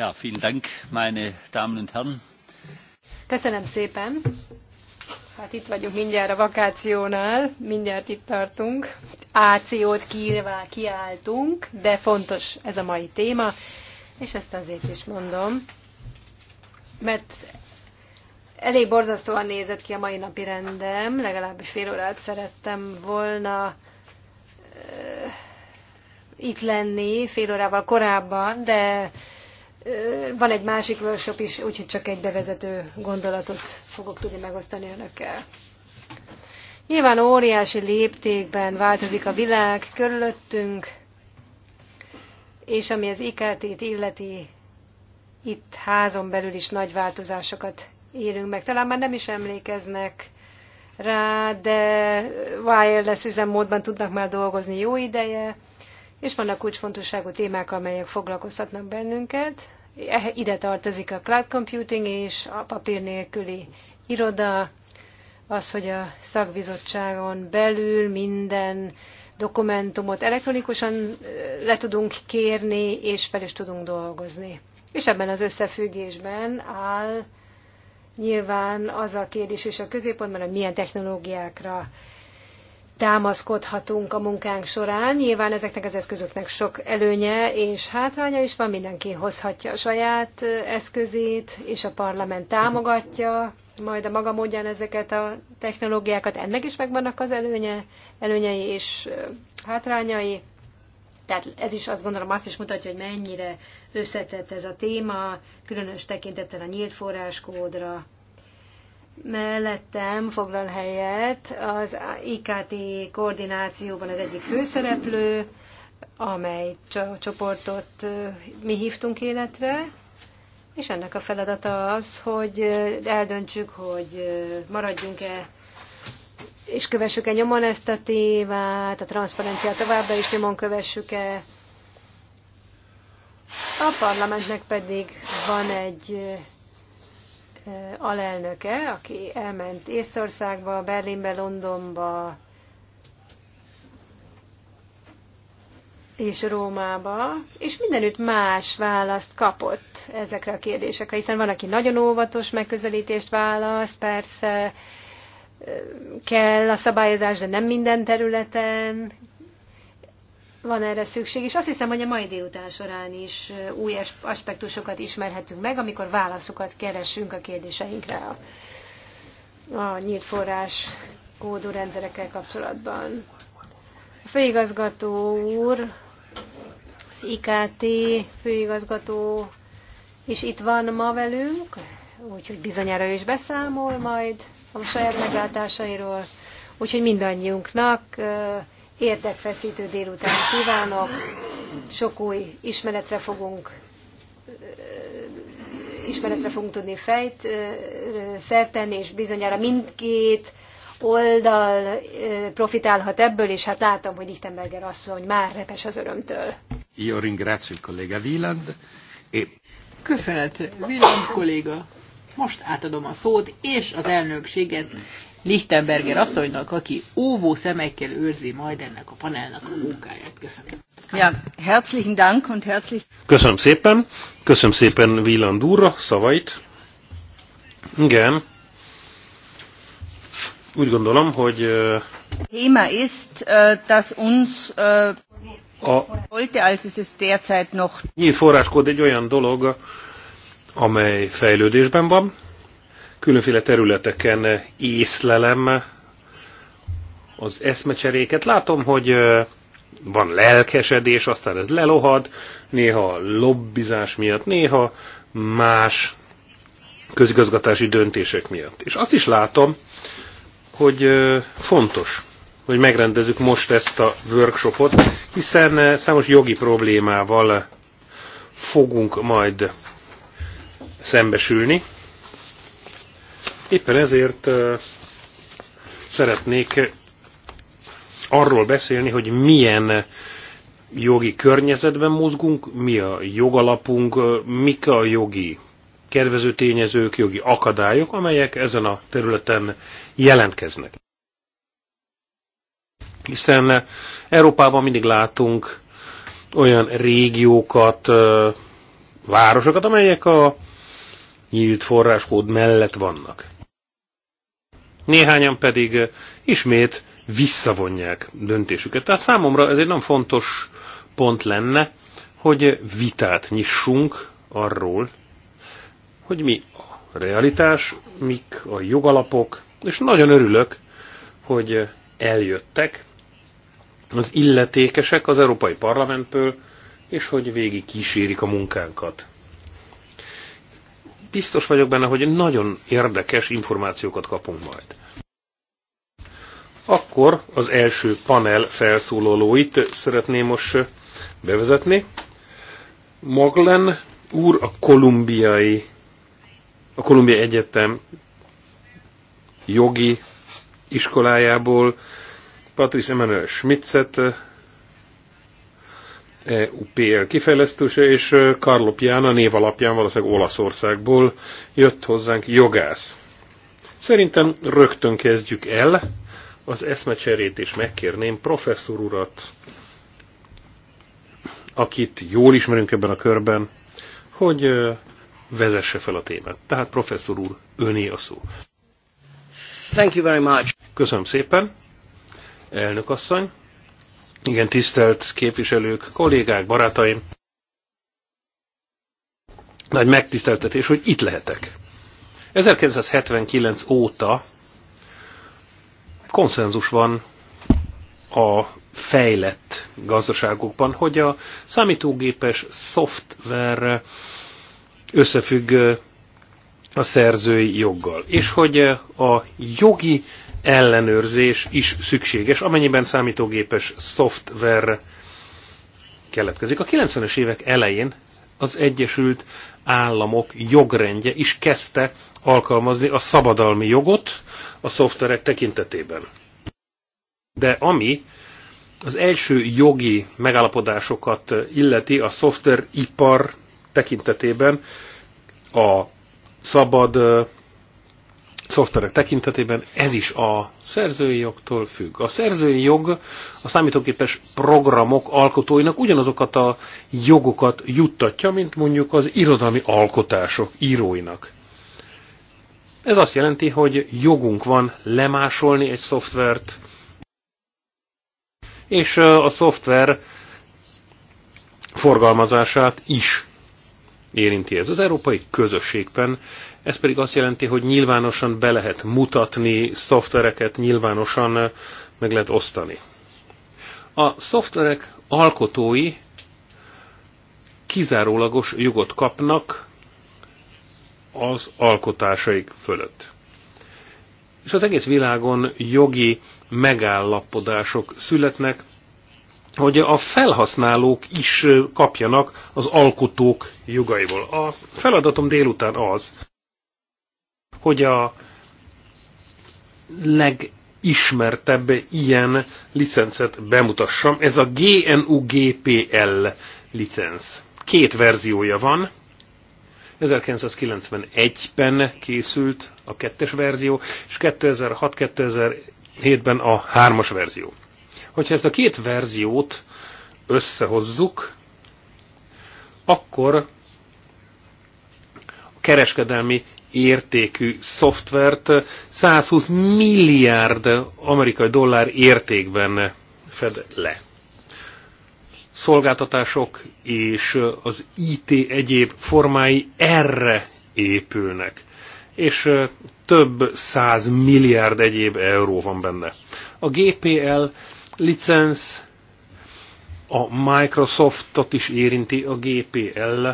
Ja, vielen Dank, meine Damen und Herren. Köszönöm szépen. Hát itt vagyunk mindjárt a vakációnál, mindjárt itt tartunk. Ációt kírva kiáltunk, de fontos ez a mai téma, és ezt azért is mondom, mert elég borzasztóan nézett ki a mai napi rendem, legalábbis fél órát szerettem volna itt lenni fél órával korábban, de van egy másik workshop is, úgyhogy csak egy bevezető gondolatot fogok tudni megosztani önökkel. Nyilván óriási léptékben változik a világ körülöttünk, és ami az IKT-t illeti, itt házon belül is nagy változásokat élünk meg. Talán már nem is emlékeznek rá, de wireless üzemmódban tudnak már dolgozni jó ideje, és vannak kulcsfontosságú témák, amelyek foglalkoztatnak bennünket. Eh, ide tartozik a cloud computing és a papír nélküli iroda, az, hogy a szakbizottságon belül minden dokumentumot elektronikusan eh, le tudunk kérni, és fel is tudunk dolgozni. És ebben az összefüggésben áll nyilván az a kérdés és a középpontban, hogy milyen technológiákra támaszkodhatunk a munkánk során. Nyilván ezeknek az eszközöknek sok előnye és hátránya is van, mindenki hozhatja a saját eszközét, és a parlament támogatja majd a maga módján ezeket a technológiákat. Ennek is megvannak az előnye, előnyei és hátrányai. Tehát ez is azt gondolom azt is mutatja, hogy mennyire összetett ez a téma, különös tekintettel a nyílt forráskódra, mellettem foglal helyet az IKT koordinációban az egyik főszereplő, amely csoportot mi hívtunk életre, és ennek a feladata az, hogy eldöntsük, hogy maradjunk-e és kövessük-e nyomon ezt a tévát, a transzparenciát továbbra is nyomon kövessük-e. A parlamentnek pedig van egy alelnöke, aki elment Észországba, Berlinbe, Londonba és Rómába, és mindenütt más választ kapott ezekre a kérdésekre, hiszen van, aki nagyon óvatos megközelítést választ, persze kell a szabályozás, de nem minden területen, van erre szükség, és azt hiszem, hogy a mai délután során is új aspektusokat ismerhetünk meg, amikor válaszokat keresünk a kérdéseinkre a, a nyílt forrás kódú rendszerekkel kapcsolatban. A főigazgató úr, az IKT főigazgató is itt van ma velünk, úgyhogy bizonyára ő is beszámol majd a saját meglátásairól, úgyhogy mindannyiunknak uh, érdekfeszítő délután kívánok. Sok új ismeretre fogunk ismeretre fogunk tudni fejt szerteni, és bizonyára mindkét oldal profitálhat ebből, és hát látom, hogy Lichtenberger asszony már repes az örömtől. Jó ringrazio kolléga Wieland. E... Köszönet, Wieland kolléga. Most átadom a szót és az elnökséget Lichtenberger asszonynak, aki óvó szemekkel őrzi majd ennek a panelnak a munkáját. Köszönöm. Ja, herzlichen Dank und herzlich... Köszönöm szépen. Köszönöm szépen Wieland úrra szavait. Igen. Úgy gondolom, hogy... Thema ist, äh, dass uns äh, a nyílt forráskód egy olyan dolog, amely fejlődésben van, különféle területeken észlelem az eszmecseréket. Látom, hogy van lelkesedés, aztán ez lelohad, néha lobbizás miatt, néha más közigazgatási döntések miatt. És azt is látom, hogy fontos, hogy megrendezzük most ezt a workshopot, hiszen számos jogi problémával fogunk majd szembesülni, Éppen ezért szeretnék arról beszélni, hogy milyen jogi környezetben mozgunk, mi a jogalapunk, mik a jogi kedvező tényezők, jogi akadályok, amelyek ezen a területen jelentkeznek. Hiszen Európában mindig látunk olyan régiókat, városokat, amelyek a nyílt forráskód mellett vannak néhányan pedig ismét visszavonják döntésüket. Tehát számomra ez egy nagyon fontos pont lenne, hogy vitát nyissunk arról, hogy mi a realitás, mik a jogalapok, és nagyon örülök, hogy eljöttek az illetékesek az Európai Parlamentből, és hogy végig kísérik a munkánkat biztos vagyok benne, hogy nagyon érdekes információkat kapunk majd. Akkor az első panel felszólalóit szeretném most bevezetni. Maglen úr a kolumbiai, a Kolumbiai Egyetem jogi iskolájából Patrice Emmanuel Schmitzet EUPL kifejlesztőse, és Carlo Piana név alapján valószínűleg Olaszországból jött hozzánk jogász. Szerintem rögtön kezdjük el az eszmecserét, és megkérném professzor urat, akit jól ismerünk ebben a körben, hogy vezesse fel a témát. Tehát professzor úr, öné a szó. Thank you very much. Köszönöm szépen, elnök asszony. Igen, tisztelt képviselők, kollégák, barátaim. Nagy megtiszteltetés, hogy itt lehetek. 1979 óta konszenzus van a fejlett gazdaságokban, hogy a számítógépes szoftver összefügg a szerzői joggal, és hogy a jogi ellenőrzés is szükséges, amennyiben számítógépes szoftver keletkezik. A 90-es évek elején az Egyesült Államok jogrendje is kezdte alkalmazni a szabadalmi jogot a szoftverek tekintetében. De ami az első jogi megállapodásokat illeti a szoftveripar tekintetében, a szabad szoftverek tekintetében ez is a szerzői jogtól függ. A szerzői jog a számítógépes programok alkotóinak ugyanazokat a jogokat juttatja, mint mondjuk az irodalmi alkotások íróinak. Ez azt jelenti, hogy jogunk van lemásolni egy szoftvert, és a szoftver forgalmazását is érinti ez. Az európai közösségben ez pedig azt jelenti, hogy nyilvánosan be lehet mutatni szoftvereket, nyilvánosan meg lehet osztani. A szoftverek alkotói kizárólagos jogot kapnak az alkotásaik fölött. És az egész világon jogi megállapodások születnek, hogy a felhasználók is kapjanak az alkotók jogaiból. A feladatom délután az, hogy a legismertebb ilyen licencet bemutassam. Ez a GNU GPL licenc. Két verziója van. 1991-ben készült a kettes verzió, és 2006-2007-ben a hármas verzió. Hogyha ezt a két verziót összehozzuk, akkor a kereskedelmi értékű szoftvert 120 milliárd amerikai dollár értékben fed le. Szolgáltatások és az IT egyéb formái erre épülnek, és több száz milliárd egyéb euró van benne. A GPL licensz a Microsoftot is érinti a GPL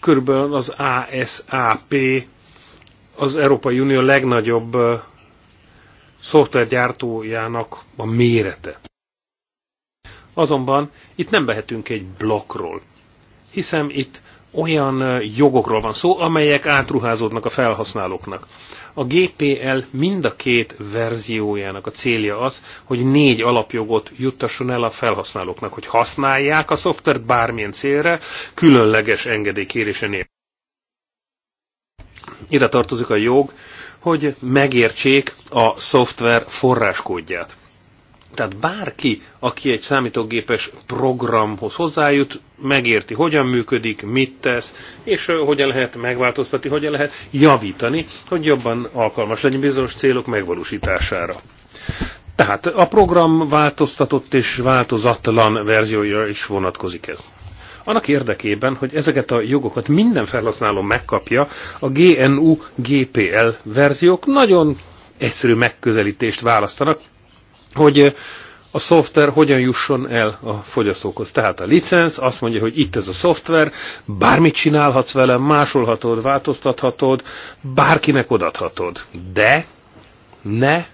körülbelül az ASAP az Európai Unió legnagyobb szoftvergyártójának a mérete. Azonban itt nem vehetünk egy blokkról, hiszen itt olyan jogokról van szó, amelyek átruházódnak a felhasználóknak. A GPL mind a két verziójának a célja az, hogy négy alapjogot juttasson el a felhasználóknak, hogy használják a szoftvert bármilyen célra, különleges engedélykérése nélkül. Ide tartozik a jog, hogy megértsék a szoftver forráskódját. Tehát bárki, aki egy számítógépes programhoz hozzájut, megérti, hogyan működik, mit tesz, és hogyan lehet megváltoztatni, hogyan lehet javítani, hogy jobban alkalmas legyen bizonyos célok megvalósítására. Tehát a program változtatott és változatlan verziója is vonatkozik ez. Annak érdekében, hogy ezeket a jogokat minden felhasználó megkapja, a GNU-GPL verziók nagyon egyszerű megközelítést választanak, hogy eh, a szoftver hogyan jusson el a fogyasztókhoz. Tehát a licenc azt mondja, hogy itt ez a szoftver, bármit csinálhatsz vele, másolhatod, változtathatod, bárkinek odathatod. De ne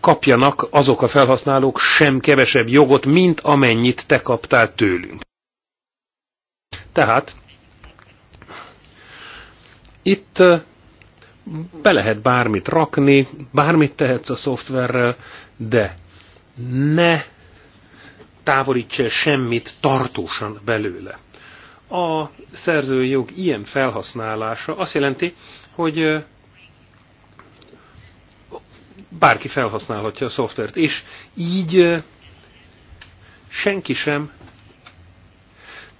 kapjanak azok a felhasználók sem kevesebb jogot, mint amennyit te kaptál tőlünk. Tehát itt eh, be lehet bármit rakni, bármit tehetsz a szoftverrel, de ne távolíts el semmit tartósan belőle. A szerzői jog ilyen felhasználása azt jelenti, hogy bárki felhasználhatja a szoftvert, és így senki sem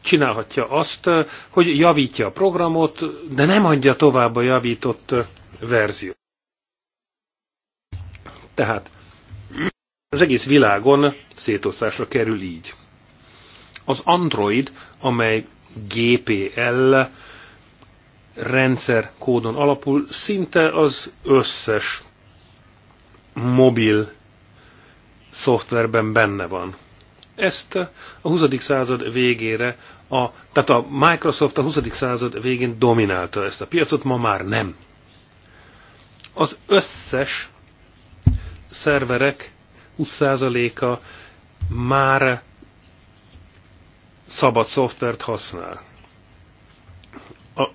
csinálhatja azt, hogy javítja a programot, de nem adja tovább a javított verzió. Tehát az egész világon szétosztásra kerül így. Az Android, amely GPL rendszer kódon alapul, szinte az összes mobil szoftverben benne van. Ezt a 20. század végére, a, tehát a Microsoft a 20. század végén dominálta ezt a piacot, ma már nem az összes szerverek 20%-a már szabad szoftvert használ. A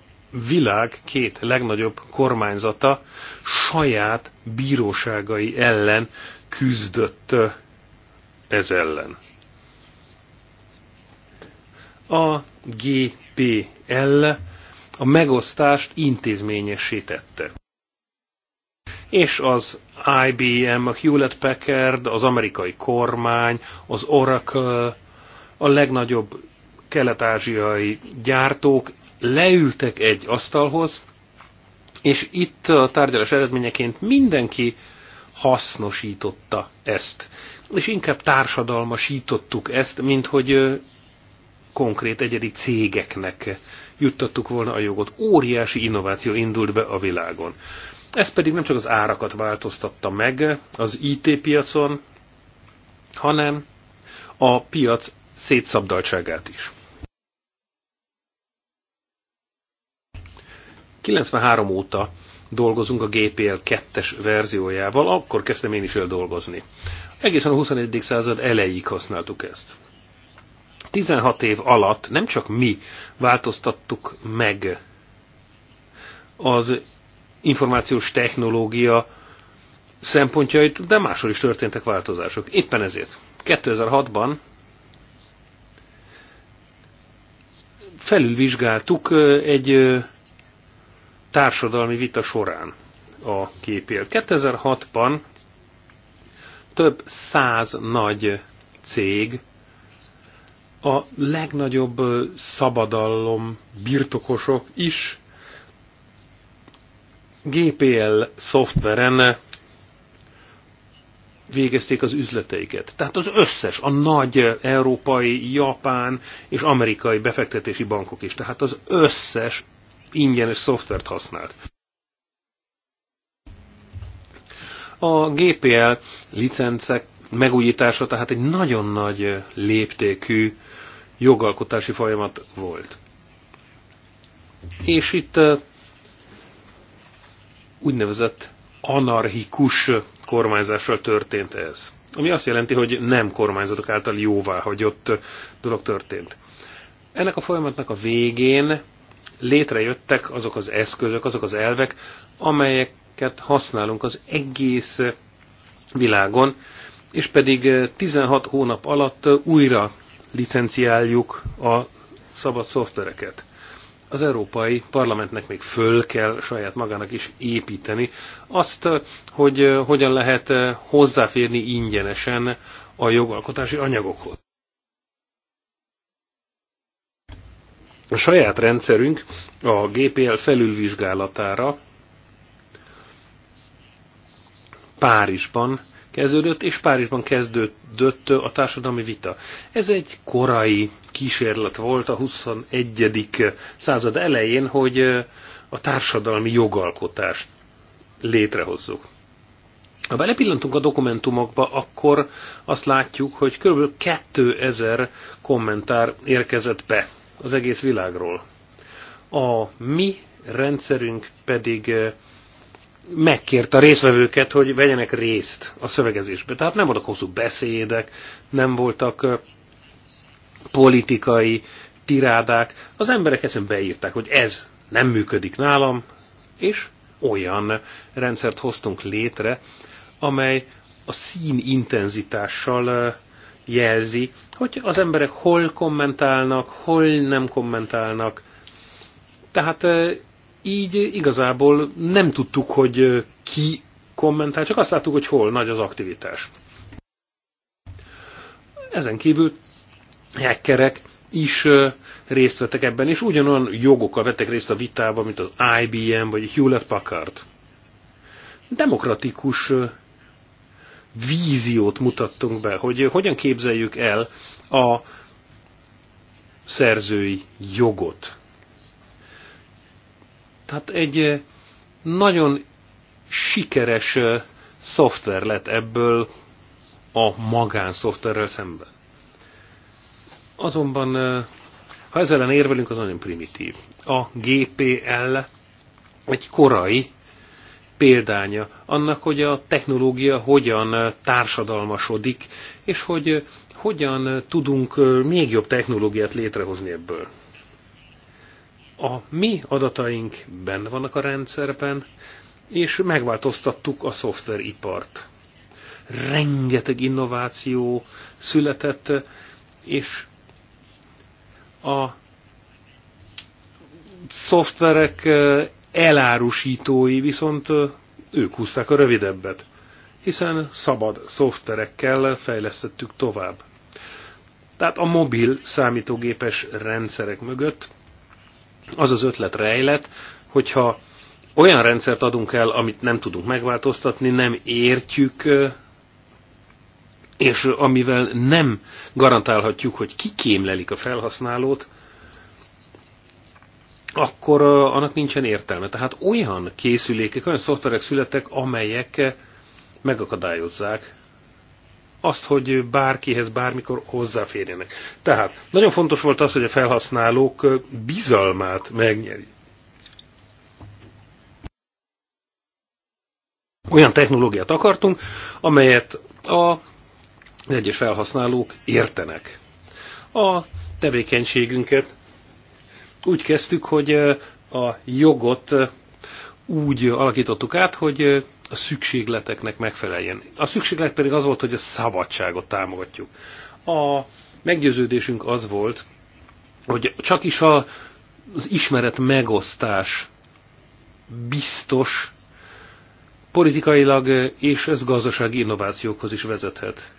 világ két legnagyobb kormányzata saját bíróságai ellen küzdött ez ellen. A GPL a megosztást intézményesítette és az IBM, a Hewlett Packard, az amerikai kormány, az Oracle, a legnagyobb kelet-ázsiai gyártók leültek egy asztalhoz, és itt a tárgyalás eredményeként mindenki hasznosította ezt. És inkább társadalmasítottuk ezt, mint hogy konkrét egyedi cégeknek juttattuk volna a jogot. Óriási innováció indult be a világon. Ez pedig nem csak az árakat változtatta meg az IT piacon, hanem a piac szétszabdaltságát is. 93 óta dolgozunk a GPL 2-es verziójával, akkor kezdtem én is el dolgozni. Egészen a 21. század elejéig használtuk ezt. 16 év alatt nem csak mi változtattuk meg az információs technológia szempontjait, de máshol is történtek változások. Éppen ezért 2006-ban felülvizsgáltuk egy társadalmi vita során a képél. 2006-ban több száz nagy cég a legnagyobb szabadalom birtokosok is GPL szoftveren végezték az üzleteiket. Tehát az összes, a nagy európai, japán és amerikai befektetési bankok is, tehát az összes ingyenes szoftvert használt. A GPL licencek megújítása tehát egy nagyon nagy léptékű jogalkotási folyamat volt. És itt úgynevezett anarchikus kormányzással történt ez. Ami azt jelenti, hogy nem kormányzatok által jóváhagyott dolog történt. Ennek a folyamatnak a végén létrejöttek azok az eszközök, azok az elvek, amelyeket használunk az egész világon, és pedig 16 hónap alatt újra licenciáljuk a szabad szoftvereket az Európai Parlamentnek még föl kell saját magának is építeni azt, hogy eh, hogyan lehet eh, hozzáférni ingyenesen a jogalkotási anyagokhoz. A saját rendszerünk a GPL felülvizsgálatára Párizsban kezdődött, és Párizsban kezdődött a társadalmi vita. Ez egy korai kísérlet volt a 21. század elején, hogy a társadalmi jogalkotást létrehozzuk. Ha belepillantunk a dokumentumokba, akkor azt látjuk, hogy kb. 2000 kommentár érkezett be az egész világról. A mi rendszerünk pedig megkért a részvevőket, hogy vegyenek részt a szövegezésbe. Tehát nem voltak hosszú beszédek, nem voltak politikai tirádák. Az emberek ezen beírták, hogy ez nem működik nálam, és olyan rendszert hoztunk létre, amely a szín intenzitással jelzi, hogy az emberek hol kommentálnak, hol nem kommentálnak. Tehát így igazából nem tudtuk, hogy ki kommentál, csak azt láttuk, hogy hol nagy az aktivitás. Ezen kívül hackerek is részt vettek ebben, és ugyanolyan jogokkal vettek részt a vitában, mint az IBM vagy Hewlett Packard. Demokratikus víziót mutattunk be, hogy hogyan képzeljük el a szerzői jogot. Tehát egy eh, nagyon sikeres eh, szoftver lett ebből a magánszoftverrel szemben. Azonban, eh, ha ezzel ellen érvelünk, az nagyon primitív. A GPL egy korai példánya annak, hogy a technológia hogyan társadalmasodik, és hogy hogyan tudunk még jobb technológiát létrehozni ebből a mi adataink benne vannak a rendszerben, és megváltoztattuk a szoftveripart. Rengeteg innováció született, és a szoftverek eh, elárusítói viszont eh, ők húzták a rövidebbet, hiszen szabad szoftverekkel fejlesztettük tovább. Tehát a mobil számítógépes rendszerek mögött az az ötlet rejlett, hogyha olyan rendszert adunk el, amit nem tudunk megváltoztatni, nem értjük, és amivel nem garantálhatjuk, hogy kikémlelik a felhasználót, akkor annak nincsen értelme. Tehát olyan készülékek, olyan szoftverek születtek, amelyek megakadályozzák azt, hogy bárkihez bármikor hozzáférjenek. Tehát nagyon fontos volt az, hogy a felhasználók bizalmát megnyeri. Olyan technológiát akartunk, amelyet a egyes felhasználók értenek. A tevékenységünket úgy kezdtük, hogy a jogot úgy alakítottuk át, hogy a szükségleteknek megfeleljen. A szükséglet pedig az volt, hogy a szabadságot támogatjuk. A meggyőződésünk az volt, hogy csak is a, az ismeret megosztás biztos politikailag, és ez gazdasági innovációkhoz is vezethet.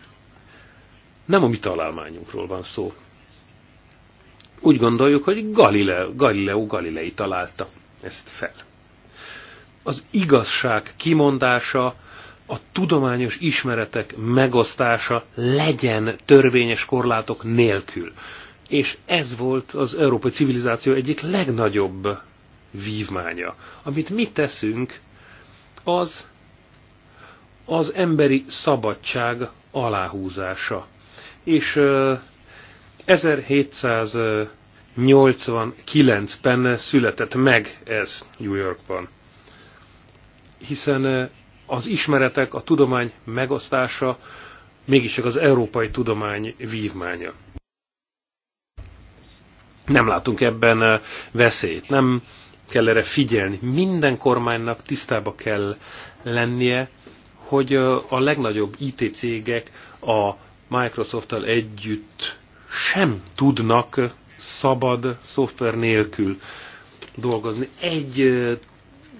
Nem a mi találmányunkról van szó. Úgy gondoljuk, hogy Galileo, Galileo Galilei találta ezt fel az igazság kimondása, a tudományos ismeretek megosztása legyen törvényes korlátok nélkül. És ez volt az európai civilizáció egyik legnagyobb vívmánya. Amit mi teszünk, az az emberi szabadság aláhúzása. És 1789-ben született meg ez New Yorkban hiszen eh, az ismeretek, a tudomány megosztása mégiscsak az európai tudomány vívmánya. Nem látunk ebben eh, veszélyt, nem kell erre figyelni. Minden kormánynak tisztába kell lennie, hogy eh, a legnagyobb IT cégek a Microsofttal együtt sem tudnak szabad szoftver nélkül dolgozni. Egy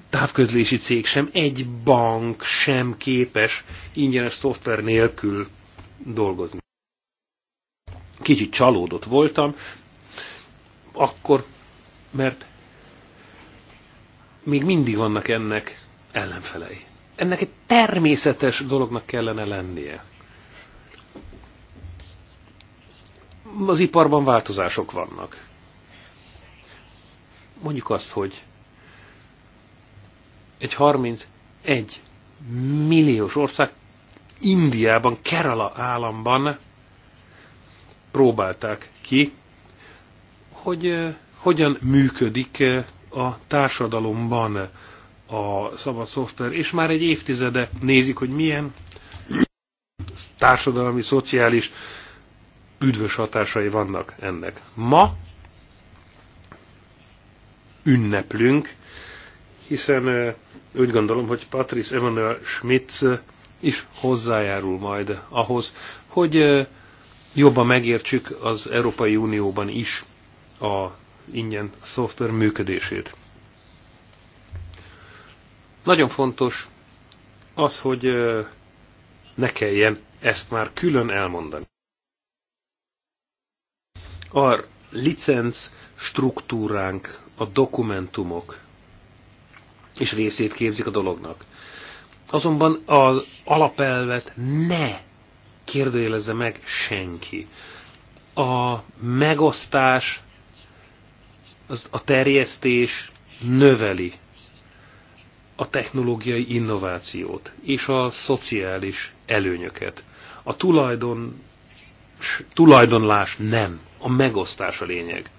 távközlési cég, sem egy bank sem képes ingyenes szoftver nélkül dolgozni. Kicsit csalódott voltam, akkor, mert még mindig vannak ennek ellenfelei. Ennek egy természetes dolognak kellene lennie. Az iparban változások vannak. Mondjuk azt, hogy egy 31 milliós ország Indiában, Kerala államban próbálták ki, hogy hogyan működik a társadalomban a szabad szoftver, és már egy évtizede nézik, hogy milyen társadalmi, szociális üdvös hatásai vannak ennek. Ma ünneplünk, hiszen úgy gondolom, hogy Patrice Emmanuel Schmidt is hozzájárul majd ahhoz, hogy jobban megértsük az Európai Unióban is a ingyen szoftver működését. Nagyon fontos az, hogy ne kelljen ezt már külön elmondani. A licenc struktúránk, a dokumentumok, és részét képzik a dolognak. Azonban az alapelvet ne kérdőjelezze meg senki. A megosztás, az a terjesztés növeli a technológiai innovációt és a szociális előnyöket. A tulajdon, tulajdonlás nem, a megosztás a lényeg.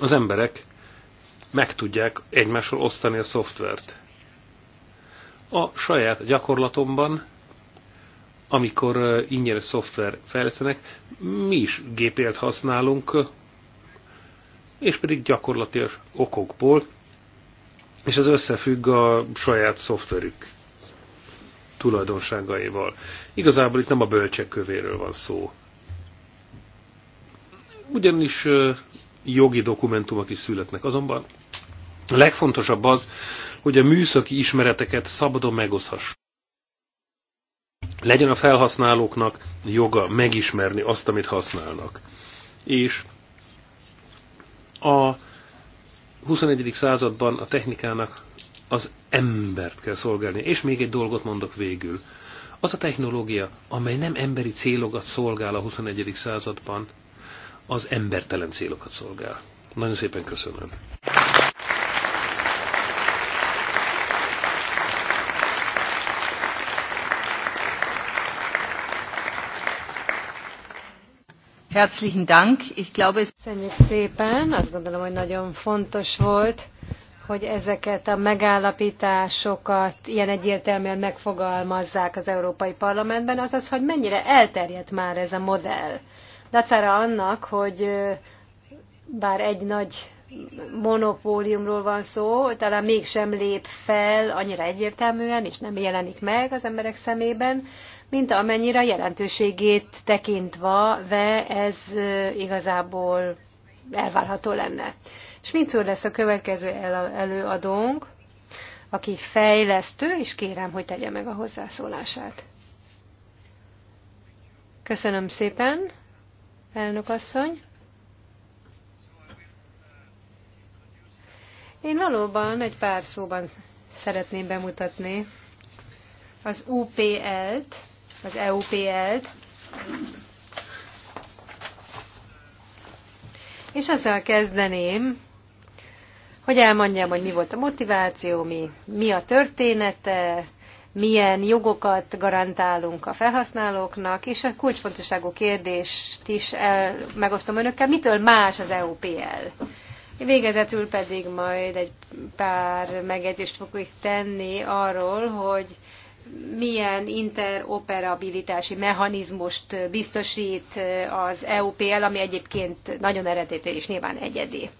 Az emberek meg tudják egymásról osztani a szoftvert. A saját gyakorlatomban, amikor ingyenes szoftver fejlesztenek, mi is gépélt használunk, és pedig gyakorlatilag okokból, és ez összefügg a saját szoftverük tulajdonságaival. Igazából itt nem a bölcsek kövéről van szó. Ugyanis jogi dokumentumok is születnek. Azonban a legfontosabb az, hogy a műszaki ismereteket szabadon megoszhassuk. Legyen a felhasználóknak joga megismerni azt, amit használnak. És a 21. században a technikának az embert kell szolgálni. És még egy dolgot mondok végül. Az a technológia, amely nem emberi célokat szolgál a 21. században, az embertelen célokat szolgál. Nagyon szépen köszönöm. Herzlichen Dank. Ich glaube, es Köszönjük szépen. Azt gondolom, hogy nagyon fontos volt, hogy ezeket a megállapításokat ilyen egyértelműen megfogalmazzák az Európai Parlamentben, azaz, hogy mennyire elterjedt már ez a modell dacára annak, hogy bár egy nagy monopóliumról van szó, talán mégsem lép fel annyira egyértelműen, és nem jelenik meg az emberek szemében, mint amennyire jelentőségét tekintva ve ez igazából elvárható lenne. mint szó lesz a következő előadónk, aki fejlesztő, és kérem, hogy tegye meg a hozzászólását. Köszönöm szépen! elnök asszony. Én valóban egy pár szóban szeretném bemutatni az UPL-t, az EUPL-t, és azzal kezdeném, hogy elmondjam, hogy mi volt a motiváció, mi, mi a története, milyen jogokat garantálunk a felhasználóknak, és a kulcsfontosságú kérdést is el, megosztom önökkel, mitől más az EUPL. Végezetül pedig majd egy pár megjegyzést fogok tenni arról, hogy milyen interoperabilitási mechanizmust biztosít az EUPL, ami egyébként nagyon eredeti és nyilván egyedi.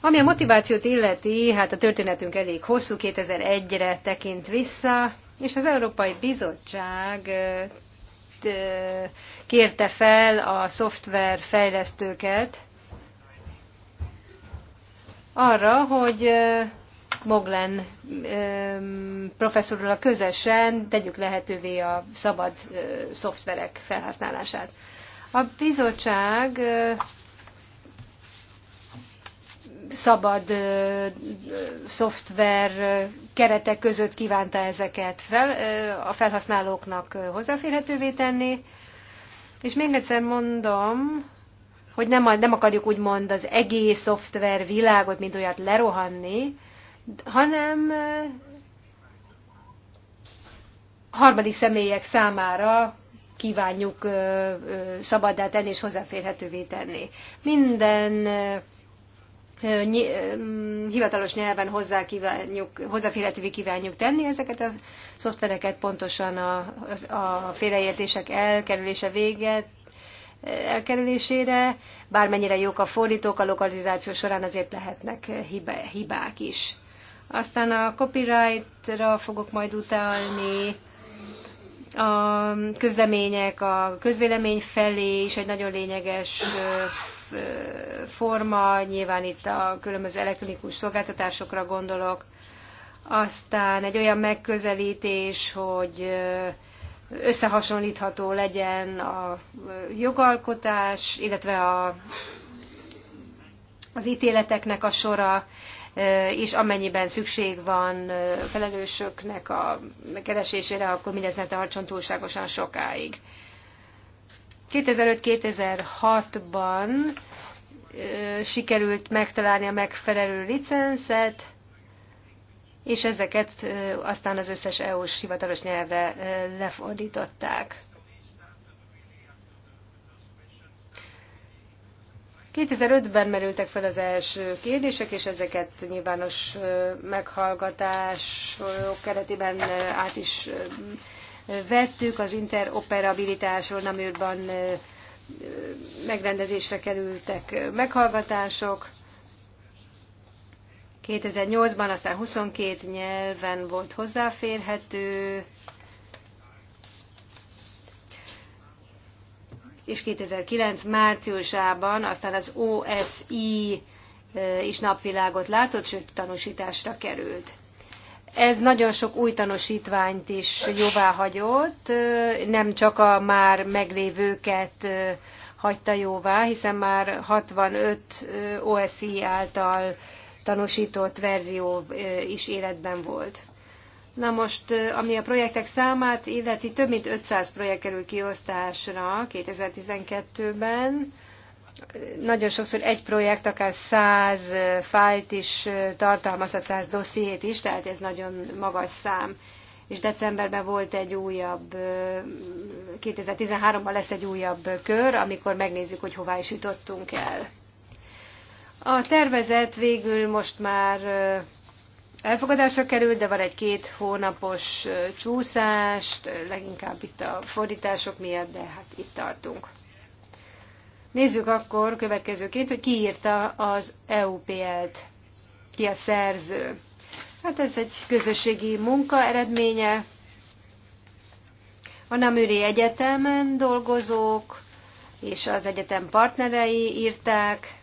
Ami a motivációt illeti, hát a történetünk elég hosszú, 2001-re tekint vissza, és az Európai Bizottság kérte fel a szoftverfejlesztőket arra, hogy Moglen professzorral közösen tegyük lehetővé a szabad szoftverek felhasználását. A bizottság szabad szoftver keretek között kívánta ezeket fel, a felhasználóknak hozzáférhetővé tenni. És még egyszer mondom, hogy nem, nem akarjuk úgymond az egész szoftver világot, mint olyat lerohanni, hanem harmadik személyek számára kívánjuk szabaddá tenni és hozzáférhetővé tenni. Minden hivatalos nyelven hozzá kívánjuk, hozzáférhetővé kívánjuk tenni ezeket a szoftvereket, pontosan a, a félreértések elkerülése véget, elkerülésére, bármennyire jók a fordítók, a lokalizáció során azért lehetnek hibák is. Aztán a copyright-ra fogok majd utalni, a közlemények a közvélemény felé is egy nagyon lényeges forma, nyilván itt a különböző elektronikus szolgáltatásokra gondolok, aztán egy olyan megközelítés, hogy összehasonlítható legyen a jogalkotás, illetve a, az ítéleteknek a sora, és amennyiben szükség van felelősöknek a keresésére, akkor mindez ne tartson túlságosan sokáig. 2005-2006-ban sikerült megtalálni a megfelelő licenszet, és ezeket aztán az összes EU-s hivatalos nyelvre lefordították. 2005-ben merültek fel az első kérdések, és ezeket nyilvános meghallgatások keretében át is vettük, az interoperabilitásról nem őrban megrendezésre kerültek meghallgatások. 2008-ban aztán 22 nyelven volt hozzáférhető, és 2009 márciusában aztán az OSI is napvilágot látott, sőt tanúsításra került. Ez nagyon sok új tanúsítványt is jóvá hagyott, nem csak a már meglévőket hagyta jóvá, hiszen már 65 OSI által tanúsított verzió is életben volt. Na most, ami a projektek számát illeti, több mint 500 projekt kerül kiosztásra 2012-ben, nagyon sokszor egy projekt akár száz fájt is tartalmazhat, száz dossziét is, tehát ez nagyon magas szám. És decemberben volt egy újabb, 2013-ban lesz egy újabb kör, amikor megnézzük, hogy hová is jutottunk el. A tervezet végül most már elfogadásra került, de van egy két hónapos csúszást, leginkább itt a fordítások miatt, de hát itt tartunk. Nézzük akkor következőként, hogy ki írta az EUPL-t, ki a szerző. Hát ez egy közösségi munka eredménye. A Namüri Egyetemen dolgozók és az egyetem partnerei írták,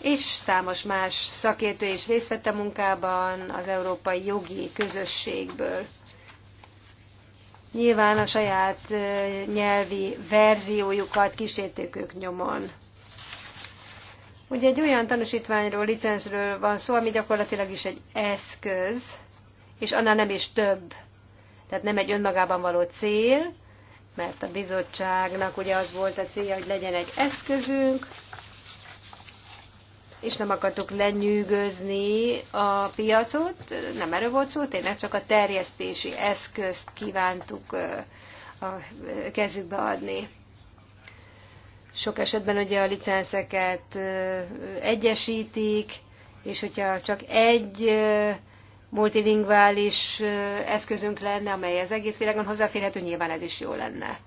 és számos más szakértő is részt vett a munkában az európai jogi közösségből nyilván a saját nyelvi verziójukat ők nyomon. Ugye egy olyan tanúsítványról, licencről van szó, ami gyakorlatilag is egy eszköz, és annál nem is több. Tehát nem egy önmagában való cél, mert a bizottságnak ugye az volt a célja, hogy legyen egy eszközünk, és nem akartuk lenyűgözni a piacot, nem erről volt szó, tényleg csak a terjesztési eszközt kívántuk a kezükbe adni. Sok esetben ugye a licenszeket egyesítik, és hogyha csak egy multilingvális eszközünk lenne, amely az egész világon hozzáférhető, nyilván ez is jó lenne.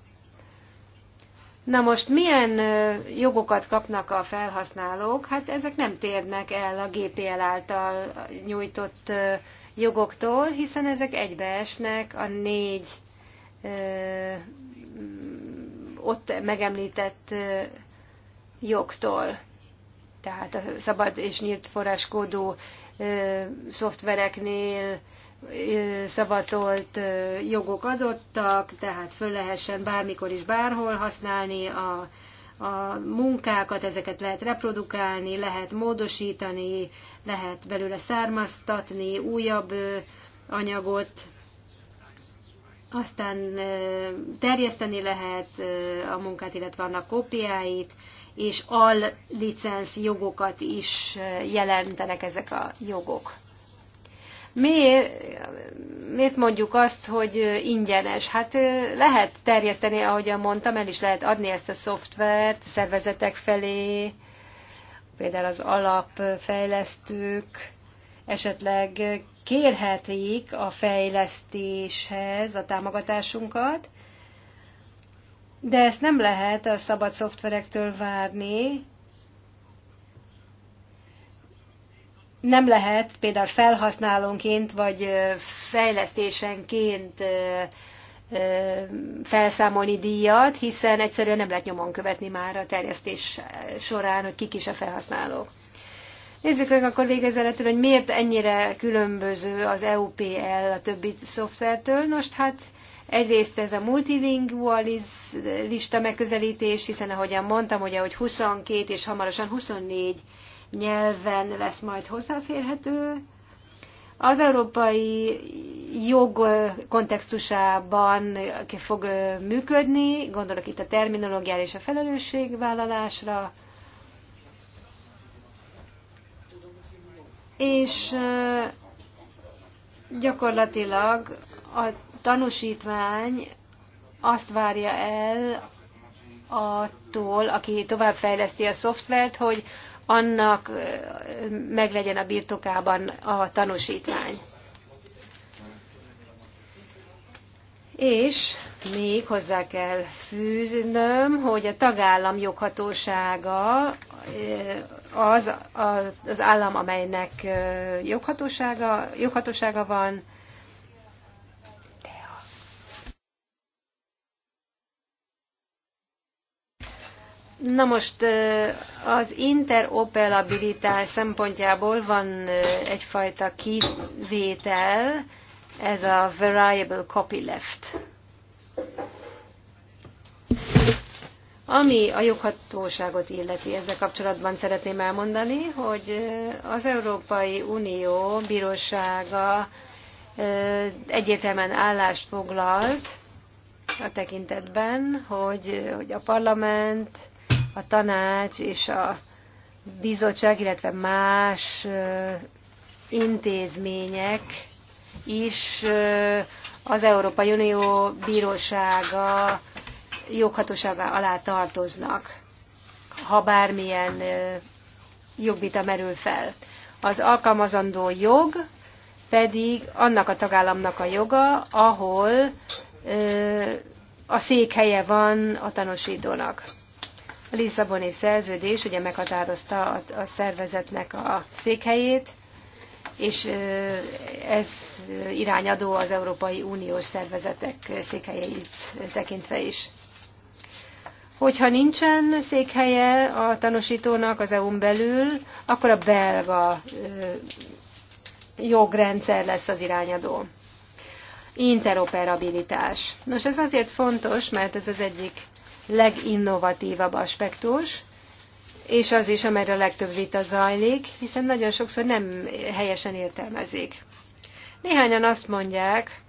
Na most milyen jogokat kapnak a felhasználók? Hát ezek nem térnek el a GPL által nyújtott jogoktól, hiszen ezek egybeesnek a négy ott megemlített jogtól. Tehát a szabad és nyílt forráskódú szoftvereknél, szavatolt jogok adottak, tehát föl lehessen bármikor is bárhol használni a, a munkákat, ezeket lehet reprodukálni, lehet módosítani, lehet belőle származtatni újabb anyagot, aztán terjeszteni lehet a munkát, illetve annak kópiáit, és al licenc jogokat is jelentenek ezek a jogok. Miért, miért mondjuk azt, hogy ingyenes? Hát lehet terjeszteni, ahogyan mondtam, el is lehet adni ezt a szoftvert szervezetek felé, például az alapfejlesztők esetleg kérhetik a fejlesztéshez a támogatásunkat, de ezt nem lehet a szabad szoftverektől várni, nem lehet például felhasználónként vagy fejlesztésenként felszámolni díjat, hiszen egyszerűen nem lehet nyomon követni már a terjesztés során, hogy kik is a felhasználók. Nézzük meg akkor végezetül, hogy miért ennyire különböző az EUPL a többi szoftvertől. Most hát egyrészt ez a lista megközelítés, hiszen ahogyan mondtam, ugye, hogy 22 és hamarosan 24 nyelven lesz majd hozzáférhető. Az európai jog kontextusában fog működni, gondolok itt a terminológiára és a felelősségvállalásra. És gyakorlatilag a tanúsítvány azt várja el attól, aki továbbfejleszti a szoftvert, hogy annak meglegyen a birtokában a tanúsítvány. És még hozzá kell fűznöm, hogy a tagállam joghatósága az, az állam, amelynek joghatósága, joghatósága van, Na most az interoperabilitás szempontjából van egyfajta kivétel, ez a variable copyleft. Ami a joghatóságot illeti, ezzel kapcsolatban szeretném elmondani, hogy az Európai Unió bírósága egyértelműen állást foglalt a tekintetben, hogy, hogy a parlament a tanács és a bizottság, illetve más intézmények is az Európai Unió bírósága joghatósága alá tartoznak, ha bármilyen jogvita merül fel. Az alkalmazandó jog pedig annak a tagállamnak a joga, ahol a székhelye van a tanúsítónak. A Lisszaboni szerződés ugye meghatározta a, a szervezetnek a székhelyét, és ez irányadó az Európai Uniós szervezetek székhelyeit tekintve is. Hogyha nincsen székhelye a tanúsítónak az EU-n belül, akkor a belga jogrendszer lesz az irányadó. Interoperabilitás. Nos, ez azért fontos, mert ez az egyik leginnovatívabb aspektus, és az is, amelyre a legtöbb vita zajlik, hiszen nagyon sokszor nem helyesen értelmezik. Néhányan azt mondják,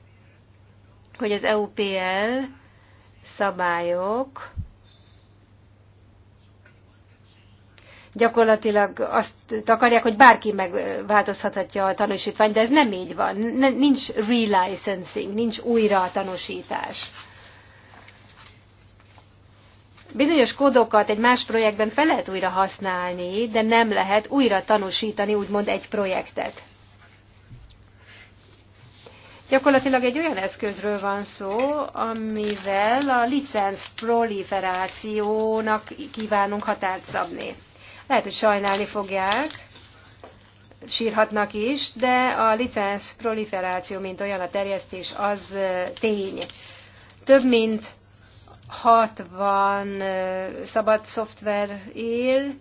hogy az EUPL szabályok gyakorlatilag azt akarják, hogy bárki megváltozhatja a tanúsítványt, de ez nem így van. Nincs relicensing, nincs újra tanúsítás. Bizonyos kódokat egy más projektben fel lehet újra használni, de nem lehet újra tanúsítani úgymond egy projektet. Gyakorlatilag egy olyan eszközről van szó, amivel a licenc proliferációnak kívánunk határt szabni. Lehet, hogy sajnálni fogják, sírhatnak is, de a licenc proliferáció, mint olyan a terjesztés, az tény. Több mint 60 szabad szoftver él,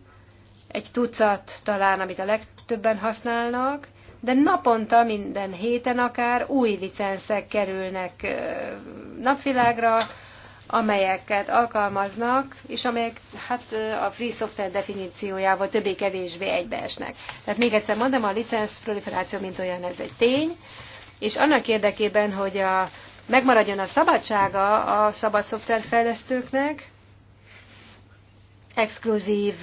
egy tucat talán, amit a legtöbben használnak, de naponta, minden héten akár új licenszek kerülnek napvilágra, amelyeket alkalmaznak, és amelyek hát a free software definíciójával többé-kevésbé egybeesnek. Tehát még egyszer mondom, a licensz proliferáció mint olyan, ez egy tény, és annak érdekében, hogy a megmaradjon a szabadsága a szabad szoftverfejlesztőknek, exkluzív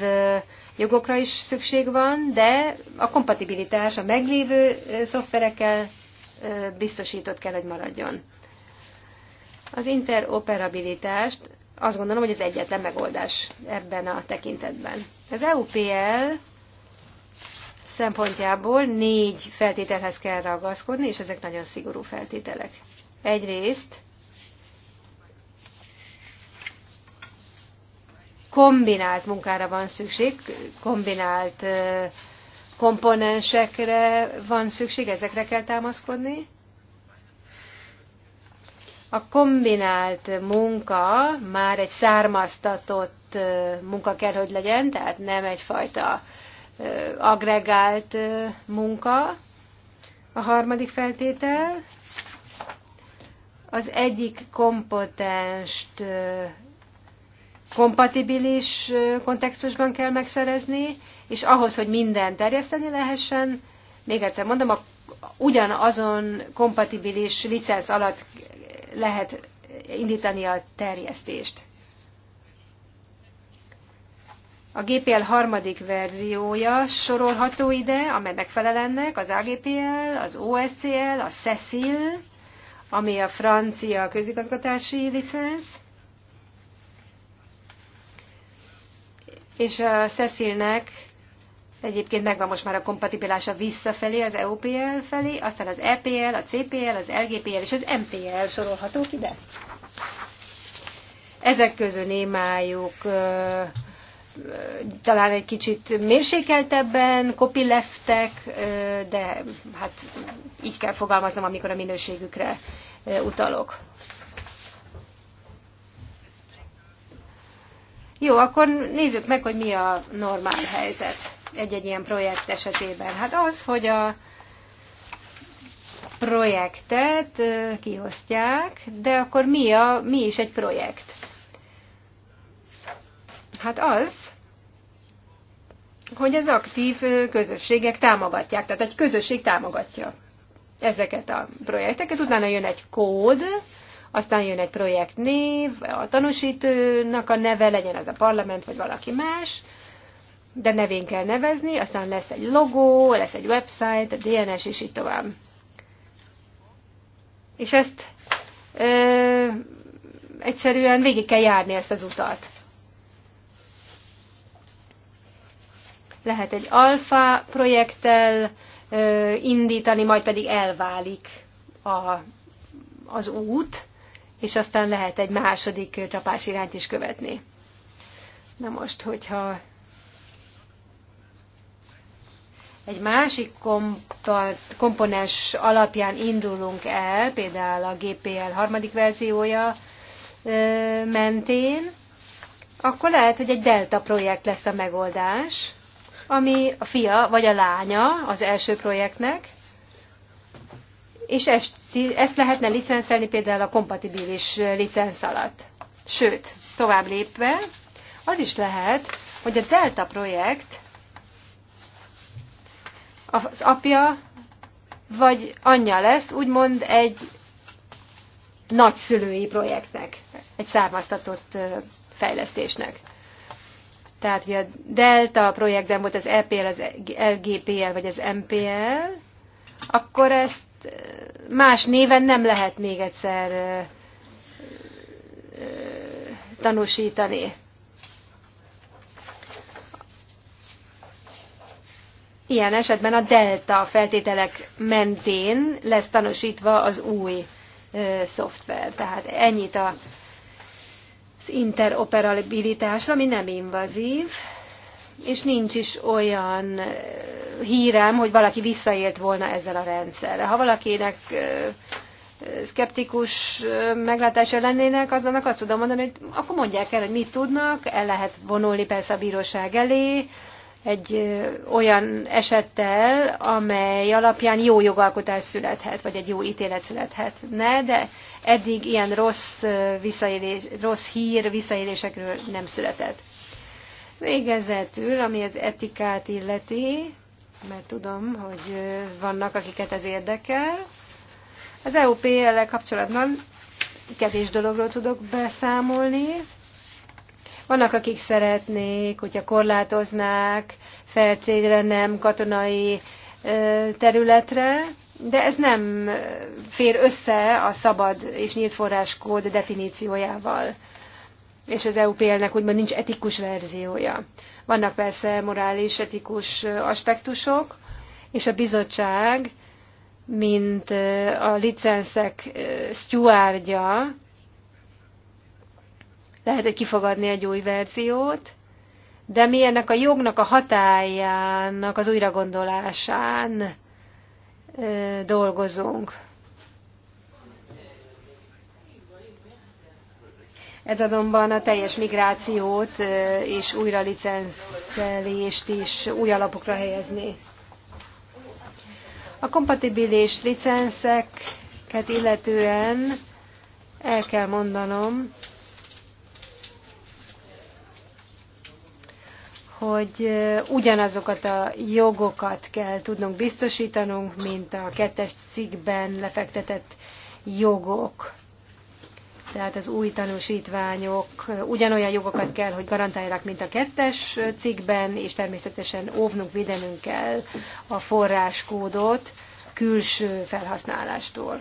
jogokra is szükség van, de a kompatibilitás a meglévő szoftverekkel biztosított kell, hogy maradjon. Az interoperabilitást azt gondolom, hogy az egyetlen megoldás ebben a tekintetben. Az EUPL szempontjából négy feltételhez kell ragaszkodni, és ezek nagyon szigorú feltételek egyrészt kombinált munkára van szükség, kombinált komponensekre van szükség, ezekre kell támaszkodni. A kombinált munka már egy származtatott munka kell, hogy legyen, tehát nem egyfajta agregált munka. A harmadik feltétel, az egyik kompetenst kompatibilis kontextusban kell megszerezni, és ahhoz, hogy minden terjeszteni lehessen, még egyszer mondom, a, ugyanazon kompatibilis licensz alatt lehet indítani a terjesztést. A GPL harmadik verziója sorolható ide, amely megfelel ennek, az AGPL, az OSCL, a CECIL, ami a francia közigazgatási licensz, és a Cecilnek egyébként megvan most már a kompatibilása visszafelé, az EOPL felé, aztán az EPL, a CPL, az LGPL és az MPL sorolhatók ide. Ezek közül némájuk talán egy kicsit mérsékeltebben, kopileftek, de hát így kell fogalmaznom, amikor a minőségükre utalok. Jó, akkor nézzük meg, hogy mi a normál helyzet egy-egy ilyen projekt esetében. Hát az, hogy a projektet kihoztják, de akkor mi, a, mi is egy projekt? Hát az, hogy az aktív közösségek támogatják, tehát egy közösség támogatja ezeket a projekteket, utána jön egy kód, aztán jön egy projektnév, a tanúsítőnak a neve, legyen az a parlament, vagy valaki más, de nevén kell nevezni, aztán lesz egy logó, lesz egy website, a DNS, és így tovább. És ezt ö, egyszerűen végig kell járni ezt az utat. lehet egy alfa projekttel indítani, majd pedig elválik a, az út, és aztán lehet egy második csapás irányt is követni. Na most, hogyha egy másik komponens alapján indulunk el, például a GPL harmadik verziója mentén, akkor lehet, hogy egy delta projekt lesz a megoldás, ami a fia vagy a lánya az első projektnek, és ezt, ezt lehetne licenszelni például a kompatibilis licensz alatt. Sőt, tovább lépve, az is lehet, hogy a Delta projekt az apja vagy anyja lesz, úgymond egy nagyszülői projektnek, egy származtatott fejlesztésnek. Tehát ugye a Delta projektben volt az EPL, az LGPL vagy az MPL, akkor ezt más néven nem lehet még egyszer tanúsítani. Ilyen esetben a delta feltételek mentén lesz tanúsítva az új szoftver. Tehát ennyit a az interoperabilitásra, ami nem invazív, és nincs is olyan hírem, hogy valaki visszaélt volna ezzel a rendszerre. Ha valakinek szkeptikus meglátása lennének, az annak azt tudom mondani, hogy akkor mondják el, hogy mit tudnak, el lehet vonulni persze a bíróság elé, egy olyan esettel, amely alapján jó jogalkotás születhet, vagy egy jó ítélet születhet. Ne, de eddig ilyen rossz, visszaélés, rossz hír visszaélésekről nem született. Végezetül, ami az etikát illeti, mert tudom, hogy vannak, akiket ez érdekel. Az EUPL-lel kapcsolatban kevés dologról tudok beszámolni. Vannak, akik szeretnék, hogyha korlátoznák felcégre, nem katonai területre, de ez nem fér össze a szabad és nyílt forráskód definíciójával. És az EUPL-nek úgymond nincs etikus verziója. Vannak persze morális, etikus aspektusok, és a bizottság, mint a licenszek stewardja, lehet, hogy kifogadni egy új verziót, de mi ennek a jognak a hatájának az újragondolásán dolgozunk. Ez azonban a teljes migrációt és újra licenszelést is új alapokra helyezni. A kompatibilis licenszeket illetően el kell mondanom, hogy ugyanazokat a jogokat kell tudnunk biztosítanunk, mint a kettes cikkben lefektetett jogok. Tehát az új tanúsítványok ugyanolyan jogokat kell, hogy garantálják, mint a kettes cikkben, és természetesen óvnunk, védenünk kell a forráskódot külső felhasználástól.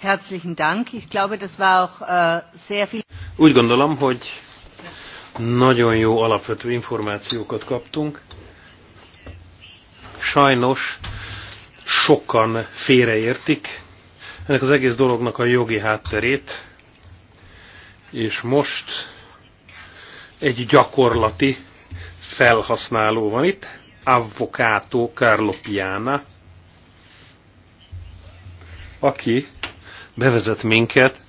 Herzlichen Dank. Ich glaube, das war auch äh, sehr viel. Úgy gondolom, hogy nagyon jó alapvető információkat kaptunk. Sajnos sokan félreértik ennek az egész dolognak a jogi hátterét, és most egy gyakorlati felhasználó van itt, Avvokátó Carlo Piana, aki bevezet minket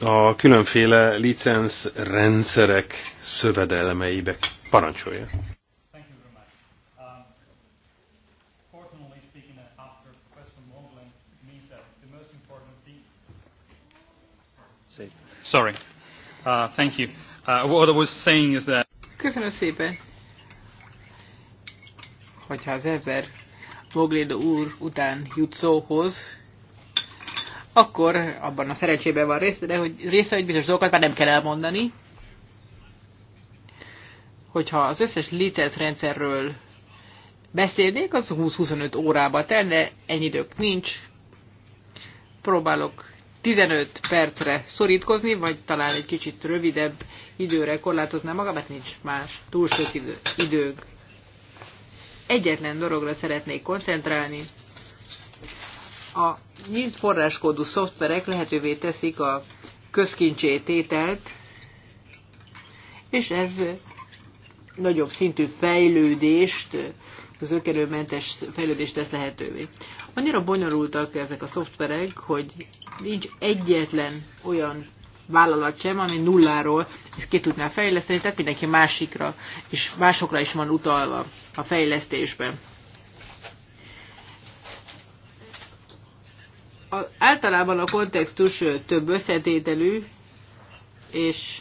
a különféle licenc rendszerek szövedelmeibe. Parancsolja! Um, Sorry. Uh, thank you. Uh, what I was saying is that... Köszönöm szépen. Hogyha az ember Moglédo úr után jut szóhoz, akkor abban a szerencsében van része, de hogy része, hogy bizonyos dolgokat már nem kell elmondani. Hogyha az összes licencrendszerről beszélnék, az 20-25 órába tenne, ennyi idők nincs. Próbálok 15 percre szorítkozni, vagy talán egy kicsit rövidebb időre korlátoznám magam, mert nincs más túl sok idő, időnk. Egyetlen dologra szeretnék koncentrálni, a nyílt forráskódú szoftverek lehetővé teszik a közkincsé tételt, és ez nagyobb szintű fejlődést, az ökerőmentes fejlődést tesz lehetővé. Annyira bonyolultak ezek a szoftverek, hogy nincs egyetlen olyan vállalat sem, ami nulláról ezt ki tudná fejleszteni, tehát mindenki másikra és másokra is van utalva a fejlesztésben. a, általában a kontextus több összetételű, és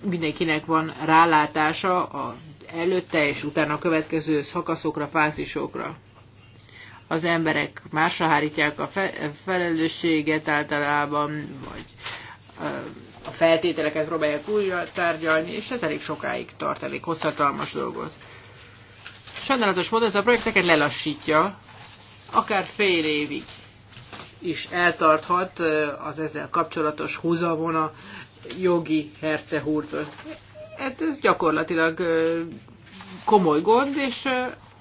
mindenkinek van rálátása a előtte és utána a következő szakaszokra, fázisokra. Az emberek másra hárítják a fe, felelősséget általában, vagy a feltételeket próbálják újra tárgyalni, és ez elég sokáig tart, elég hosszatalmas dolgot. Sajnálatos módon ez a projekteket lelassítja, akár fél évig is eltarthat az ezzel kapcsolatos húzavona jogi hercehúrcot. Hát ez gyakorlatilag komoly gond, és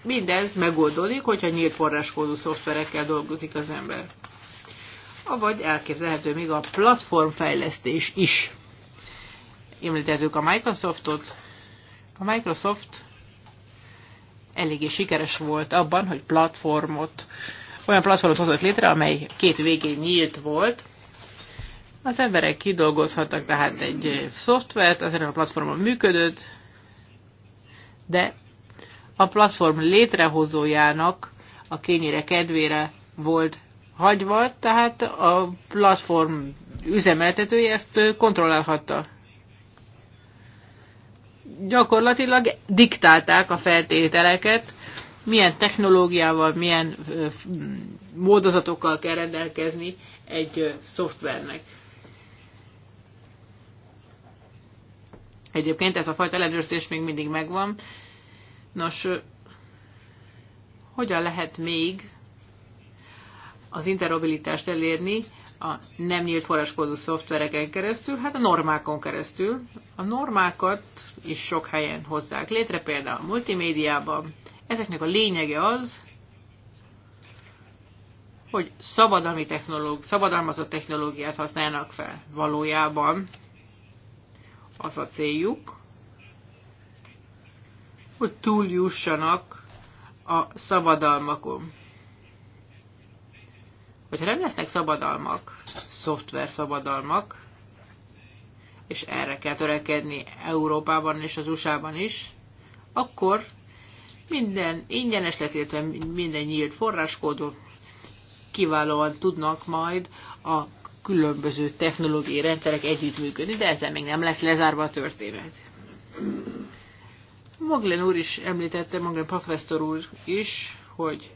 mindez megoldódik, hogyha nyílt forráskódú szoftverekkel dolgozik az ember. Avagy elképzelhető még a platformfejlesztés is. Említettük a Microsoftot. A Microsoft eléggé sikeres volt abban, hogy platformot, olyan platformot hozott létre, amely két végén nyílt volt. Az emberek kidolgozhattak tehát egy szoftvert, ezen a platformon működött, de a platform létrehozójának a kényére kedvére volt hagyva, tehát a platform üzemeltetője ezt kontrollálhatta gyakorlatilag diktálták a feltételeket, milyen technológiával, milyen módozatokkal kell rendelkezni egy szoftvernek. Egyébként ez a fajta ellenőrzés még mindig megvan. Nos, hogyan lehet még az interoperabilitást elérni? a nem nyílt forráskódú szoftvereken keresztül, hát a normákon keresztül. A normákat is sok helyen hozzák létre, például a multimédiában. Ezeknek a lényege az, hogy szabadalmi technológ, szabadalmazott technológiát használnak fel. Valójában az a céljuk, hogy túljussanak a szabadalmakon hogyha nem lesznek szabadalmak, szoftver szabadalmak, és erre kell törekedni Európában és az USA-ban is, akkor minden ingyenes lesz, illetve minden nyílt forráskódot kiválóan tudnak majd a különböző technológiai rendszerek együttműködni, de ezzel még nem lesz lezárva a történet. Maglen úr is említette, Maglen professzor úr is, hogy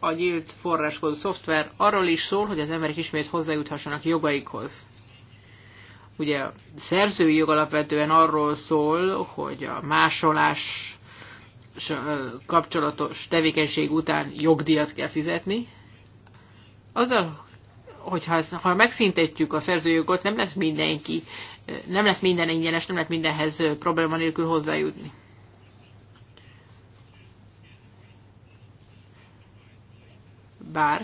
a nyílt forráskodó szoftver arról is szól, hogy az emberek ismét hozzájuthassanak jogaikhoz. Ugye a szerzői jog alapvetően arról szól, hogy a másolás kapcsolatos tevékenység után jogdíjat kell fizetni. Azzal, hogyha ha megszintetjük a szerzőjogot, nem lesz mindenki, nem lesz minden ingyenes, nem lehet mindenhez probléma nélkül hozzájutni. bár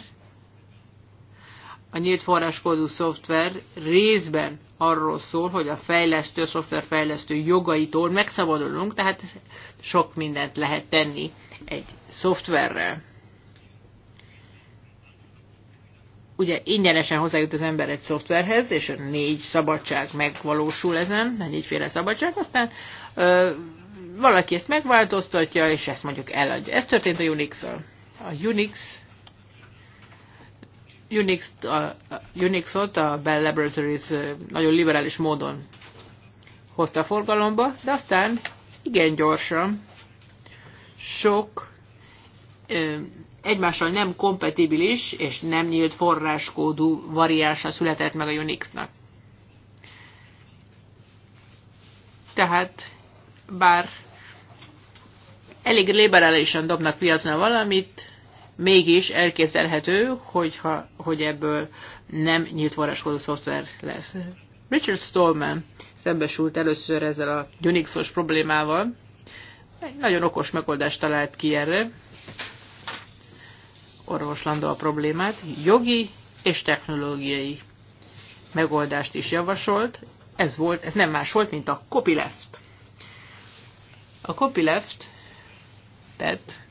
a nyílt forráskódú szoftver részben arról szól, hogy a fejlesztő, a szoftverfejlesztő jogaitól megszabadulunk, tehát sok mindent lehet tenni egy szoftverrel. Ugye ingyenesen hozzájut az ember egy szoftverhez, és a négy szabadság megvalósul ezen, a négyféle szabadság, aztán ö, valaki ezt megváltoztatja, és ezt mondjuk eladja. Ez történt a Unix-szal. A Unix Unix, a Unixot a Bell Laboratories nagyon liberális módon hozta a forgalomba, de aztán igen gyorsan sok egymással nem kompatibilis és nem nyílt forráskódú variánsa született meg a Unixnak. Tehát bár elég liberálisan dobnak piacon valamit, mégis elképzelhető, hogyha, hogy ebből nem nyílt forráskozó szoftver lesz. Richard Stallman szembesült először ezzel a Unixos problémával. Egy nagyon okos megoldást talált ki erre. Orvoslandó a problémát. Jogi és technológiai megoldást is javasolt. Ez volt, ez nem más volt, mint a copyleft. A copyleft, tehát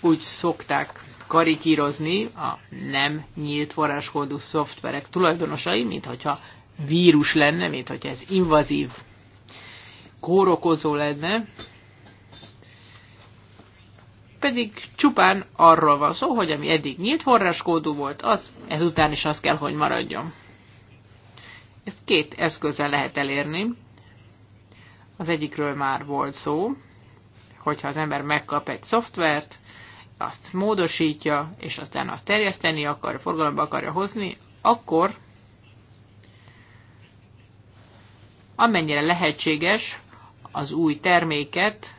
úgy szokták karikírozni a nem nyílt forráskódú szoftverek tulajdonosai, mint hogyha vírus lenne, mint hogyha ez invazív kórokozó lenne, pedig csupán arról van szó, hogy ami eddig nyílt forráskódú volt, az ezután is az kell, hogy maradjon. Ezt két eszközzel lehet elérni. Az egyikről már volt szó, hogyha az ember megkap egy szoftvert, azt módosítja, és aztán azt terjeszteni akar, forgalomba akarja hozni, akkor amennyire lehetséges az új terméket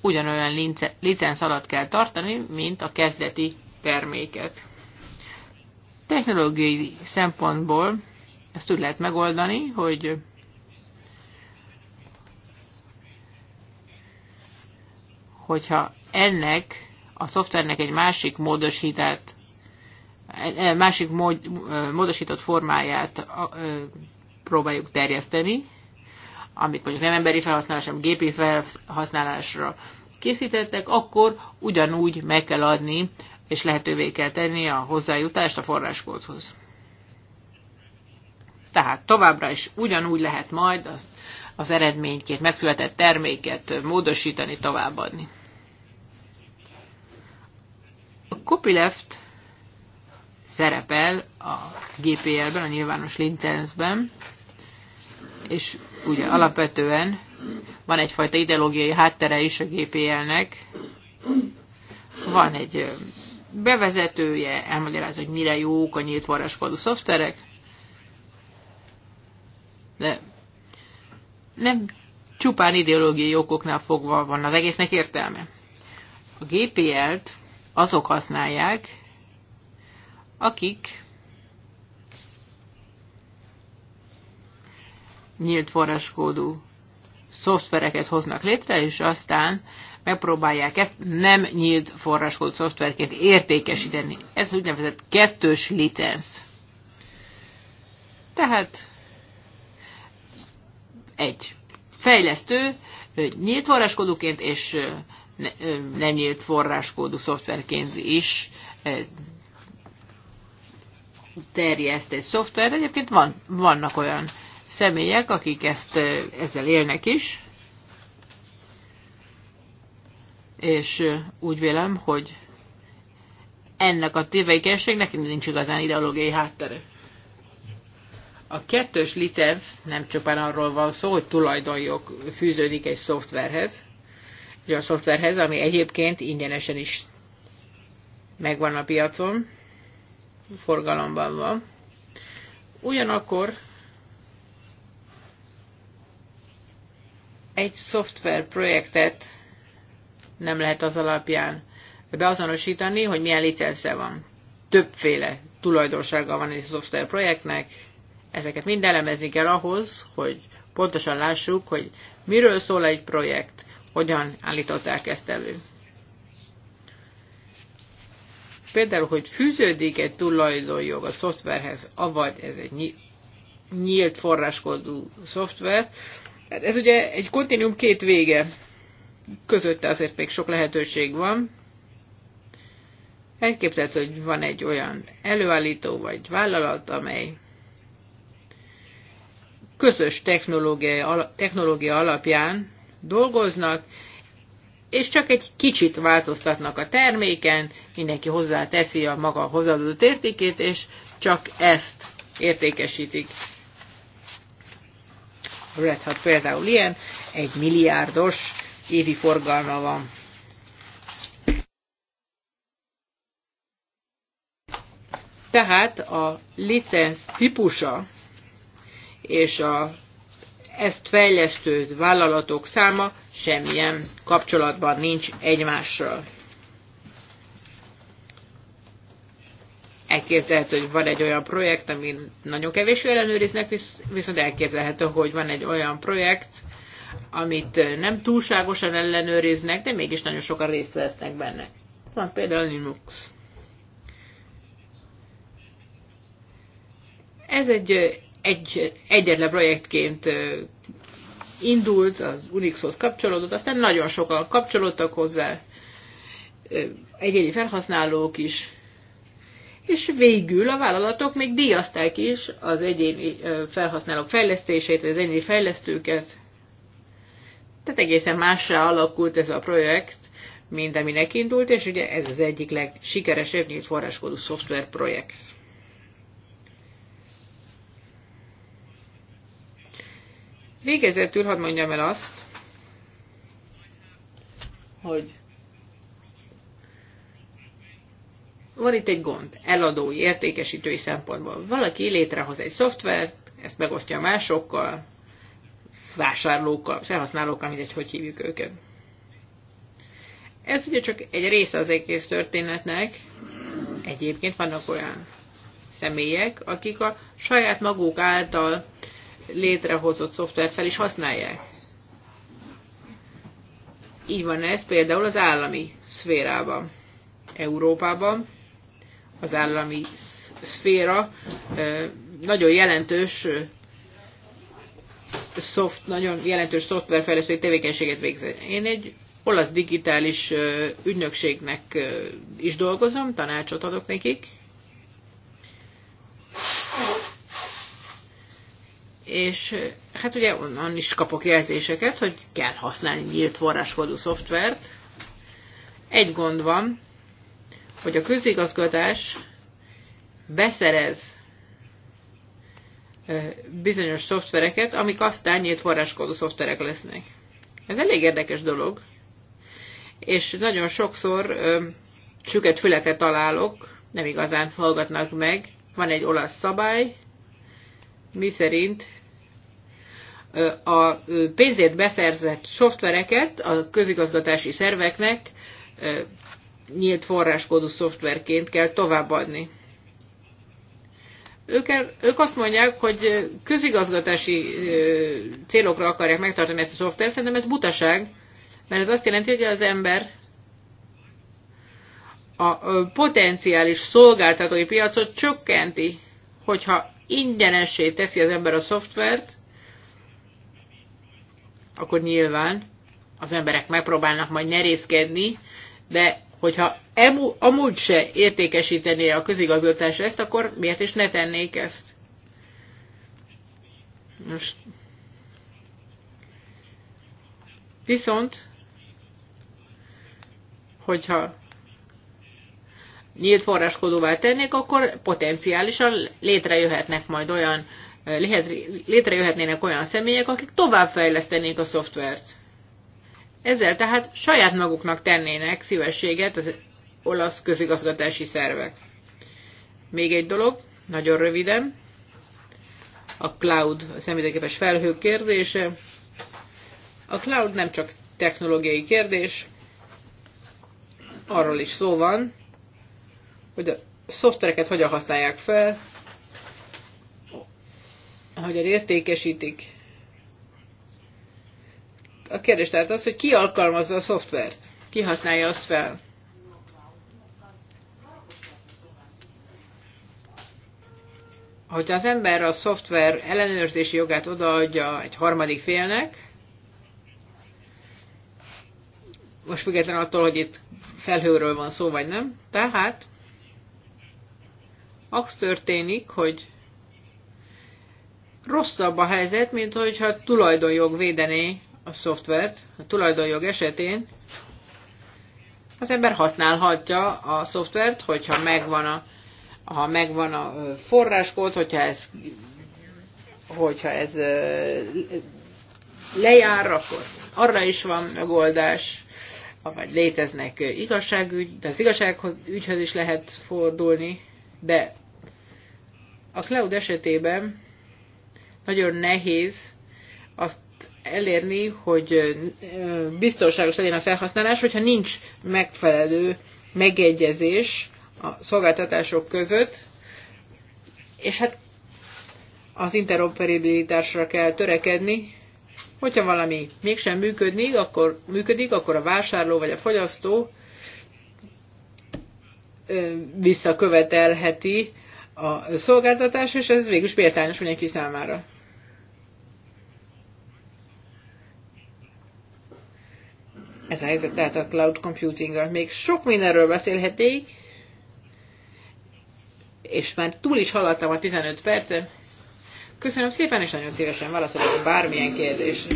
ugyanolyan licenc alatt kell tartani, mint a kezdeti terméket. Technológiai szempontból ezt úgy lehet megoldani, hogy hogyha ennek a szoftvernek egy másik módosítát, e, másik mód, e, módosított formáját e, próbáljuk terjeszteni, amit mondjuk nem emberi felhasználásra, hanem gépi felhasználásra készítettek, akkor ugyanúgy meg kell adni, és lehetővé kell tenni a hozzájutást a forráskódhoz tehát továbbra is ugyanúgy lehet majd az, az eredményként megszületett terméket módosítani, továbbadni. A copyleft szerepel a GPL-ben, a nyilvános licencben, és ugye alapvetően van egyfajta ideológiai háttere is a GPL-nek, van egy bevezetője, elmagyarázza, hogy mire jók a nyílt forráskodó szoftverek, de nem csupán ideológiai okoknál fogva van az egésznek értelme. A GPL-t azok használják, akik nyílt forráskódú szoftvereket hoznak létre, és aztán megpróbálják ezt nem nyílt forráskódú szoftverként értékesíteni. Ez úgynevezett kettős licensz. Tehát egy fejlesztő nyílt forráskódúként és nem nyílt forráskódú szoftverként is terjeszt egy szoftver. Egyébként van, vannak olyan személyek, akik ezt, ezzel élnek is, és úgy vélem, hogy ennek a tevékenységnek nincs igazán ideológiai háttere. A kettős licenc nem csupán arról van szó, hogy tulajdonjog fűződik egy szoftverhez, egy a szoftverhez, ami egyébként ingyenesen is megvan a piacon, forgalomban van. Ugyanakkor egy szoftverprojektet nem lehet az alapján beazonosítani, hogy milyen licensze van. Többféle tulajdonsága van egy projektnek, Ezeket mind elemezni kell ahhoz, hogy pontosan lássuk, hogy miről szól egy projekt, hogyan állították ezt elő. Például, hogy fűződik egy tulajdonjog a szoftverhez, avagy ez egy nyílt forráskódú szoftver. Hát ez ugye egy kontinuum két vége. között, azért még sok lehetőség van. Elképzelhető, hogy van egy olyan előállító vagy vállalat, amely közös technológia, technológia alapján dolgoznak, és csak egy kicsit változtatnak a terméken, mindenki hozzá teszi a maga hozzáadott értékét, és csak ezt értékesítik. A Red Hat például ilyen, egy milliárdos évi forgalma van. Tehát a licenc típusa és a ezt fejlesztő vállalatok száma semmilyen kapcsolatban nincs egymással. elképzelhető, hogy van egy olyan projekt, amit nagyon kevés ellenőriznek, visz, viszont elképzelhető, hogy van egy olyan projekt, amit nem túlságosan ellenőriznek, de mégis nagyon sokan részt vesznek benne. Van például Linux. Ez egy egy, egyetlen projektként indult, az Unixhoz kapcsolódott, aztán nagyon sokan kapcsolódtak hozzá, egyéni felhasználók is, és végül a vállalatok még díjazták is az egyéni felhasználók fejlesztését, vagy az egyéni fejlesztőket. Tehát egészen mássá alakult ez a projekt, mint aminek indult, és ugye ez az egyik legsikeresebb nyílt szoftver szoftverprojekt. Végezetül hadd mondjam el azt, hogy van itt egy gond, eladói, értékesítői szempontból. Valaki létrehoz egy szoftvert, ezt megosztja másokkal, vásárlókkal, felhasználókkal, mindegy, hogy hívjuk őket. Ez ugye csak egy része az egész történetnek. Egyébként vannak olyan személyek, akik a saját maguk által létrehozott szoftvert fel is használják. Így van ez például az állami szférában. Európában az állami szféra nagyon jelentős szoft, nagyon jelentős szoftverfejlesztői tevékenységet végzett. Én egy olasz digitális ügynökségnek is dolgozom, tanácsot adok nekik, és hát ugye onnan is kapok jelzéseket, hogy kell használni nyílt forráskódú szoftvert. Egy gond van, hogy a közigazgatás beszerez bizonyos szoftvereket, amik aztán nyílt forráskódú szoftverek lesznek. Ez elég érdekes dolog, és nagyon sokszor ö, süket találok, nem igazán hallgatnak meg. Van egy olasz szabály, mi szerint a pénzért beszerzett szoftvereket a közigazgatási szerveknek nyílt forráskódú szoftverként kell továbbadni. Ők, el, ők azt mondják, hogy közigazgatási célokra akarják megtartani ezt a szoftvert, szerintem ez butaság, mert ez azt jelenti, hogy az ember a potenciális szolgáltatói piacot csökkenti, hogyha ingyenessé teszi az ember a szoftvert, akkor nyilván az emberek megpróbálnak majd nerészkedni, de hogyha emu, amúgy se értékesítené a közigazgatás ezt, akkor miért is ne tennék ezt? Most. Viszont, hogyha nyílt forráskodóvá tennék, akkor potenciálisan létrejöhetnek majd olyan létrejöhetnének olyan személyek, akik továbbfejlesztenék a szoftvert. Ezzel tehát saját maguknak tennének szívességet az olasz közigazgatási szervek. Még egy dolog, nagyon röviden, a cloud, a személyeképes felhő kérdése. A cloud nem csak technológiai kérdés, arról is szó van, hogy a szoftvereket hogyan használják fel, ahogyan értékesítik. A kérdés tehát az, hogy ki alkalmazza a szoftvert, ki használja azt fel. Hogyha az ember a szoftver ellenőrzési jogát odaadja egy harmadik félnek, most független attól, hogy itt felhőről van szó, vagy nem. Tehát az történik, hogy rosszabb a helyzet, mint hogyha tulajdonjog védené a szoftvert. A tulajdonjog esetén az ember használhatja a szoftvert, hogyha megvan a, ha megvan a forráskód, hogyha ez, hogyha ez lejár, akkor arra is van megoldás, vagy léteznek igazságügy, de az igazságügyhöz is lehet fordulni, de a cloud esetében nagyon nehéz azt elérni, hogy biztonságos legyen a felhasználás, hogyha nincs megfelelő megegyezés a szolgáltatások között, és hát az interoperabilitásra kell törekedni, hogyha valami mégsem működik, akkor, működik, akkor a vásárló vagy a fogyasztó visszakövetelheti a szolgáltatás, és ez végül méltányos mindenki számára. Ez a helyzet tehát a cloud computing Még sok mindenről beszélhetnék, és már túl is haladtam a 15 percen. Köszönöm szépen, és nagyon szívesen válaszolok bármilyen kérdésre.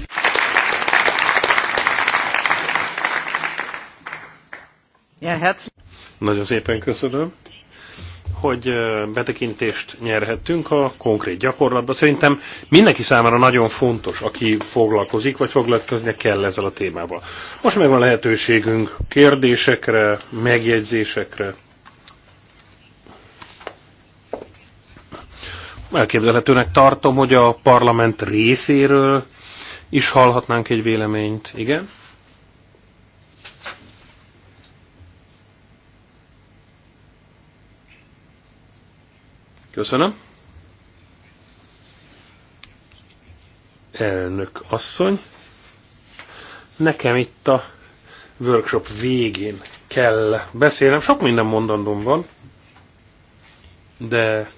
Ja, hát- Nagyon szépen köszönöm hogy betekintést nyerhettünk a konkrét gyakorlatba. Szerintem mindenki számára nagyon fontos, aki foglalkozik, vagy foglalkoznia kell ezzel a témával. Most megvan lehetőségünk kérdésekre, megjegyzésekre. Elképzelhetőnek tartom, hogy a parlament részéről is hallhatnánk egy véleményt. Igen? Köszönöm. Elnök asszony, nekem itt a workshop végén kell beszélnem. Sok minden mondandom van, de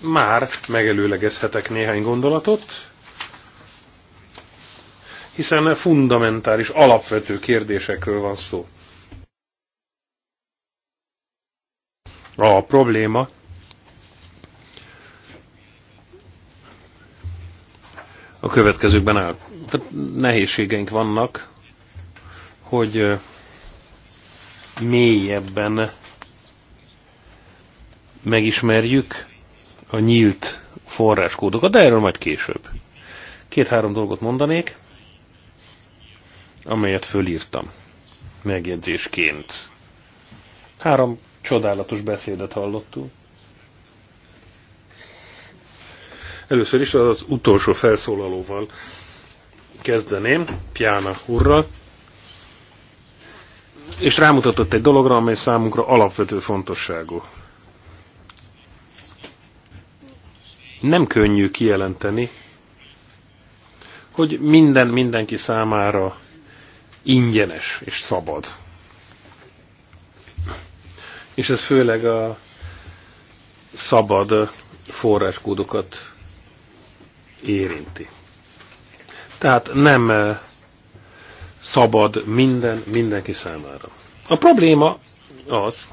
már megelőlegezhetek néhány gondolatot, hiszen fundamentális, alapvető kérdésekről van szó. A probléma a következőkben áll. Tehát nehézségeink vannak, hogy mélyebben megismerjük a nyílt forráskódokat, de erről majd később. Két-három dolgot mondanék, amelyet fölírtam megjegyzésként. Három csodálatos beszédet hallottunk. Először is az utolsó felszólalóval kezdeném, Piana úrral, és rámutatott egy dologra, amely számunkra alapvető fontosságú. Nem könnyű kijelenteni, hogy minden mindenki számára ingyenes és szabad. És ez főleg a szabad forráskódokat érinti. Tehát nem eh, szabad minden mindenki számára. A probléma az,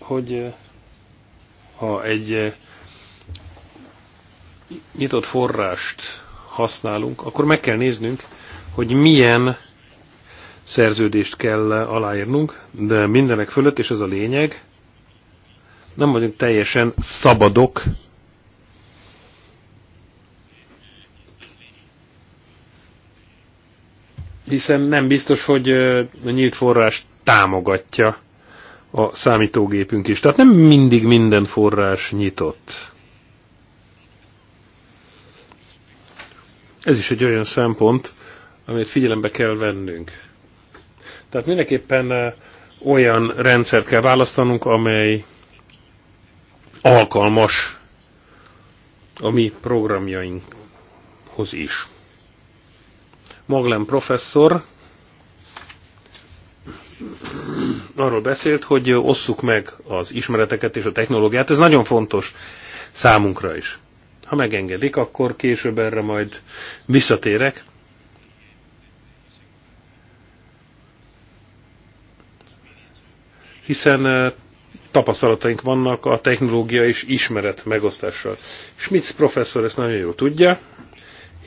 hogy eh, ha egy eh, nyitott forrást használunk, akkor meg kell néznünk, hogy milyen szerződést kell aláírnunk, de mindenek fölött, és ez a lényeg, nem vagyunk teljesen szabadok hiszen nem biztos, hogy a nyílt forrás támogatja a számítógépünk is. Tehát nem mindig minden forrás nyitott. Ez is egy olyan szempont, amit figyelembe kell vennünk. Tehát mindenképpen olyan rendszert kell választanunk, amely alkalmas a mi programjainkhoz is. Maglen professzor arról beszélt, hogy osszuk meg az ismereteket és a technológiát. Ez nagyon fontos számunkra is. Ha megengedik, akkor később erre majd visszatérek. Hiszen eh, tapasztalataink vannak a technológia és ismeret megosztással. Schmitz professzor ezt nagyon jól tudja,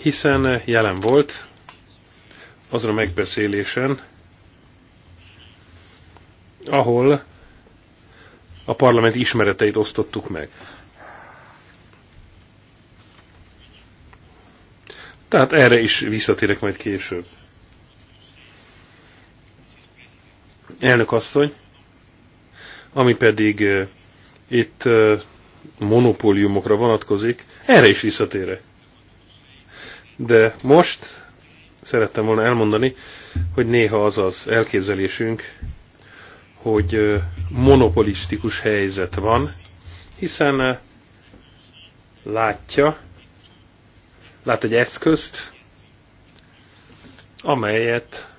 hiszen eh, jelen volt azon a megbeszélésen, ahol a parlament ismereteit osztottuk meg. Tehát erre is visszatérek majd később. Elnök asszony, ami pedig eh, itt eh, monopóliumokra vonatkozik, erre is visszatérek. De most szerettem volna elmondani, hogy néha az az elképzelésünk, hogy monopolisztikus helyzet van, hiszen látja, lát egy eszközt, amelyet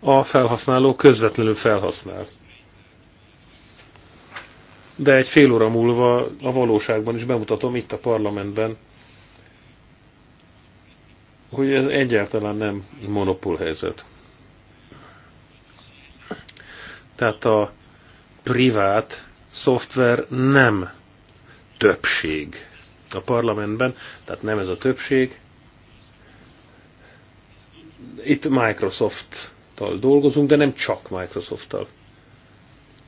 a felhasználó közvetlenül felhasznál. De egy fél óra múlva a valóságban is bemutatom itt a parlamentben hogy ez egyáltalán nem monopól helyzet. Tehát a privát szoftver nem többség a parlamentben, tehát nem ez a többség. Itt Microsoft-tal dolgozunk, de nem csak Microsoft-tal.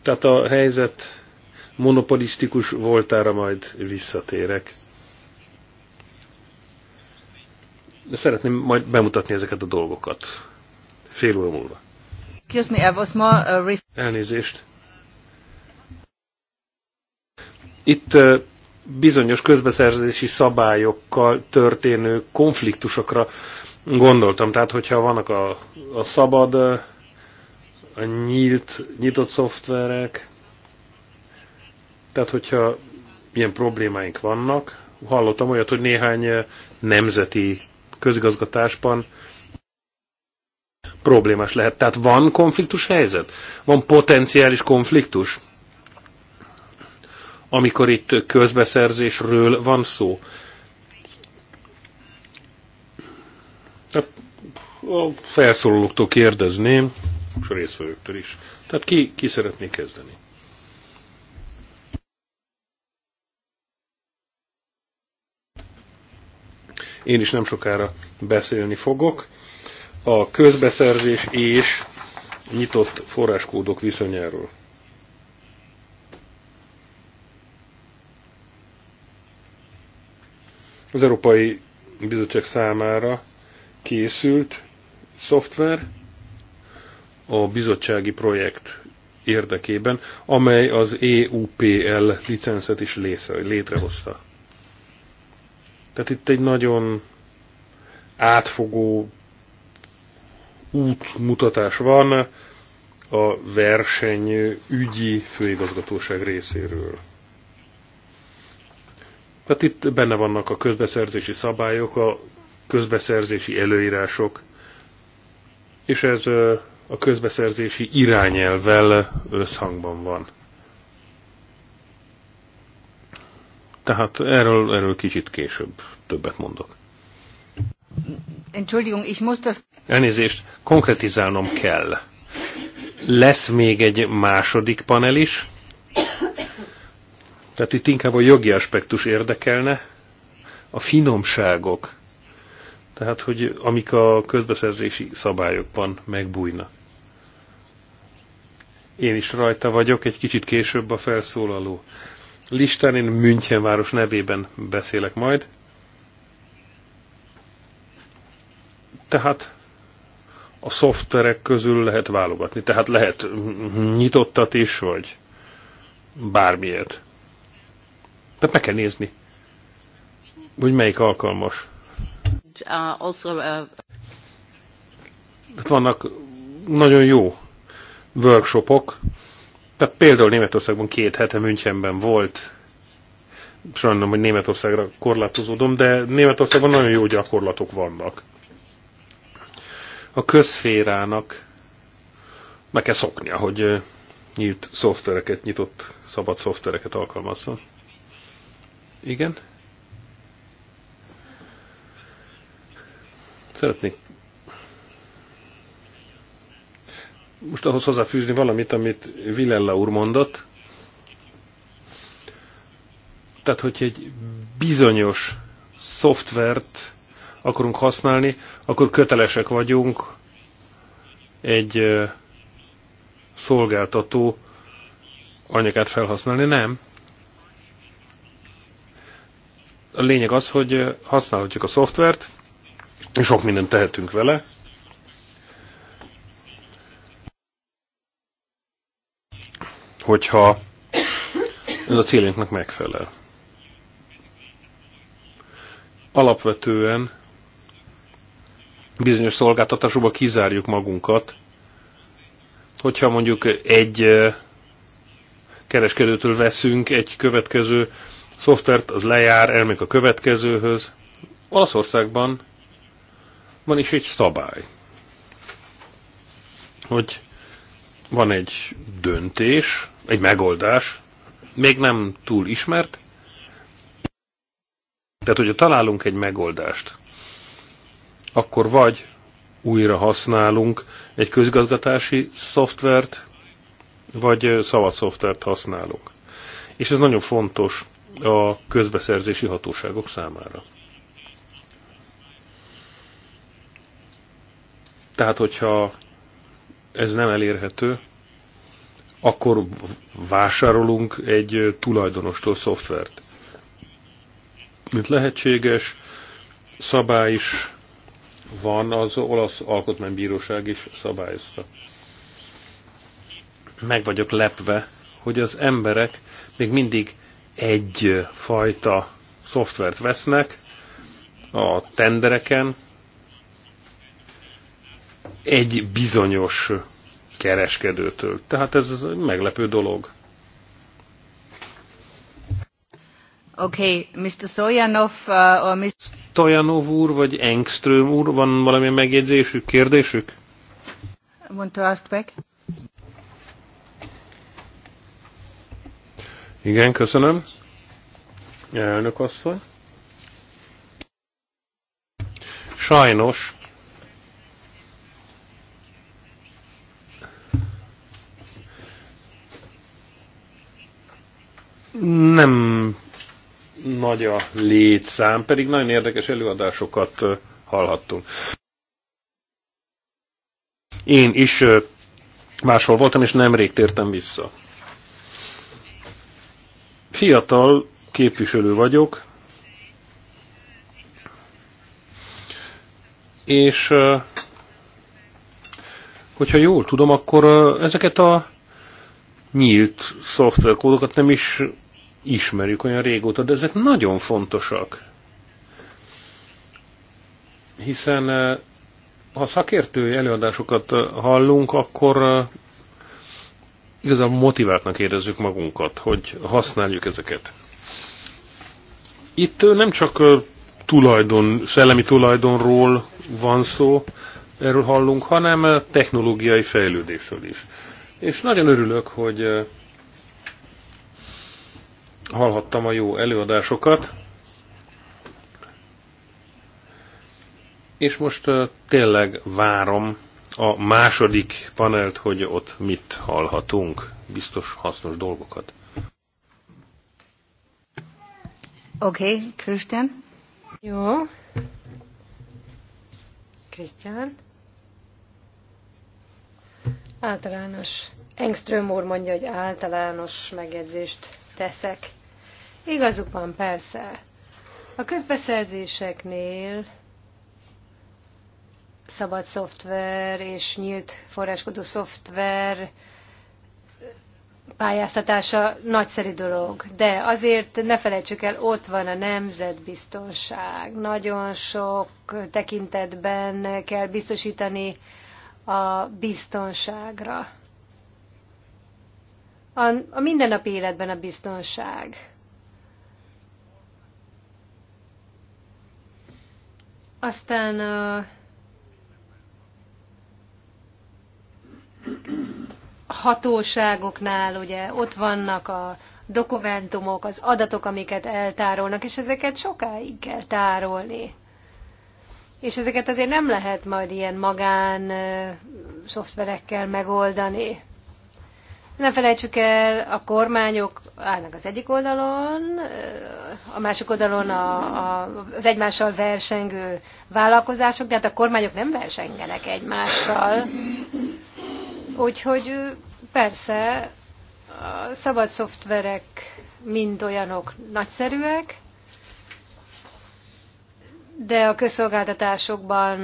Tehát a helyzet monopolisztikus voltára majd visszatérek. de szeretném majd bemutatni ezeket a dolgokat. Fél óra múlva. Uh, Elnézést. Itt uh, bizonyos közbeszerzési szabályokkal történő konfliktusokra gondoltam. Tehát, hogyha vannak a, a szabad, uh, a nyílt, nyitott szoftverek, tehát, hogyha ilyen problémáink vannak, hallottam olyat, hogy néhány nemzeti közigazgatásban problémás lehet. Tehát van konfliktus helyzet? Van potenciális konfliktus? Amikor itt közbeszerzésről van szó. A felszólalóktól kérdezném, és a részvevőktől is. Tehát ki, ki szeretné kezdeni? én is nem sokára beszélni fogok, a közbeszerzés és nyitott forráskódok viszonyáról. Az Európai Bizottság számára készült szoftver a bizottsági projekt érdekében, amely az EUPL licenszet is létrehozta. Tehát itt egy nagyon átfogó útmutatás van a verseny ügyi főigazgatóság részéről. Tehát itt benne vannak a közbeszerzési szabályok, a közbeszerzési előírások, és ez a közbeszerzési irányelvel összhangban van. Tehát erről, erről kicsit később többet mondok. Entschuldigung, ich muss das... Elnézést, konkretizálnom kell. Lesz még egy második panel is. Tehát itt inkább a jogi aspektus érdekelne. A finomságok. Tehát, hogy amik a közbeszerzési szabályokban megbújnak. Én is rajta vagyok, egy kicsit később a felszólaló listán, én München város nevében beszélek majd. Tehát a szoftverek közül lehet válogatni, tehát lehet nyitottat is, vagy bármilyet. Tehát meg kell nézni, hogy melyik alkalmas. Tehát uh, uh, vannak nagyon jó workshopok, tehát például Németországban két hete Münchenben volt, sajnálom, hogy Németországra korlátozódom, de Németországban nagyon jó gyakorlatok vannak. A közférának meg kell szoknia, hogy nyílt szoftvereket, nyitott szabad szoftvereket alkalmazzon. Igen? Szeretnék most ahhoz hozzáfűzni valamit, amit Vilella úr mondott. Tehát, hogy egy bizonyos szoftvert akarunk használni, akkor kötelesek vagyunk egy szolgáltató anyagát felhasználni. Nem. A lényeg az, hogy használhatjuk a szoftvert, és sok mindent tehetünk vele, hogyha ez a célunknak megfelel. Alapvetően bizonyos szolgáltatásokban kizárjuk magunkat, hogyha mondjuk egy eh, kereskedőtől veszünk egy következő szoftvert, az lejár, elmegy a következőhöz. Olaszországban van is egy szabály, hogy van egy döntés, egy megoldás, még nem túl ismert. Tehát, hogyha találunk egy megoldást, akkor vagy újra használunk egy közgazgatási szoftvert, vagy szabad szoftvert használunk. És ez nagyon fontos a közbeszerzési hatóságok számára. Tehát, hogyha ez nem elérhető, akkor vásárolunk egy tulajdonostól szoftvert. Mint lehetséges, szabály is van, az olasz alkotmánybíróság is szabályozta. Meg vagyok lepve, hogy az emberek még mindig egy fajta szoftvert vesznek a tendereken, egy bizonyos kereskedőtől. Tehát ez egy meglepő dolog. Oké, okay, Mr. Stojanov, uh, or Mr. Stojanov úr, vagy Engström úr, van valami megjegyzésük, kérdésük? Want to ask back? Igen, köszönöm. Elnök asszony. Sajnos nem nagy a létszám, pedig nagyon érdekes előadásokat hallhattunk. Én is máshol voltam, és nemrég tértem vissza. Fiatal képviselő vagyok, és hogyha jól tudom, akkor ezeket a nyílt szoftverkódokat nem is ismerjük olyan régóta, de ezek nagyon fontosak. Hiszen eh, ha szakértői előadásokat eh, hallunk, akkor eh, igazából motiváltnak érezzük magunkat, hogy használjuk ezeket. Itt nem csak tulajdon, szellemi tulajdonról van szó, erről hallunk, hanem technológiai fejlődésről is. És nagyon örülök, hogy hallhattam a jó előadásokat, és most tényleg várom a második panelt, hogy ott mit hallhatunk, biztos hasznos dolgokat. Oké, okay, Christian. Jó. Krisztián. Általános. Engström úr mondja, hogy általános megjegyzést teszek. Igazuk van persze. A közbeszerzéseknél szabad szoftver és nyílt forráskodó szoftver pályáztatása nagyszerű dolog, de azért ne felejtsük el, ott van a nemzetbiztonság. Nagyon sok tekintetben kell biztosítani a biztonságra a, a mindennapi életben a biztonság. Aztán a hatóságoknál ugye ott vannak a dokumentumok, az adatok, amiket eltárolnak, és ezeket sokáig kell tárolni. És ezeket azért nem lehet majd ilyen magán szoftverekkel megoldani. Ne felejtsük el, a kormányok állnak az egyik oldalon, a másik oldalon a, a, az egymással versengő vállalkozások, de hát a kormányok nem versengenek egymással. Úgyhogy persze a szabad szoftverek mind olyanok nagyszerűek, de a közszolgáltatásokban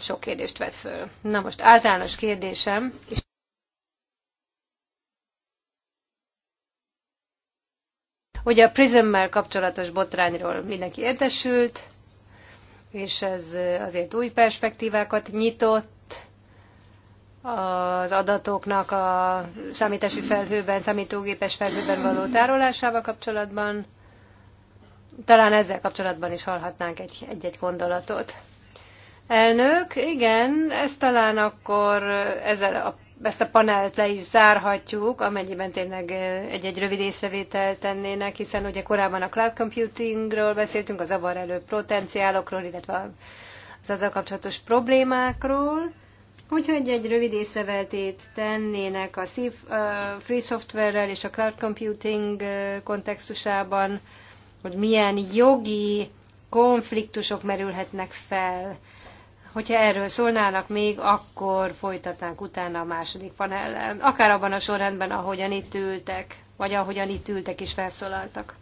sok kérdést vet föl. Na most általános kérdésem, és Ugye a Prismmel kapcsolatos botrányról mindenki értesült, és ez azért új perspektívákat nyitott az adatoknak a számítási felhőben, számítógépes felhőben való tárolásával kapcsolatban. Talán ezzel kapcsolatban is hallhatnánk egy-egy gondolatot. Elnök, igen, ez talán akkor ezzel a ezt a panelt le is zárhatjuk, amennyiben tényleg egy-egy rövid észrevételt tennének, hiszen ugye korábban a cloud computingről beszéltünk, az avar elő potenciálokról, illetve az azzal kapcsolatos problémákról. Hogyha egy-egy rövid észreveltét tennének a free software-rel és a cloud computing kontextusában, hogy milyen jogi konfliktusok merülhetnek fel, Hogyha erről szólnának még, akkor folytatnánk utána a második panellen, akár abban a sorrendben, ahogyan itt ültek, vagy ahogyan itt ültek és felszólaltak.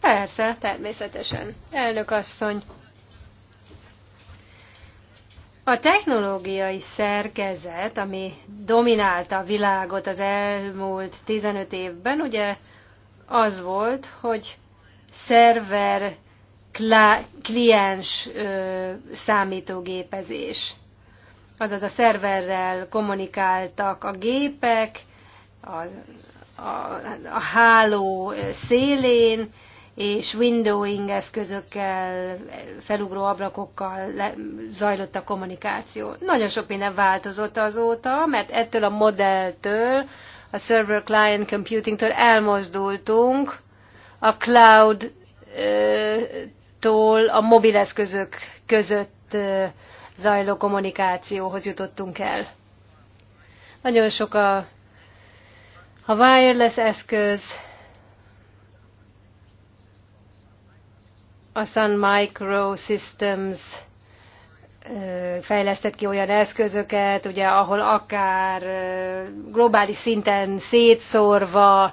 Persze, természetesen. Elnök asszony. A technológiai szerkezet, ami dominálta a világot az elmúlt 15 évben, ugye az volt, hogy szerver kliens számítógépezés. Azaz a szerverrel kommunikáltak a gépek, a, a, a háló szélén, és windowing eszközökkel, felugró ablakokkal le, zajlott a kommunikáció. Nagyon sok minden változott azóta, mert ettől a modelltől, a server client computingtől elmozdultunk a cloud telefontól a mobileszközök között zajló kommunikációhoz jutottunk el. Nagyon sok a, a wireless eszköz, a Sun Microsystems fejlesztett ki olyan eszközöket, ugye, ahol akár globális szinten szétszórva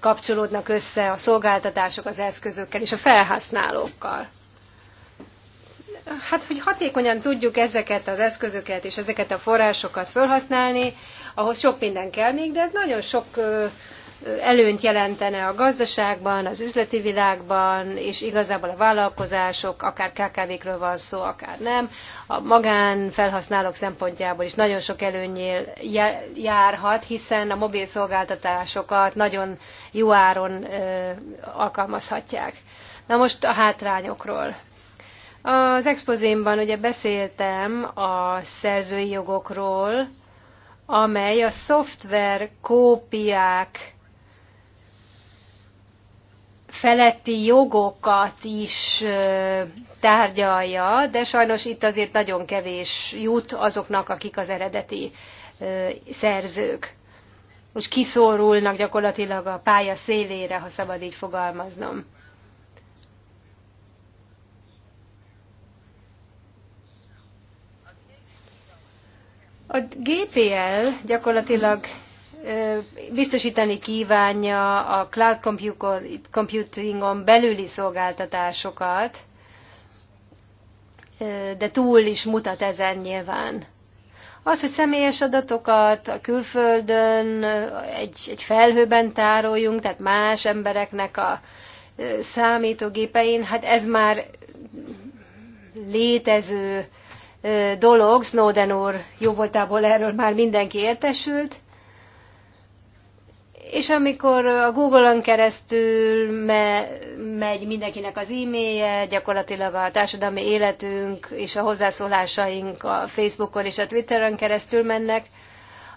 kapcsolódnak össze a szolgáltatások az eszközökkel és a felhasználókkal. Hát, hogy hatékonyan tudjuk ezeket az eszközöket és ezeket a forrásokat felhasználni, ahhoz sok minden kell még, de ez nagyon sok előnyt jelentene a gazdaságban, az üzleti világban, és igazából a vállalkozások, akár KKV-kről van szó, akár nem, a magánfelhasználók szempontjából is nagyon sok előnyél járhat, hiszen a mobil szolgáltatásokat nagyon jó áron alkalmazhatják. Na most a hátrányokról. Az expozémban ugye beszéltem a szerzői jogokról, amely a szoftver kópiák feletti jogokat is tárgyalja, de sajnos itt azért nagyon kevés jut azoknak, akik az eredeti szerzők. Most kiszorulnak gyakorlatilag a pálya szélére, ha szabad így fogalmaznom. A GPL gyakorlatilag biztosítani kívánja a cloud computingon belüli szolgáltatásokat, de túl is mutat ezen nyilván. Az, hogy személyes adatokat a külföldön, egy, egy felhőben tároljunk, tehát más embereknek a számítógépein, hát ez már létező dolog, Snowden úr voltából erről már mindenki értesült, és amikor a Google-on keresztül me, megy mindenkinek az e-mailje, gyakorlatilag a társadalmi életünk és a hozzászólásaink a Facebookon és a Twitteren keresztül mennek,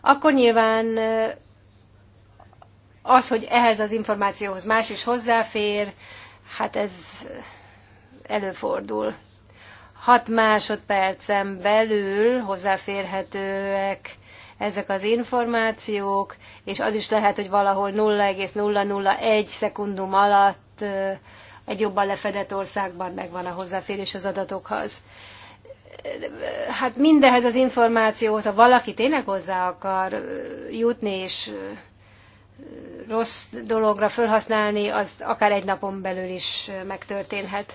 akkor nyilván az, hogy ehhez az információhoz más is hozzáfér, hát ez előfordul. Hat másodpercen belül hozzáférhetőek ezek az információk, és az is lehet, hogy valahol 0,001 szekundum alatt egy jobban lefedett országban megvan a hozzáférés az adatokhoz. Hát mindehez az információhoz, ha valaki tényleg hozzá akar jutni, és rossz dologra felhasználni, az akár egy napon belül is megtörténhet.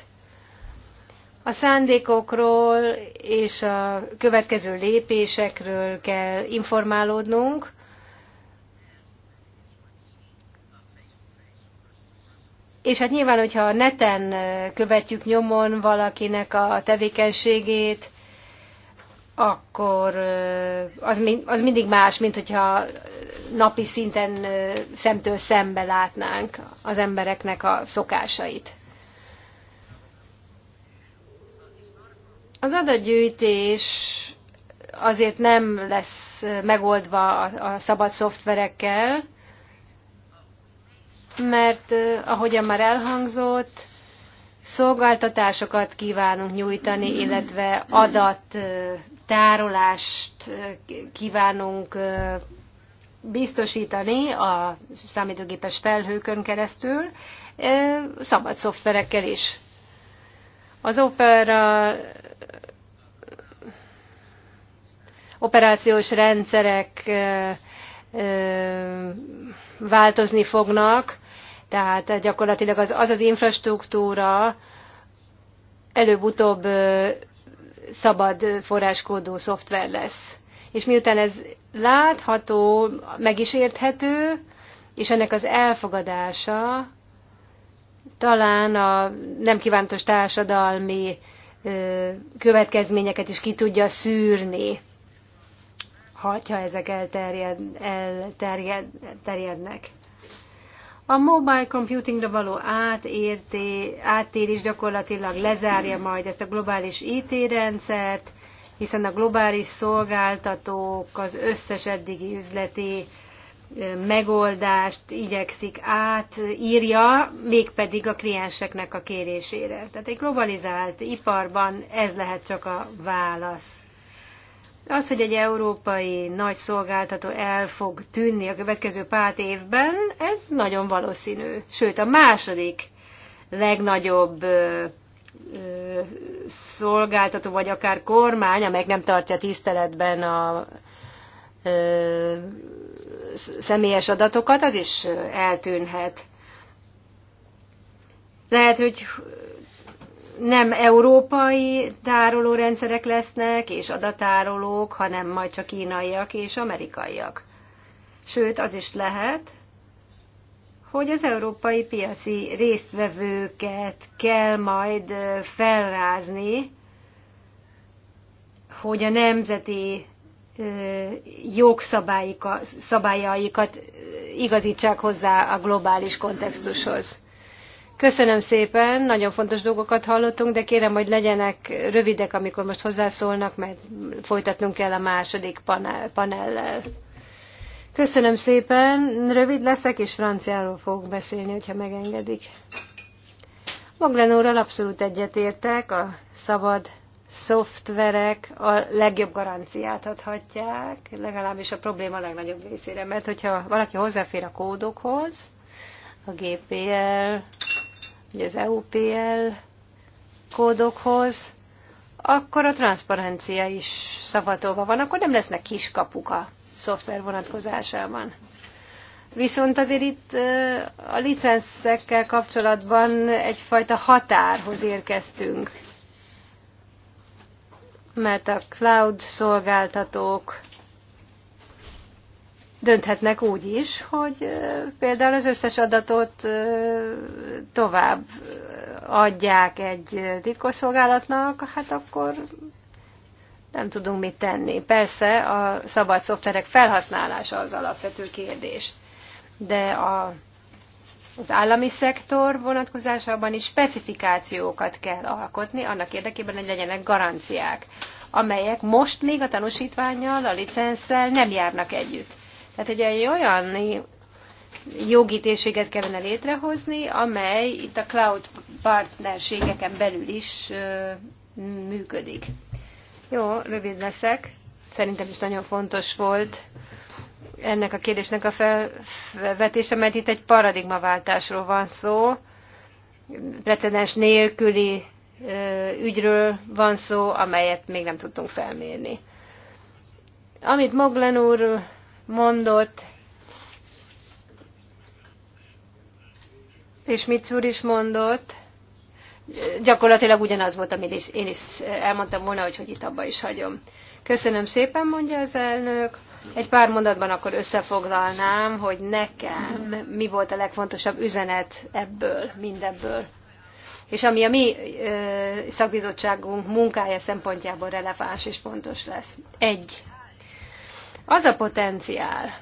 A szándékokról és a következő lépésekről kell informálódnunk. És hát nyilván, hogyha a neten követjük nyomon valakinek a tevékenységét, akkor az, az mindig más, mint hogyha napi szinten szemtől szembe látnánk az embereknek a szokásait. Az adatgyűjtés azért nem lesz megoldva a szabad szoftverekkel, mert eh, ahogyan már elhangzott, szolgáltatásokat kívánunk nyújtani, illetve adattárolást eh, eh, kívánunk biztosítani a számítógépes felhőkön keresztül, szabad szoftverekkel is. Az opera operációs rendszerek változni fognak, tehát gyakorlatilag az az, az infrastruktúra előbb-utóbb szabad forráskódú szoftver lesz. És miután ez látható, meg is érthető, és ennek az elfogadása talán a nem kívántos társadalmi következményeket is ki tudja szűrni, ha ezek elterjed, elterjed, terjednek. A mobile computingra való átérté, áttérés gyakorlatilag lezárja majd ezt a globális IT-rendszert, hiszen a globális szolgáltatók az összes eddigi üzleti megoldást igyekszik átírja, mégpedig a klienseknek a kérésére. Tehát egy globalizált iparban ez lehet csak a válasz. Az, hogy egy európai nagy szolgáltató el fog tűnni a következő pár évben, ez nagyon valószínű. Sőt, a második legnagyobb ö, ö, szolgáltató, vagy akár kormány, amely nem tartja tiszteletben a ö, személyes adatokat, az is eltűnhet. Lehet, hogy nem európai tárolórendszerek lesznek és adatárolók, hanem majd csak kínaiak és amerikaiak. Sőt, az is lehet, hogy az európai piaci résztvevőket kell majd felrázni, hogy a nemzeti jogszabályaikat igazítsák hozzá a globális kontextushoz. Köszönöm szépen, nagyon fontos dolgokat hallottunk, de kérem, hogy legyenek rövidek, amikor most hozzászólnak, mert folytatnunk kell a második panel, panellel. Köszönöm szépen, rövid leszek, és franciáról fogok beszélni, hogyha megengedik. Maglenóral abszolút egyetértek a szabad szoftverek a legjobb garanciát adhatják, legalábbis a probléma a legnagyobb részére, mert hogyha valaki hozzáfér a kódokhoz, a GPL, vagy az EUPL kódokhoz, akkor a transzparencia is szavatolva van, akkor nem lesznek kiskapuk a szoftver vonatkozásában. Viszont azért itt a licenszekkel kapcsolatban egyfajta határhoz érkeztünk mert a cloud szolgáltatók dönthetnek úgy is, hogy például az összes adatot tovább adják egy titkosszolgálatnak, hát akkor nem tudunk mit tenni. Persze a szabad szoftverek felhasználása az alapvető kérdés, de a az állami szektor vonatkozásában is specifikációkat kell alkotni, annak érdekében, hogy legyenek garanciák, amelyek most még a tanúsítványjal, a licenszel nem járnak együtt. Tehát egy olyan jogi kellene létrehozni, amely itt a cloud partnerségeken belül is működik. Jó, rövid leszek. Szerintem is nagyon fontos volt ennek a kérdésnek a felvetése, mert itt egy paradigmaváltásról van szó, precedens nélküli ügyről van szó, amelyet még nem tudtunk felmérni. Amit Moglen úr mondott, és Mitz úr is mondott, gyakorlatilag ugyanaz volt, amit én is elmondtam volna, hogy, hogy itt abba is hagyom. Köszönöm szépen, mondja az elnök. Egy pár mondatban akkor összefoglalnám, hogy nekem mi volt a legfontosabb üzenet ebből, mindebből. És ami a mi ö, szakbizottságunk munkája szempontjából releváns és fontos lesz. Egy. Az a potenciál,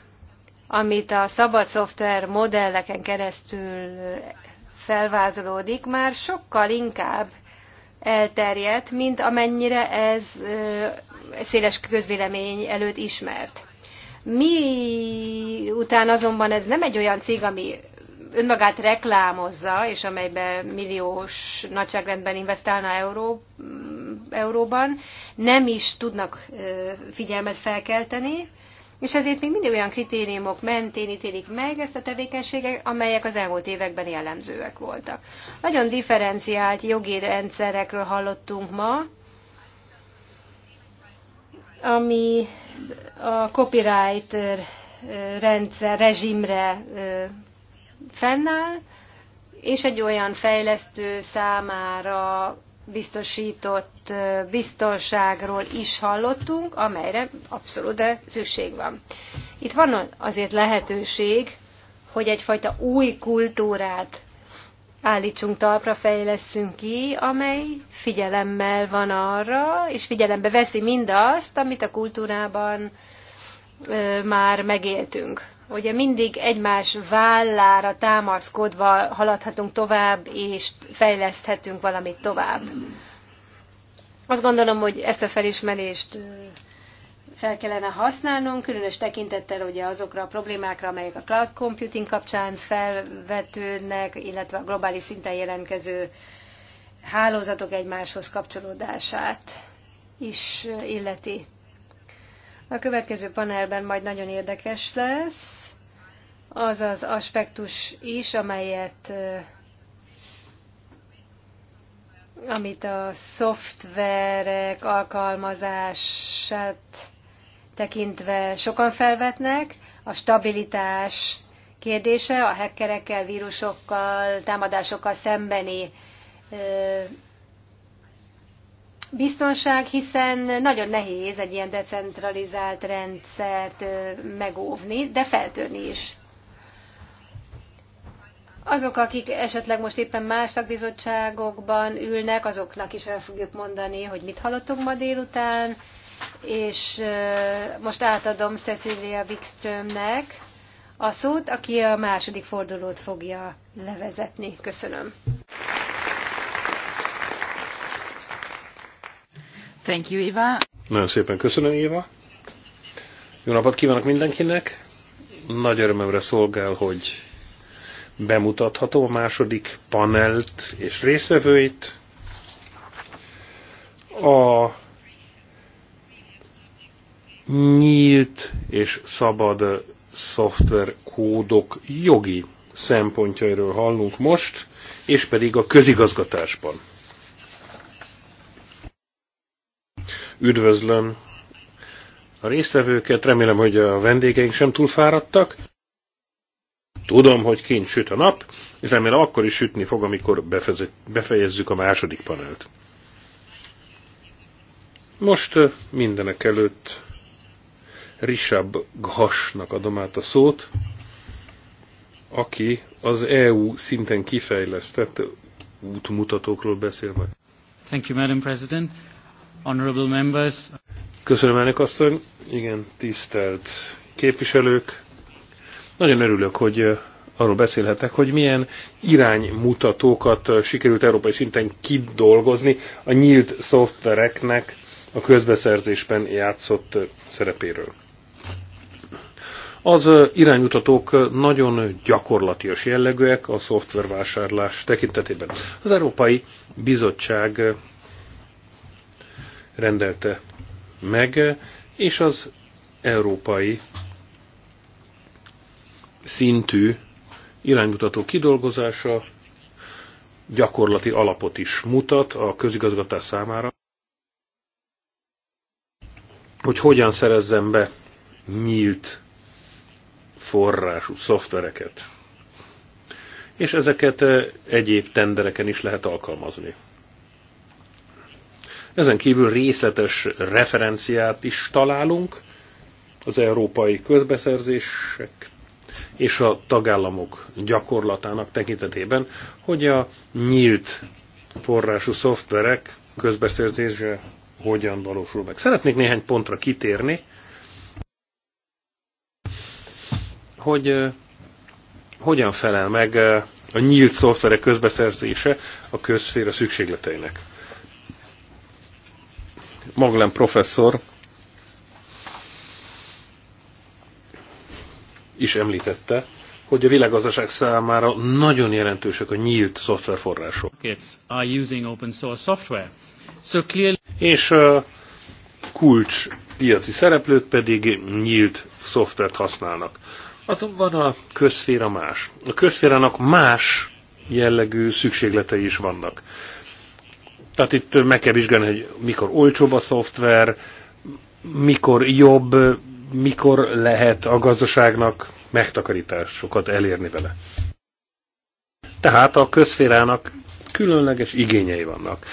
amit a szabad szoftver modelleken keresztül felvázolódik, már sokkal inkább elterjedt, mint amennyire ez széles közvélemény előtt ismert. Mi után azonban ez nem egy olyan cég, ami önmagát reklámozza, és amelybe milliós nagyságrendben investálna euró, euróban, nem is tudnak figyelmet felkelteni, és ezért még mindig olyan kritériumok mentén ítélik meg ezt a tevékenységet, amelyek az elmúlt években jellemzőek voltak. Nagyon differenciált jogi rendszerekről hallottunk ma, ami a copyright rendszer, rezsimre fennáll, és egy olyan fejlesztő számára biztosított biztonságról is hallottunk, amelyre abszolút szükség van. Itt van azért lehetőség, hogy egyfajta új kultúrát állítsunk talpra, fejleszünk ki, amely figyelemmel van arra, és figyelembe veszi mindazt, amit a kultúrában ö, már megéltünk. Ugye mindig egymás vállára támaszkodva haladhatunk tovább, és fejleszthetünk valamit tovább. Azt gondolom, hogy ezt a felismerést fel kellene használnunk, különös tekintettel ugye azokra a problémákra, amelyek a cloud computing kapcsán felvetődnek, illetve a globális szinten jelentkező hálózatok egymáshoz kapcsolódását is illeti. A következő panelben majd nagyon érdekes lesz az az aspektus is, amelyet amit a szoftverek alkalmazását tekintve sokan felvetnek, a stabilitás kérdése, a hekkerekkel, vírusokkal, támadásokkal szembeni biztonság, hiszen nagyon nehéz egy ilyen decentralizált rendszert megóvni, de feltörni is. Azok, akik esetleg most éppen más szakbizottságokban ülnek, azoknak is el fogjuk mondani, hogy mit hallottunk ma délután, és most átadom Cecilia Wikströmnek a szót, aki a második fordulót fogja levezetni. Köszönöm. Thank you, Eva. Nagyon szépen köszönöm, Éva. Jó napot kívánok mindenkinek. Nagy örömömre szolgál, hogy bemutathatom a második panelt és részvevőit. A nyílt és szabad szoftver kódok jogi szempontjairól hallunk most, és pedig a közigazgatásban. Üdvözlöm a résztvevőket, remélem, hogy a vendégeink sem túl fáradtak. Tudom, hogy kint süt a nap, és remélem akkor is sütni fog, amikor befejezzük a második panelt. Most mindenek előtt Rishab Ghasnak adom át a szót, aki az EU szinten kifejlesztett útmutatókról beszél majd. Thank you, Madam President. Honorable members. Köszönöm, elnök asszony. Igen, tisztelt képviselők. Nagyon örülök, hogy eh, arról beszélhetek, hogy milyen iránymutatókat eh, sikerült európai szinten kidolgozni a nyílt szoftvereknek a közbeszerzésben játszott eh, szerepéről. Az iránymutatók nagyon gyakorlatias jellegűek a szoftvervásárlás tekintetében. Az Európai Bizottság rendelte meg, és az európai szintű iránymutató kidolgozása gyakorlati alapot is mutat a közigazgatás számára, hogy hogyan szerezzen be nyílt forrású szoftvereket. És ezeket eh, egyéb tendereken is lehet alkalmazni. Ezen kívül részletes referenciát is találunk az európai közbeszerzések és a tagállamok gyakorlatának tekintetében, hogy a nyílt forrású szoftverek közbeszerzése hogyan valósul meg. Szeretnék néhány pontra kitérni, hogy hogyan felel meg a nyílt szoftverek közbeszerzése a közszféra szükségleteinek. Maglen professzor is említette, hogy a világgazdaság számára nagyon jelentősek a nyílt szoftverforrások. És a kulcs piaci szereplők pedig nyílt szoftvert használnak. Azonban a közszféra más. A közszférának más jellegű szükségletei is vannak. Tehát itt meg kell vizsgálni, hogy mikor olcsóbb a szoftver, mikor jobb, mikor lehet a gazdaságnak megtakarításokat elérni vele. Tehát a közszférának különleges igényei vannak.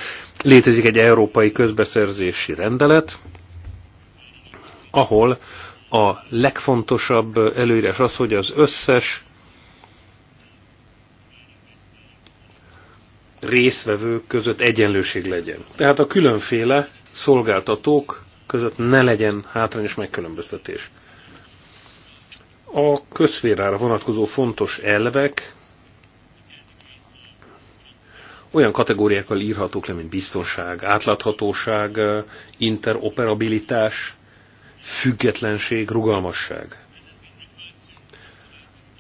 Létezik egy európai közbeszerzési rendelet, ahol a legfontosabb előírás az, hogy az összes részvevők között egyenlőség legyen. Tehát a különféle szolgáltatók között ne legyen hátrányos megkülönböztetés. A közférára vonatkozó fontos elvek olyan kategóriákkal írhatók le, mint biztonság, átláthatóság, interoperabilitás, függetlenség, rugalmasság.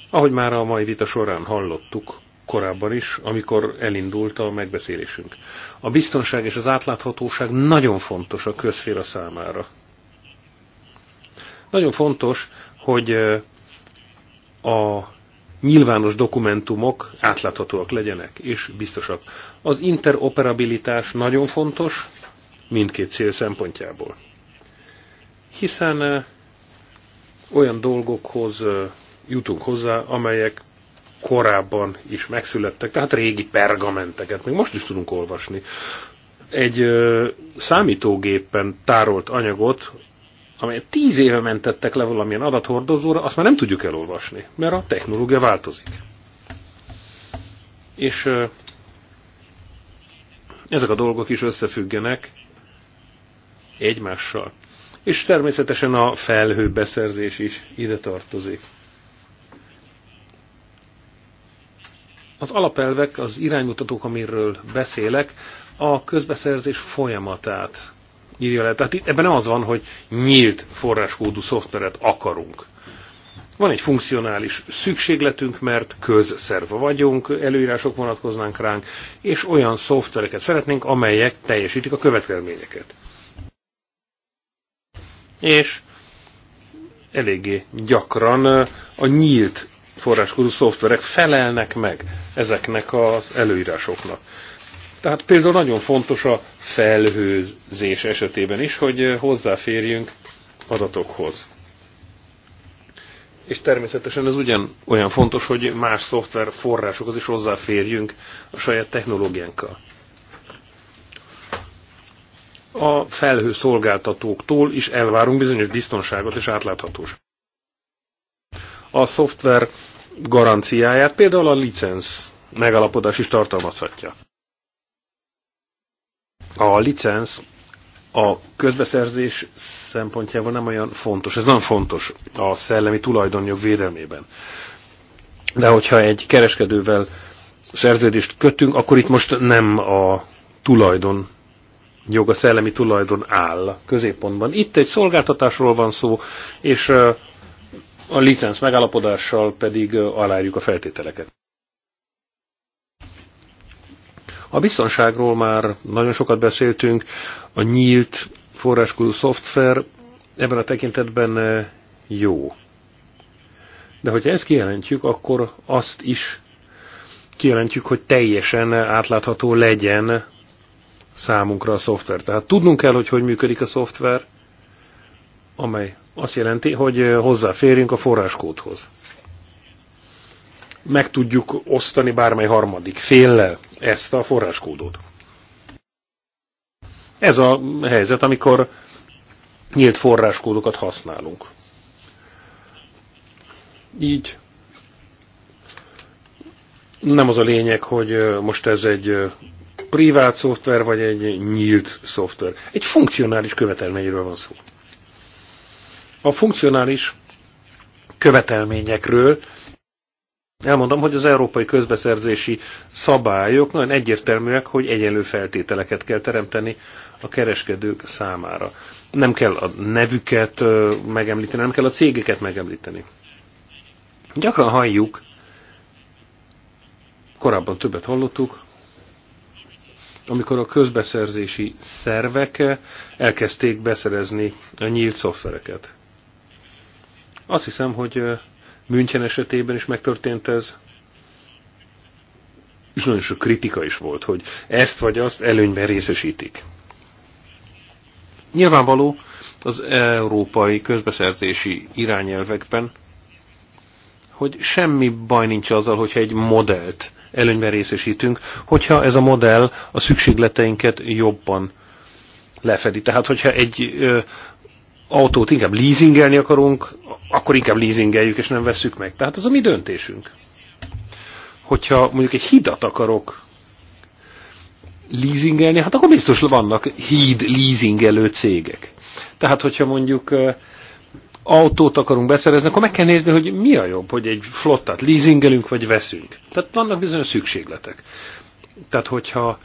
Ahogy már a mai vita során hallottuk, korábban is, amikor elindult a megbeszélésünk. A biztonság és az átláthatóság nagyon fontos a közféra számára. Nagyon fontos, hogy a nyilvános dokumentumok átláthatóak legyenek és biztosak. Az interoperabilitás nagyon fontos mindkét cél szempontjából hiszen olyan dolgokhoz jutunk hozzá, amelyek korábban is megszülettek, tehát régi pergamenteket, még most is tudunk olvasni. Egy számítógépen tárolt anyagot, amelyet tíz éve mentettek le valamilyen adathordozóra, azt már nem tudjuk elolvasni, mert a technológia változik. És ezek a dolgok is összefüggenek egymással és természetesen a felhő beszerzés is ide tartozik. Az alapelvek, az iránymutatók, amiről beszélek, a közbeszerzés folyamatát írja le. Tehát itt, ebben nem az van, hogy nyílt forráskódú szoftveret akarunk. Van egy funkcionális szükségletünk, mert közszerva vagyunk, előírások vonatkoznánk ránk, és olyan szoftvereket szeretnénk, amelyek teljesítik a követelményeket és eléggé gyakran a nyílt forráskódú szoftverek felelnek meg ezeknek az előírásoknak. Tehát például nagyon fontos a felhőzés esetében is, hogy hozzáférjünk adatokhoz. És természetesen ez ugyan olyan fontos, hogy más szoftver forrásokhoz is hozzáférjünk a saját technológiánkkal a felhő szolgáltatóktól is elvárunk bizonyos biztonságot és átláthatóságot. A szoftver garanciáját például a licensz megalapodás is tartalmazhatja. A licensz a közbeszerzés szempontjából nem olyan fontos. Ez nem fontos a szellemi tulajdonjog védelmében. De hogyha egy kereskedővel szerződést kötünk, akkor itt most nem a tulajdon joga a szellemi tulajdon áll a középpontban. Itt egy szolgáltatásról van szó, és a licenc megállapodással pedig alárjuk a feltételeket. A biztonságról már nagyon sokat beszéltünk, a nyílt forráskodó szoftver ebben a tekintetben jó. De hogyha ezt kijelentjük, akkor azt is kijelentjük, hogy teljesen átlátható legyen számunkra a szoftver. Tehát tudnunk kell, hogy hogy működik a szoftver, amely azt jelenti, hogy hozzáférjünk a forráskódhoz. Meg tudjuk osztani bármely harmadik féllel ezt a forráskódot. Ez a helyzet, amikor nyílt forráskódokat használunk. Így nem az a lényeg, hogy most ez egy privát szoftver, vagy egy nyílt szoftver. Egy funkcionális követelményről van szó. A funkcionális követelményekről elmondom, hogy az európai közbeszerzési szabályok nagyon egyértelműek, hogy egyenlő feltételeket kell teremteni a kereskedők számára. Nem kell a nevüket megemlíteni, nem kell a cégeket megemlíteni. Gyakran halljuk, korábban többet hallottuk, amikor a közbeszerzési szervek elkezdték beszerezni a nyílt szoftvereket. Azt hiszem, hogy München esetében is megtörtént ez, és nagyon sok kritika is volt, hogy ezt vagy azt előnyben részesítik. Nyilvánvaló, az európai közbeszerzési irányelvekben, hogy semmi baj nincs azzal, hogyha egy modellt előnyben részesítünk, hogyha ez a modell a szükségleteinket jobban lefedi. Tehát, hogyha egy ö, autót inkább leasingelni akarunk, akkor inkább leasingeljük, és nem vesszük meg. Tehát az a mi döntésünk. Hogyha mondjuk egy hidat akarok leasingelni, hát akkor biztos vannak híd leasingelő cégek. Tehát, hogyha mondjuk autót akarunk beszerezni, akkor meg kell nézni, hogy mi a jobb, hogy egy flottát leasingelünk, vagy veszünk. Tehát vannak bizonyos szükségletek. Tehát, hogyha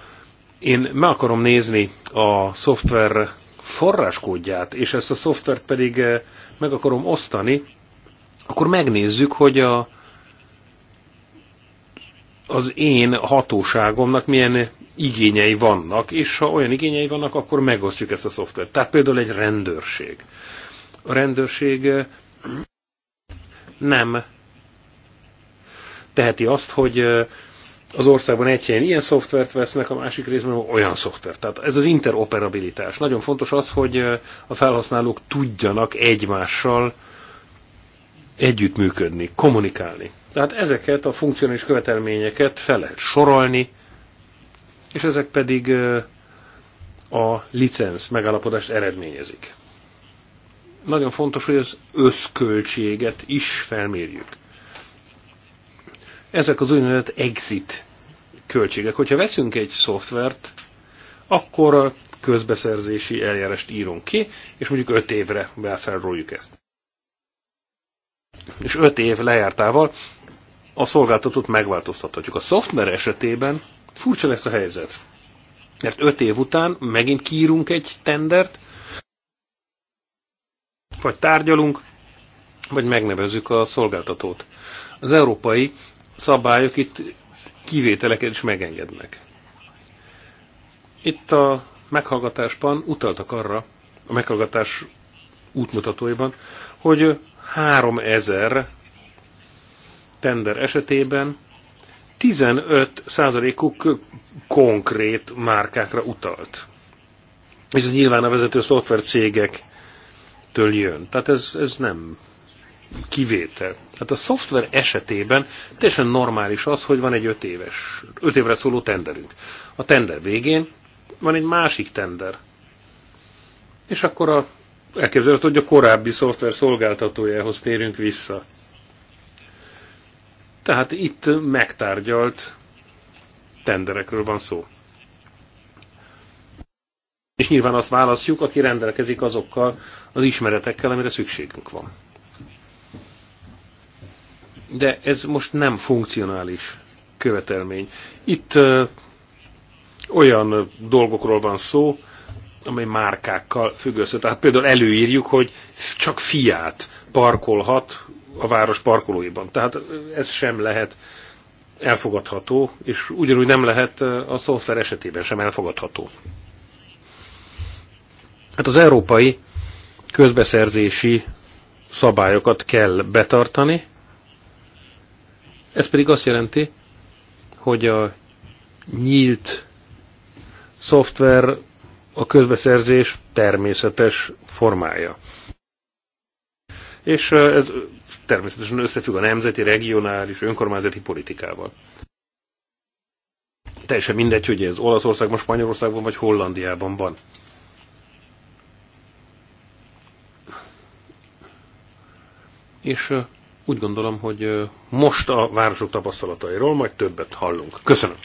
én meg akarom nézni a szoftver forráskódját, és ezt a szoftvert pedig eh, meg akarom osztani, akkor megnézzük, hogy a, az én hatóságomnak milyen igényei vannak, és ha olyan igényei vannak, akkor megosztjuk ezt a szoftvert. Tehát például egy rendőrség a rendőrség nem teheti azt, hogy az országban egy helyen ilyen szoftvert vesznek, a másik részben olyan szoftvert. Tehát ez az interoperabilitás. Nagyon fontos az, hogy a felhasználók tudjanak egymással együttműködni, kommunikálni. Tehát ezeket a funkcionális követelményeket fel lehet sorolni, és ezek pedig a licenc megállapodást eredményezik nagyon fontos, hogy az összköltséget is felmérjük. Ezek az úgynevezett exit költségek. Hogyha veszünk egy szoftvert, akkor a közbeszerzési eljárást írunk ki, és mondjuk 5 évre vásároljuk ezt. És 5 év lejártával a szolgáltatót megváltoztathatjuk. A szoftver esetében furcsa lesz a helyzet. Mert 5 év után megint kiírunk egy tendert, vagy tárgyalunk, vagy megnevezzük a szolgáltatót. Az európai szabályok itt kivételeket is megengednek. Itt a meghallgatásban utaltak arra, a meghallgatás útmutatóiban, hogy 3000 tender esetében 15 százalékuk konkrét márkákra utalt. És ez nyilván a vezető szoftvercégek. cégek től jön. Tehát ez, ez nem kivétel. Hát a szoftver esetében teljesen normális az, hogy van egy öt, éves, öt évre szóló tenderünk. A tender végén van egy másik tender. És akkor a, elképzelhető, hogy a korábbi szoftver szolgáltatójához térünk vissza. Tehát itt megtárgyalt tenderekről van szó. És nyilván azt választjuk, aki rendelkezik azokkal az ismeretekkel, amire szükségünk van. De ez most nem funkcionális követelmény. Itt ö, olyan dolgokról van szó, amely márkákkal függ össze. Tehát például előírjuk, hogy csak fiát parkolhat a város parkolóiban. Tehát ez sem lehet elfogadható, és ugyanúgy nem lehet a szoftver esetében sem elfogadható. Hát az európai közbeszerzési szabályokat kell betartani. Ez pedig azt jelenti, hogy a nyílt szoftver a közbeszerzés természetes formája. És ez természetesen összefügg a nemzeti, regionális, önkormányzati politikával. Teljesen mindegy, hogy ez Olaszországban, Spanyolországban vagy Hollandiában van. és úgy gondolom, hogy most a városok tapasztalatairól majd többet hallunk. Köszönöm.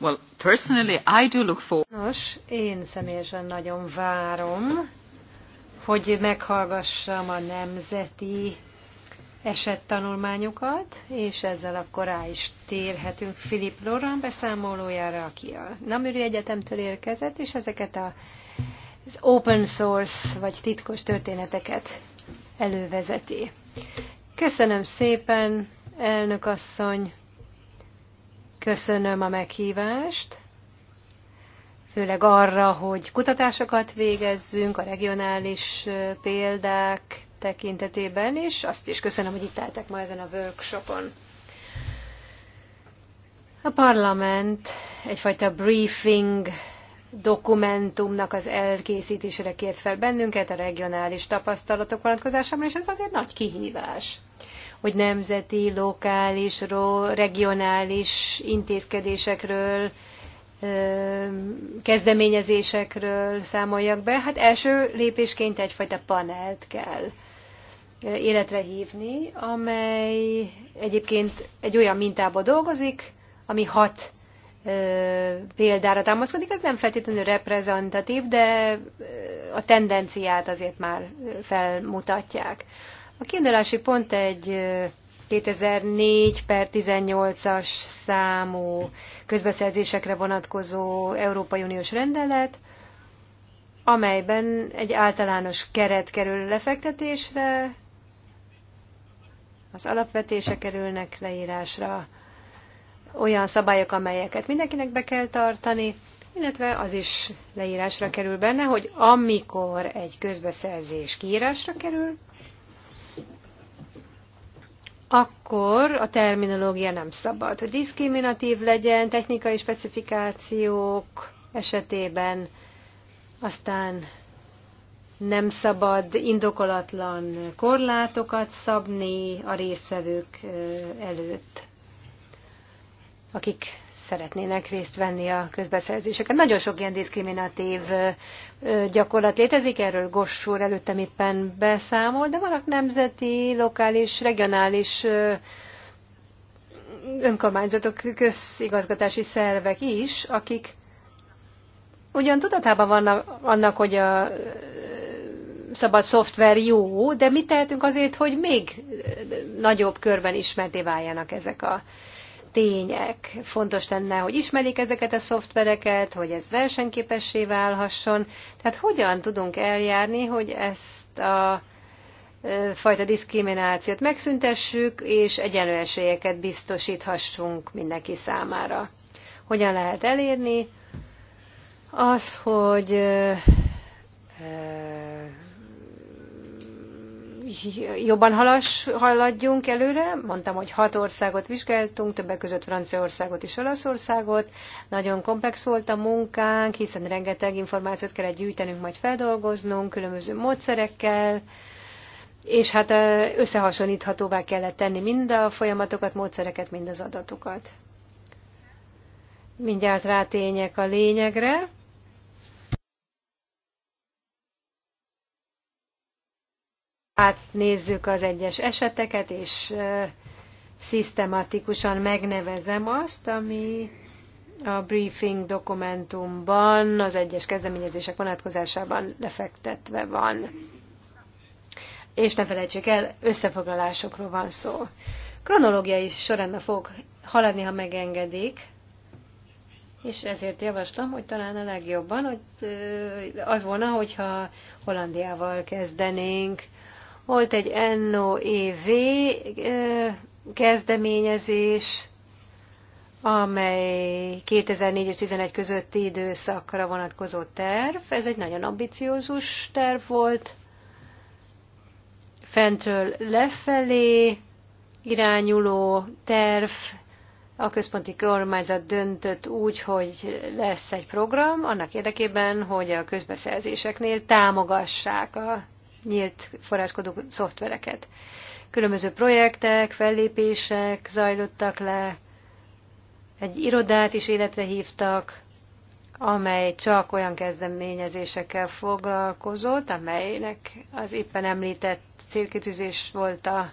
Well, personally I do look for... Nos, én személyesen nagyon várom, hogy meghallgassam a nemzeti esettanulmányokat, és ezzel akkor rá is térhetünk Philip Loran beszámolójára, aki a Namüri Egyetemtől érkezett, és ezeket a az open source vagy titkos történeteket elővezeti. Köszönöm szépen, elnök asszony, köszönöm a meghívást, főleg arra, hogy kutatásokat végezzünk a regionális példák tekintetében, és azt is köszönöm, hogy itt álltak ma ezen a workshopon. A parlament egyfajta briefing dokumentumnak az elkészítésére kért fel bennünket a regionális tapasztalatok vonatkozásában, és ez azért nagy kihívás hogy nemzeti, lokális, regionális intézkedésekről, kezdeményezésekről számoljak be. Hát első lépésként egyfajta panelt kell életre hívni, amely egyébként egy olyan mintába dolgozik, ami hat példára támaszkodik, ez nem feltétlenül reprezentatív, de a tendenciát azért már felmutatják. A kiindulási pont egy 2004 per 18-as számú közbeszerzésekre vonatkozó Európai Uniós rendelet, amelyben egy általános keret kerül lefektetésre, az alapvetése kerülnek leírásra, olyan szabályok, amelyeket mindenkinek be kell tartani, illetve az is leírásra kerül benne, hogy amikor egy közbeszerzés kiírásra kerül, akkor a terminológia nem szabad, hogy diszkriminatív legyen, technikai specifikációk esetében, aztán nem szabad indokolatlan korlátokat szabni a résztvevők előtt akik szeretnének részt venni a közbeszerzéseken. Nagyon sok ilyen diszkriminatív gyakorlat létezik, erről Gossúr előttem éppen beszámol, de vannak nemzeti, lokális, regionális önkormányzatok, közigazgatási szervek is, akik ugyan tudatában vannak annak, hogy a szabad szoftver jó, de mit tehetünk azért, hogy még nagyobb körben ismerté váljanak ezek a tények. Fontos lenne, hogy ismerik ezeket a szoftvereket, hogy ez versenyképessé válhasson. Tehát hogyan tudunk eljárni, hogy ezt a e, fajta diszkriminációt megszüntessük, és egyenlő esélyeket biztosíthassunk mindenki számára. Hogyan lehet elérni az, hogy e, e, jobban halas, haladjunk előre. Mondtam, hogy hat országot vizsgáltunk, többek között Franciaországot és Olaszországot. Nagyon komplex volt a munkánk, hiszen rengeteg információt kellett gyűjtenünk, majd feldolgoznunk, különböző módszerekkel, és hát összehasonlíthatóvá kellett tenni mind a folyamatokat, módszereket, mind az adatokat. Mindjárt rátények a lényegre. átnézzük az egyes eseteket, és szisztematikusan megnevezem azt, ami a briefing dokumentumban az egyes kezdeményezések vonatkozásában lefektetve van. És ne felejtsék el, összefoglalásokról van szó. Kronológiai sorrendben fog haladni, ha megengedik, és ezért javaslom, hogy talán a legjobban, hogy az volna, hogyha Hollandiával kezdenénk, volt egy NOEV kezdeményezés, amely 2004 és 2011 közötti időszakra vonatkozó terv. Ez egy nagyon ambiciózus terv volt. Fentről lefelé irányuló terv, a központi kormányzat döntött úgy, hogy lesz egy program annak érdekében, hogy a közbeszerzéseknél támogassák a nyílt forráskodó szoftvereket. Különböző projektek, fellépések zajlottak le, egy irodát is életre hívtak, amely csak olyan kezdeményezésekkel foglalkozott, amelynek az éppen említett célkitűzés volt a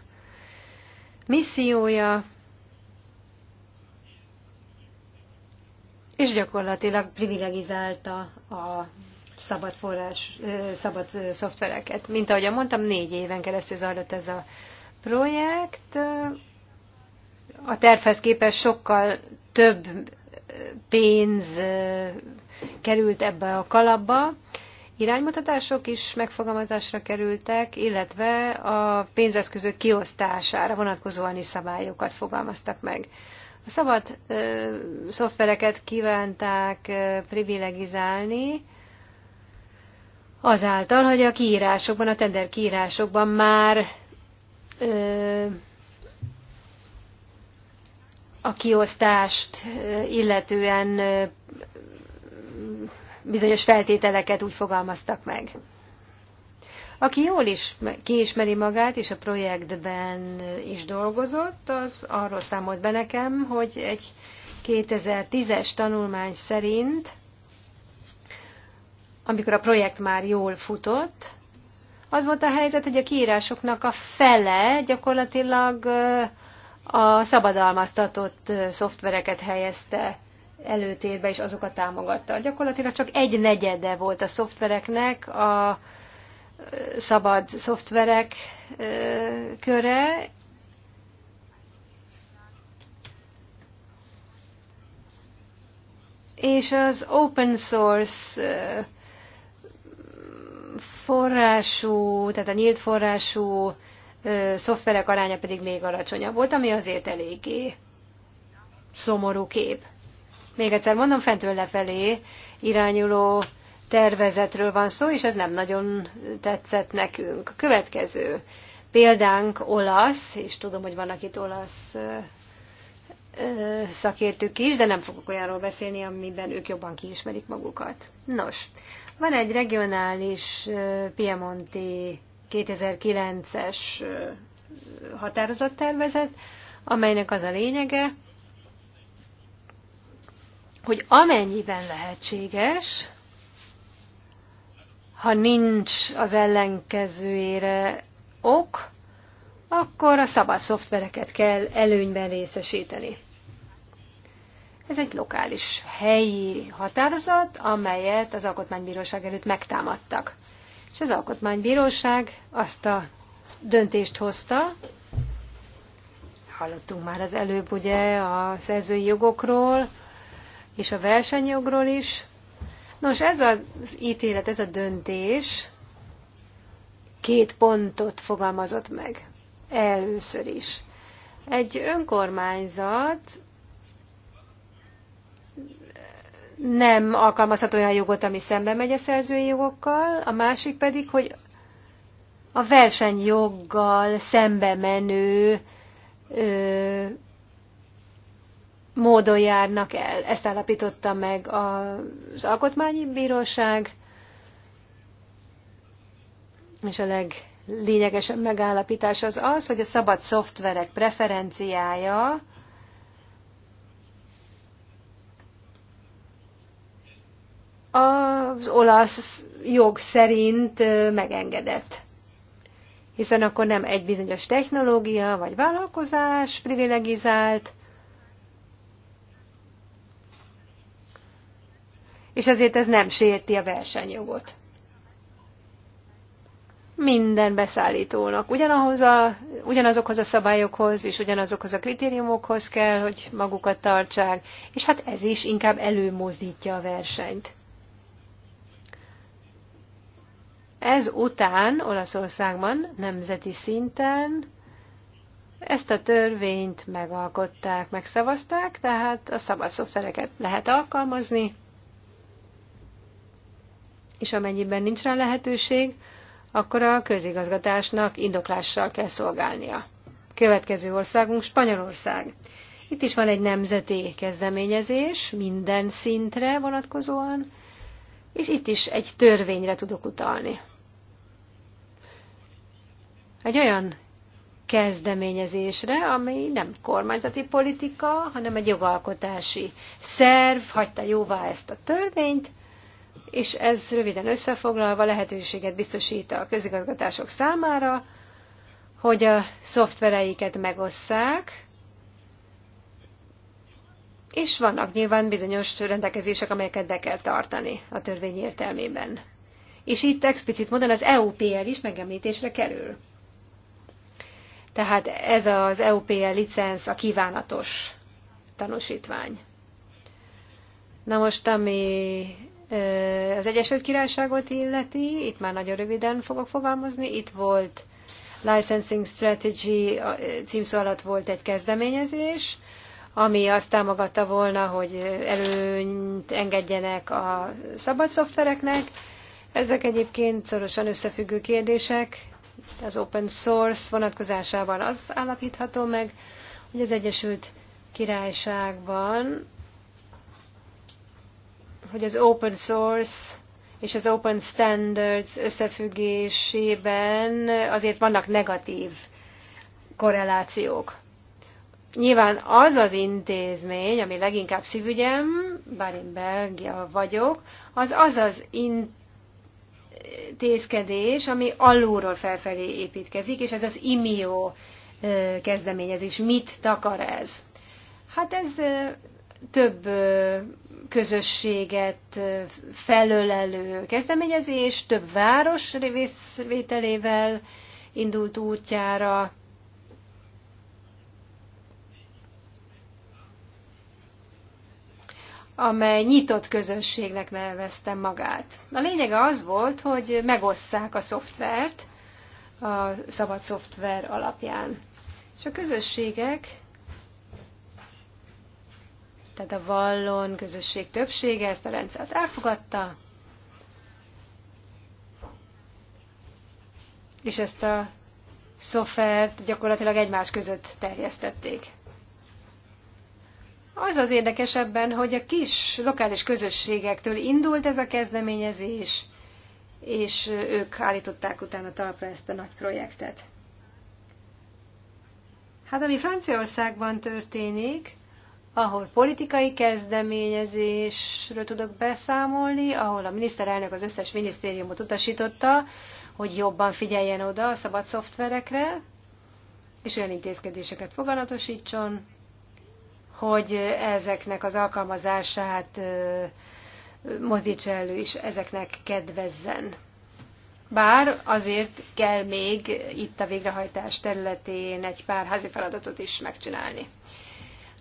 missziója, és gyakorlatilag privilegizálta a szabad forrás, szabad szoftvereket. Mint ahogy mondtam, négy éven keresztül zajlott ez a projekt. A tervhez képest sokkal több pénz került ebbe a kalapba. Iránymutatások is megfogalmazásra kerültek, illetve a pénzeszközök kiosztására vonatkozóan is szabályokat fogalmaztak meg. A szabad ö, szoftvereket kívánták ö, privilegizálni, azáltal, hogy a kiírásokban, a tender kiírásokban már ö, a kiosztást illetően ö, bizonyos feltételeket úgy fogalmaztak meg. Aki jól is kiismeri magát, és a projektben is dolgozott, az arról számolt be nekem, hogy egy 2010-es tanulmány szerint amikor a projekt már jól futott, az volt a helyzet, hogy a kiírásoknak a fele gyakorlatilag a szabadalmaztatott szoftvereket helyezte előtérbe, és azokat támogatta. Gyakorlatilag csak egy negyede volt a szoftvereknek a szabad szoftverek köre, és az open source forrású, tehát a nyílt forrású szoftverek aránya pedig még alacsonyabb volt, ami azért eléggé szomorú kép. Még egyszer mondom, fentről lefelé irányuló tervezetről van szó, és ez nem nagyon tetszett nekünk. A következő példánk olasz, és tudom, hogy vannak itt olasz szakértők is, de nem fogok olyanról beszélni, amiben ők jobban kiismerik magukat. Nos, van egy regionális Piemonti 2009-es határozattervezet, amelynek az a lényege, hogy amennyiben lehetséges, ha nincs az ellenkezőjére ok, akkor a szabad szoftvereket kell előnyben részesíteni. Ez egy lokális, helyi határozat, amelyet az Alkotmánybíróság előtt megtámadtak. És az Alkotmánybíróság azt a döntést hozta, hallottunk már az előbb ugye a szerzői jogokról, és a versenyjogról is. Nos, ez az ítélet, ez a döntés két pontot fogalmazott meg. Először is. Egy önkormányzat nem alkalmazhat olyan jogot, ami szembe megy a szerzői jogokkal, a másik pedig, hogy a versenyjoggal szembe menő ö, módon járnak el. Ezt állapította meg az Alkotmányi Bíróság, és a leglényegesebb megállapítás az az, hogy a szabad szoftverek preferenciája az olasz jog szerint megengedett. Hiszen akkor nem egy bizonyos technológia vagy vállalkozás privilegizált, és ezért ez nem sérti a versenyjogot. Minden beszállítónak ugyanahoz a, ugyanazokhoz a szabályokhoz és ugyanazokhoz a kritériumokhoz kell, hogy magukat tartsák, és hát ez is inkább előmozdítja a versenyt. Ez után Olaszországban nemzeti szinten ezt a törvényt megalkották, megszavazták, tehát a szabad szoftvereket lehet alkalmazni, és amennyiben nincs rá lehetőség, akkor a közigazgatásnak indoklással kell szolgálnia. Következő országunk Spanyolország. Itt is van egy nemzeti kezdeményezés minden szintre vonatkozóan, és itt is egy törvényre tudok utalni egy olyan kezdeményezésre, ami nem kormányzati politika, hanem egy jogalkotási szerv hagyta jóvá ezt a törvényt, és ez röviden összefoglalva lehetőséget biztosít a közigazgatások számára, hogy a szoftvereiket megosszák, és vannak nyilván bizonyos rendelkezések, amelyeket be kell tartani a törvény értelmében. És itt explicit módon az EUPL is megemlítésre kerül. Tehát ez az EUPL licensz a kívánatos tanúsítvány. Na most, ami az Egyesült Királyságot illeti, itt már nagyon röviden fogok fogalmazni, itt volt Licensing Strategy címszó alatt volt egy kezdeményezés, ami azt támogatta volna, hogy előnyt engedjenek a szabad szoftvereknek. Ezek egyébként szorosan összefüggő kérdések, az open source vonatkozásában az állapítható meg, hogy az Egyesült Királyságban, hogy az open source és az open standards összefüggésében azért vannak negatív korrelációk. Nyilván az az intézmény, ami leginkább szívügyem, bár én Belgia vagyok, az az az intézmény, intézkedés, ami alulról felfelé építkezik, és ez az IMIO kezdeményezés. Mit takar ez? Hát ez több közösséget felölelő kezdeményezés, több város részvételével indult útjára, amely nyitott közösségnek nevezte magát. A lényege az volt, hogy megosszák a szoftvert a szabad szoftver alapján. És a közösségek, tehát a vallon közösség többsége ezt a rendszert elfogadta, és ezt a szoftvert gyakorlatilag egymás között terjesztették. Az az érdekesebben, hogy a kis lokális közösségektől indult ez a kezdeményezés, és ők állították utána talpra ezt a nagy projektet. Hát ami Franciaországban történik, ahol politikai kezdeményezésről tudok beszámolni, ahol a miniszterelnök az összes minisztériumot utasította, hogy jobban figyeljen oda a szabad szoftverekre, és olyan intézkedéseket foganatosítson, hogy ezeknek az alkalmazását mozdítsa elő, és ezeknek kedvezzen. Bár azért kell még itt a végrehajtás területén egy pár házi feladatot is megcsinálni.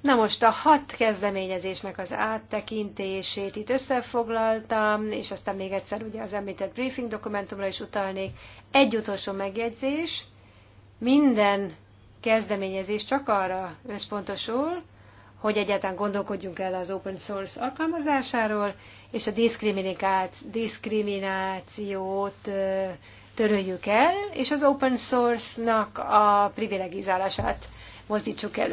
Na most a hat kezdeményezésnek az áttekintését itt összefoglaltam, és aztán még egyszer ugye az említett briefing dokumentumra is utalnék. Egy utolsó megjegyzés, minden kezdeményezés csak arra összpontosul, hogy egyáltalán gondolkodjunk el az open source alkalmazásáról, és a diszkriminációt töröljük el, és az open source-nak a privilegizálását mozdítsuk elő.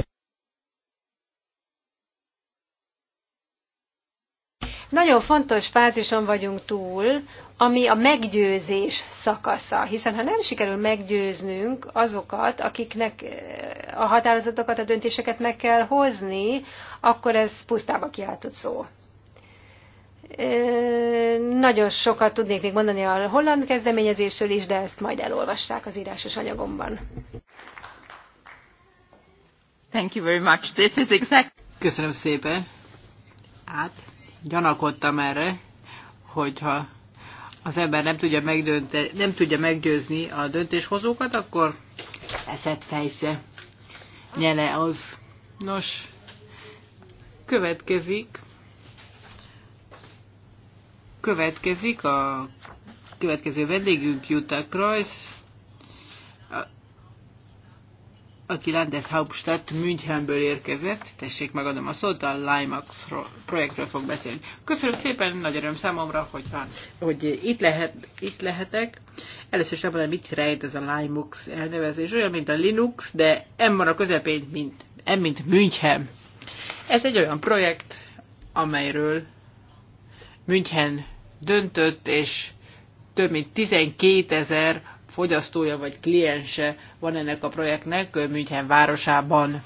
Nagyon fontos fázison vagyunk túl, ami a meggyőzés szakasza, hiszen ha nem sikerül meggyőznünk azokat, akiknek eh, a határozatokat, a döntéseket meg kell hozni, akkor ez pusztába kiáltott szó. Eh, nagyon sokat tudnék még mondani a holland kezdeményezésről is, de ezt majd elolvassák az írásos anyagomban. Thank you very much. This is exact... Köszönöm szépen. Át gyanakodtam erre, hogyha az ember nem tudja, megdönteni, nem tudja meggyőzni a döntéshozókat, akkor eszed fejsze nyele az. Nos, következik következik a következő vendégünk Jutta Kreuz, aki Landeshauptstadt Münchenből érkezett. Tessék, megadom a szót, a Limax projektről fog beszélni. Köszönöm szépen, nagy öröm számomra, hogy, van, hogy itt, lehet, itt lehetek. Először is, mondom, mit rejt ez a Limax elnevezés, olyan, mint a Linux, de M van a közepén, mint, M, mint München. Ez egy olyan projekt, amelyről München döntött, és több mint 12 ezer fogyasztója vagy kliense van ennek a projektnek München városában.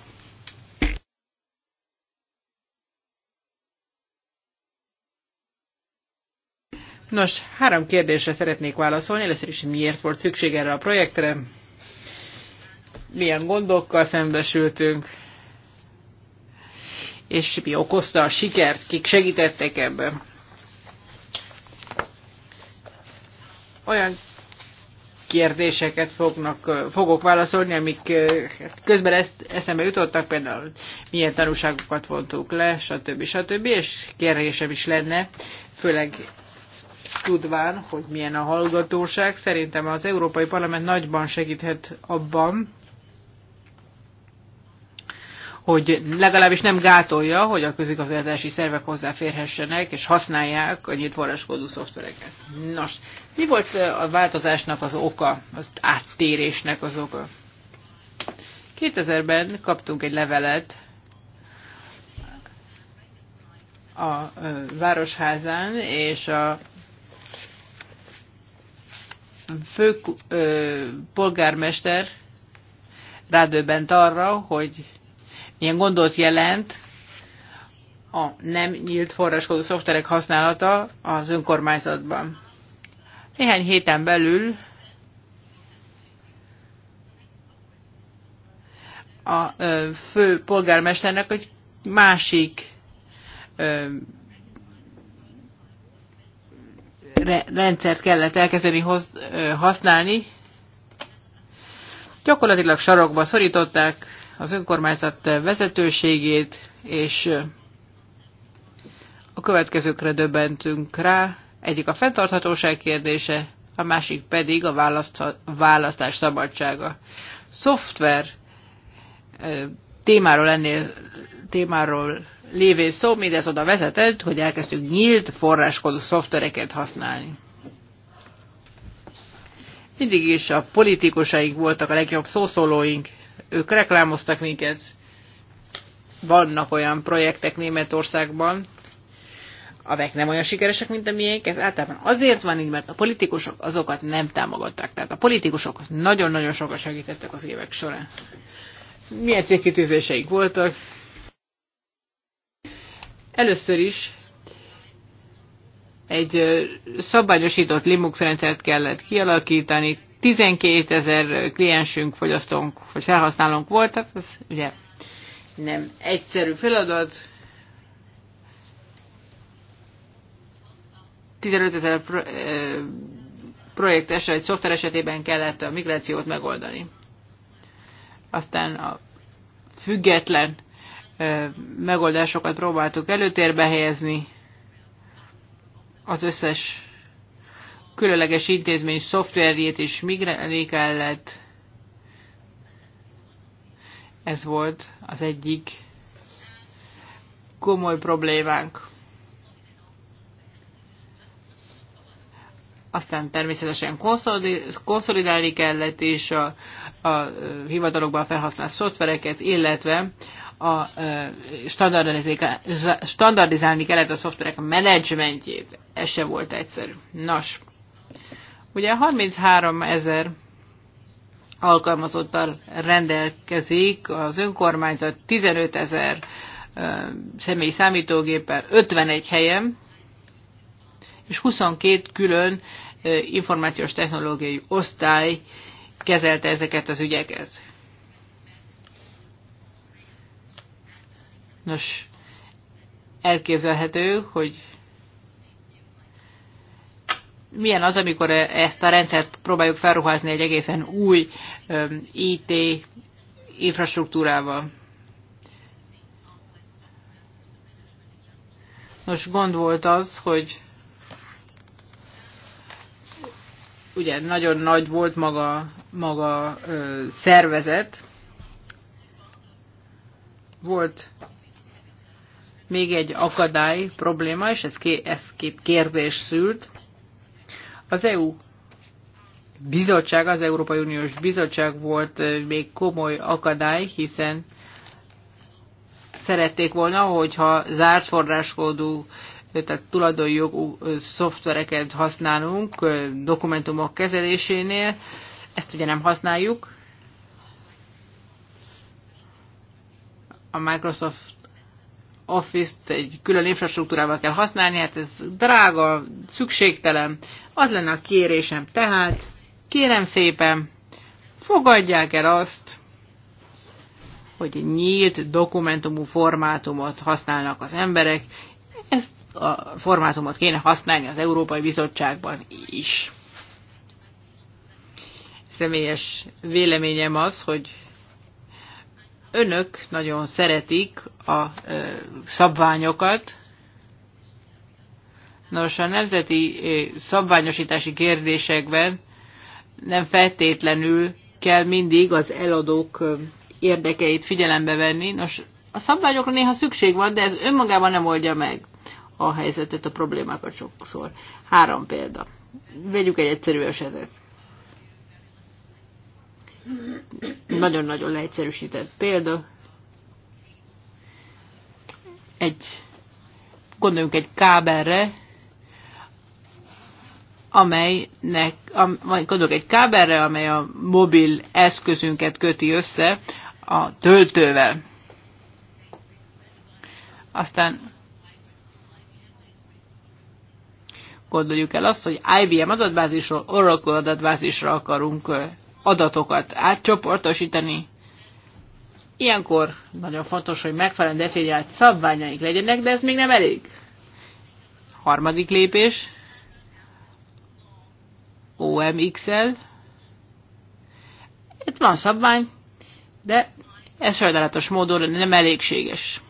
Nos, három kérdésre szeretnék válaszolni. Először is, miért volt szükség erre a projektre? Milyen gondokkal szembesültünk? És mi okozta a sikert? Kik segítettek ebben? Olyan kérdéseket fognak, fogok válaszolni, amik hát közben ezt eszembe jutottak, például milyen tanúságokat vontunk le, stb. stb. És kérdésem is lenne, főleg tudván, hogy milyen a hallgatóság. Szerintem az Európai Parlament nagyban segíthet abban, hogy legalábbis nem gátolja, hogy a közigazgatási szervek hozzáférhessenek és használják a nyílt forráskódú szoftvereket. Nos, mi volt a változásnak az oka, az áttérésnek az oka? 2000-ben kaptunk egy levelet a városházán, és a fő polgármester rádöbbent arra, hogy milyen gondot jelent a nem nyílt forráskodó szoftverek használata az önkormányzatban. Néhány héten belül a fő polgármesternek egy másik rendszert kellett elkezdeni használni. Gyakorlatilag sarokba szorították, az önkormányzat vezetőségét, és a következőkre döbbentünk rá. Egyik a fenntarthatóság kérdése, a másik pedig a választás szabadsága. Szoftver témáról ennél témáról lévén szó, mindez oda vezetett, hogy elkezdtünk nyílt forráskodó szoftvereket használni. Mindig is a politikusaink voltak a legjobb szószólóink, ők reklámoztak minket. Vannak olyan projektek Németországban, amelyek nem olyan sikeresek, mint a miénk. Ez általában azért van így, mert a politikusok azokat nem támogatták. Tehát a politikusok nagyon-nagyon sokat segítettek az évek során. Milyen cégkitűzéseik voltak? Először is egy szabályosított Linux rendszert kellett kialakítani, 12 ezer kliensünk, fogyasztónk, vagy felhasználónk volt, tehát ez ugye nem egyszerű feladat. 15 ezer projekt eset, egy szoftver esetében kellett a migrációt megoldani. Aztán a független megoldásokat próbáltuk előtérbe helyezni. Az összes különleges intézmény szoftverjét és migrálni kellett. Ez volt az egyik komoly problémánk. Aztán természetesen konszolidálni kellett, és a, a hivatalokban felhasznált szoftvereket, illetve a standardizálni kellett a szoftverek menedzsmentjét. Ez se volt egyszerű. Nos, Ugye 33 ezer alkalmazottal rendelkezik, az önkormányzat 15 ezer személy számítógéppel 51 helyen, és 22 külön információs technológiai osztály kezelte ezeket az ügyeket. Nos, elképzelhető, hogy milyen az, amikor ezt a rendszert próbáljuk felruházni egy egészen új IT infrastruktúrával. Nos, gond volt az, hogy ugye nagyon nagy volt maga, maga ö, szervezet. Volt még egy akadály probléma, és ez, ké, ez kép kérdés szült. Az EU bizottság, az Európai Uniós Bizottság volt még komoly akadály, hiszen szerették volna, hogyha zárt forráskódú, tehát tulajdonjogú szoftvereket használunk dokumentumok kezelésénél, ezt ugye nem használjuk. A Microsoft Office-t egy külön infrastruktúrával kell használni, hát ez drága, szükségtelen. Az lenne a kérésem. Tehát kérem szépen, fogadják el azt, hogy nyílt dokumentumú formátumot használnak az emberek. Ezt a formátumot kéne használni az Európai Bizottságban is. Személyes véleményem az, hogy önök nagyon szeretik a szabványokat. Nos, a nemzeti szabványosítási kérdésekben nem feltétlenül kell mindig az eladók érdekeit figyelembe venni. Nos, a szabványokra néha szükség van, de ez önmagában nem oldja meg a helyzetet, a problémákat sokszor. Három példa. Vegyük egy egyszerű esetet. Nagyon-nagyon leegyszerűsített példa. Egy, gondoljunk egy kábelre, amelynek, am, gondoljunk egy kábelre, amely a mobil eszközünket köti össze a töltővel. Aztán gondoljuk el azt, hogy IBM adatbázisról Oracle adatbázisra akarunk adatokat átcsoportosítani. Ilyenkor nagyon fontos, hogy megfelelően definiált szabványaik legyenek, de ez még nem elég. Harmadik lépés, OMXL. Itt van szabvány, de ez sajnálatos módon nem elégséges.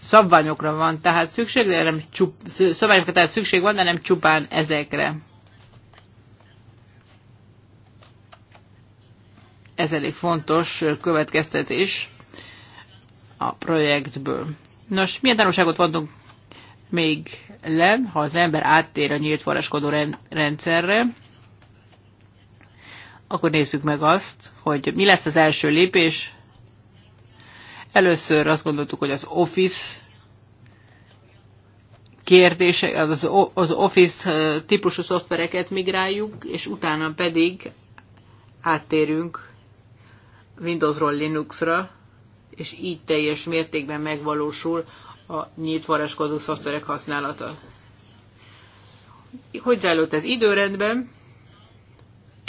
szabványokra van tehát szükség, de nem csup, szabványokra tehát szükség van, de nem csupán ezekre. Ez elég fontos következtetés a projektből. Nos, milyen tanulságot vontunk még le, ha az ember áttér a nyílt forráskodó rendszerre, akkor nézzük meg azt, hogy mi lesz az első lépés, Először azt gondoltuk, hogy az Office kérdése, az, az Office típusú szoftvereket migráljuk, és utána pedig áttérünk Windowsról Linuxra, és így teljes mértékben megvalósul a nyílt varázskodó szoftverek használata. Hogy zajlott ez időrendben?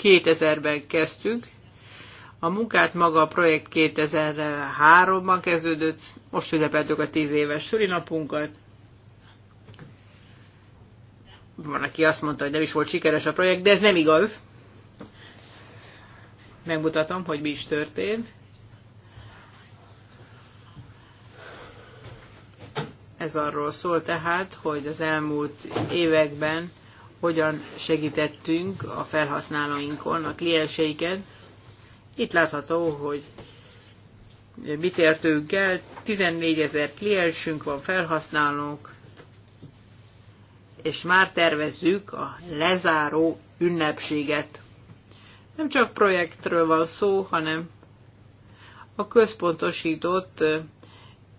2000-ben kezdtük, a munkát maga a projekt 2003-ban kezdődött, most ünnepeltük a 10 éves szülinapunkat. Van, aki azt mondta, hogy nem is volt sikeres a projekt, de ez nem igaz. Megmutatom, hogy mi is történt. Ez arról szól tehát, hogy az elmúlt években hogyan segítettünk a felhasználóinkon, a klienseiket, itt látható, hogy mit értünk el, 14 ezer kliensünk van, felhasználók, és már tervezzük a lezáró ünnepséget. Nem csak projektről van szó, hanem a központosított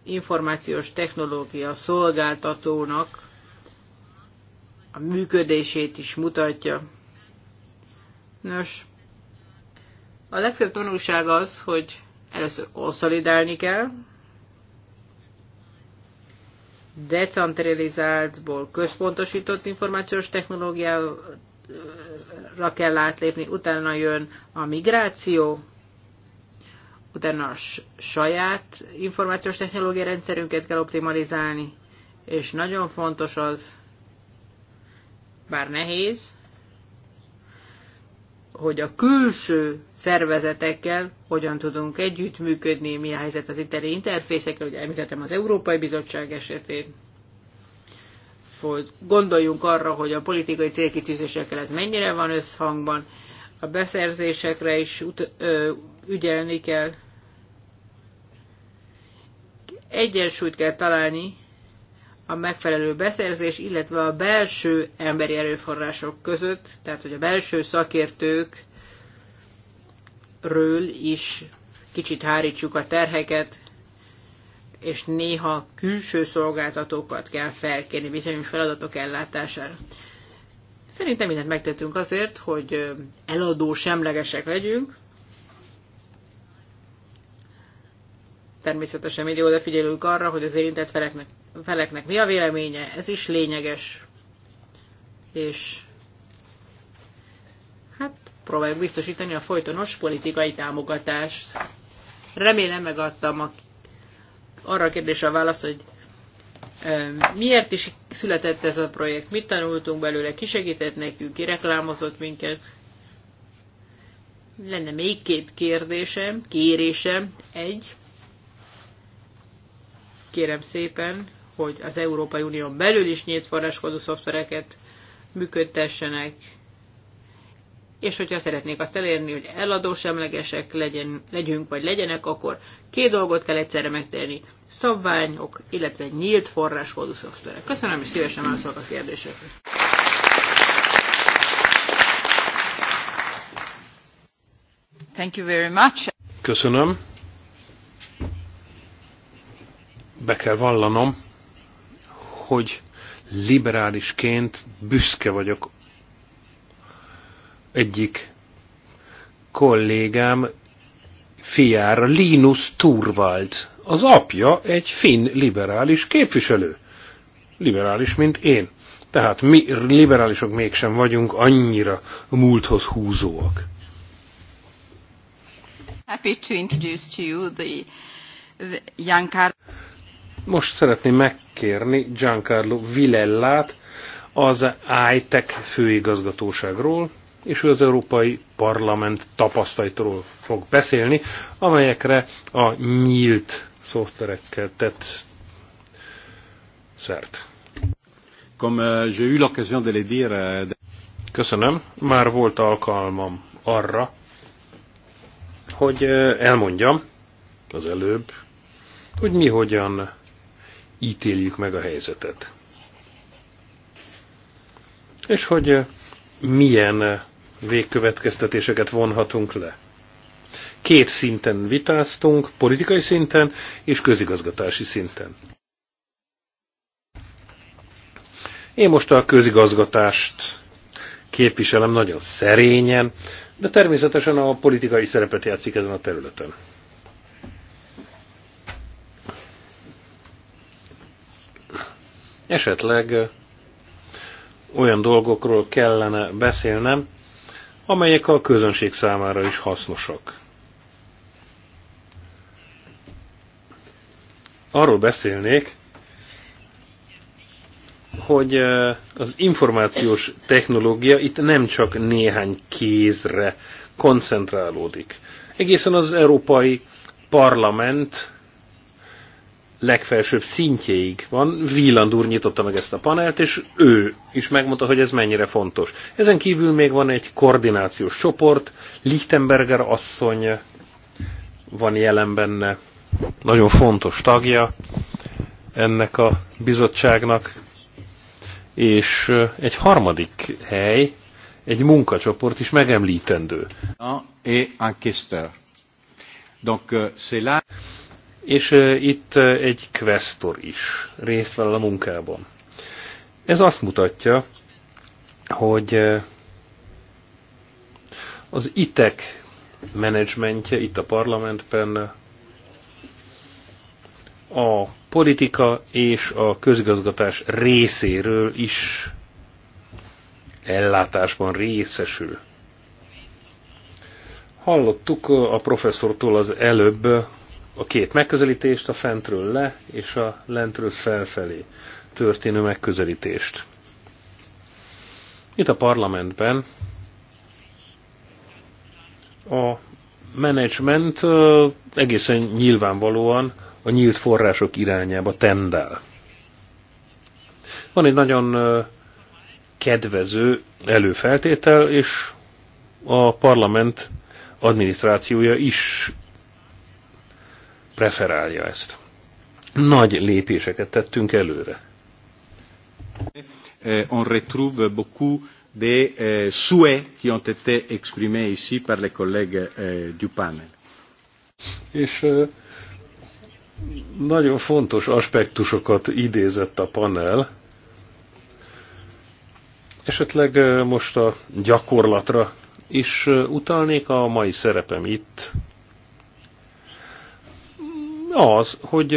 információs technológia szolgáltatónak a működését is mutatja. Nos, a legfőbb tanulság az, hogy először konszolidálni kell, decentralizáltból központosított információs technológiára kell átlépni, utána jön a migráció, utána a saját információs technológia rendszerünket kell optimalizálni, és nagyon fontos az, bár nehéz, hogy a külső szervezetekkel hogyan tudunk együttműködni, mi a helyzet az itteni interfészekkel, ugye említettem az Európai Bizottság esetén, hogy gondoljunk arra, hogy a politikai célkitűzésekkel ez mennyire van összhangban, a beszerzésekre is ut- ö, ügyelni kell. Egyensúlyt kell találni a megfelelő beszerzés, illetve a belső emberi erőforrások között, tehát hogy a belső szakértők ről is kicsit hárítsuk a terheket, és néha külső szolgáltatókat kell felkérni bizonyos feladatok ellátására. Szerintem mindent megtettünk azért, hogy eladó semlegesek legyünk, Természetesen mindig odafigyelünk arra, hogy az érintett feleknek, feleknek mi a véleménye, ez is lényeges. És hát próbáljuk biztosítani a folytonos politikai támogatást. Remélem megadtam a, arra a kérdésre a választ, hogy miért is született ez a projekt, mit tanultunk belőle, ki segített nekünk, ki reklámozott minket. Lenne még két kérdésem, kérésem. Egy, kérem szépen, hogy az Európai Unión belül is nyílt forráskodó szoftvereket működtessenek, és hogyha szeretnék azt elérni, hogy semlegesek legyen, legyünk, vagy legyenek, akkor két dolgot kell egyszerre megtenni. Szabványok, illetve nyílt forráskódú szoftverek. Köszönöm, és szívesen válaszolok a kérdésekre. Thank you very much. Köszönöm. be kell vallanom, hogy liberálisként büszke vagyok egyik kollégám fiára, Linus Turvald. Az apja egy finn liberális képviselő. Liberális, mint én. Tehát mi liberálisok mégsem vagyunk annyira múlthoz húzóak. Happy to introduce to you the, the young most szeretném megkérni Giancarlo Vilellát az ITEC főigazgatóságról, és ő az Európai Parlament tapasztalatról fog beszélni, amelyekre a nyílt szoftverekkel tett szert. Euh, euh, Köszönöm. Már volt alkalmam arra, hogy euh, elmondjam az előbb, hogy mi hogyan ítéljük meg a helyzetet. És hogy eh, milyen eh, végkövetkeztetéseket vonhatunk le. Két szinten vitáztunk, politikai szinten és közigazgatási szinten. Én most a közigazgatást képviselem nagyon szerényen, de természetesen a politikai szerepet játszik ezen a területen. Esetleg olyan dolgokról kellene beszélnem, amelyek a közönség számára is hasznosak. Arról beszélnék, hogy az információs technológia itt nem csak néhány kézre koncentrálódik. Egészen az Európai Parlament legfelsőbb szintjéig van. Wieland úr nyitotta meg ezt a panelt, és ő is megmondta, hogy ez mennyire fontos. Ezen kívül még van egy koordinációs csoport, Lichtenberger asszony van jelen benne, nagyon fontos tagja ennek a bizottságnak, és egy harmadik hely, egy munkacsoport is megemlítendő. Et un Donc, euh, c'est là és itt egy questor is részt vele a munkában. Ez azt mutatja, hogy az ITEK menedzsmentje itt a parlamentben a politika és a közigazgatás részéről is ellátásban részesül. Hallottuk a professzortól az előbb a két megközelítést, a fentről le és a lentről felfelé történő megközelítést. Itt a parlamentben a menedzsment egészen nyilvánvalóan a nyílt források irányába tendál. Van egy nagyon kedvező előfeltétel, és a parlament adminisztrációja is preferálja ezt. Nagy lépéseket tettünk előre. Eh, on retrouve beaucoup des euh, souhaits qui ont été exprimés ici par les collègues euh, du panel. És eh, nagyon fontos aspektusokat idézett a panel. Esetleg eh, most a gyakorlatra is utalnék a mai szerepem itt az, hogy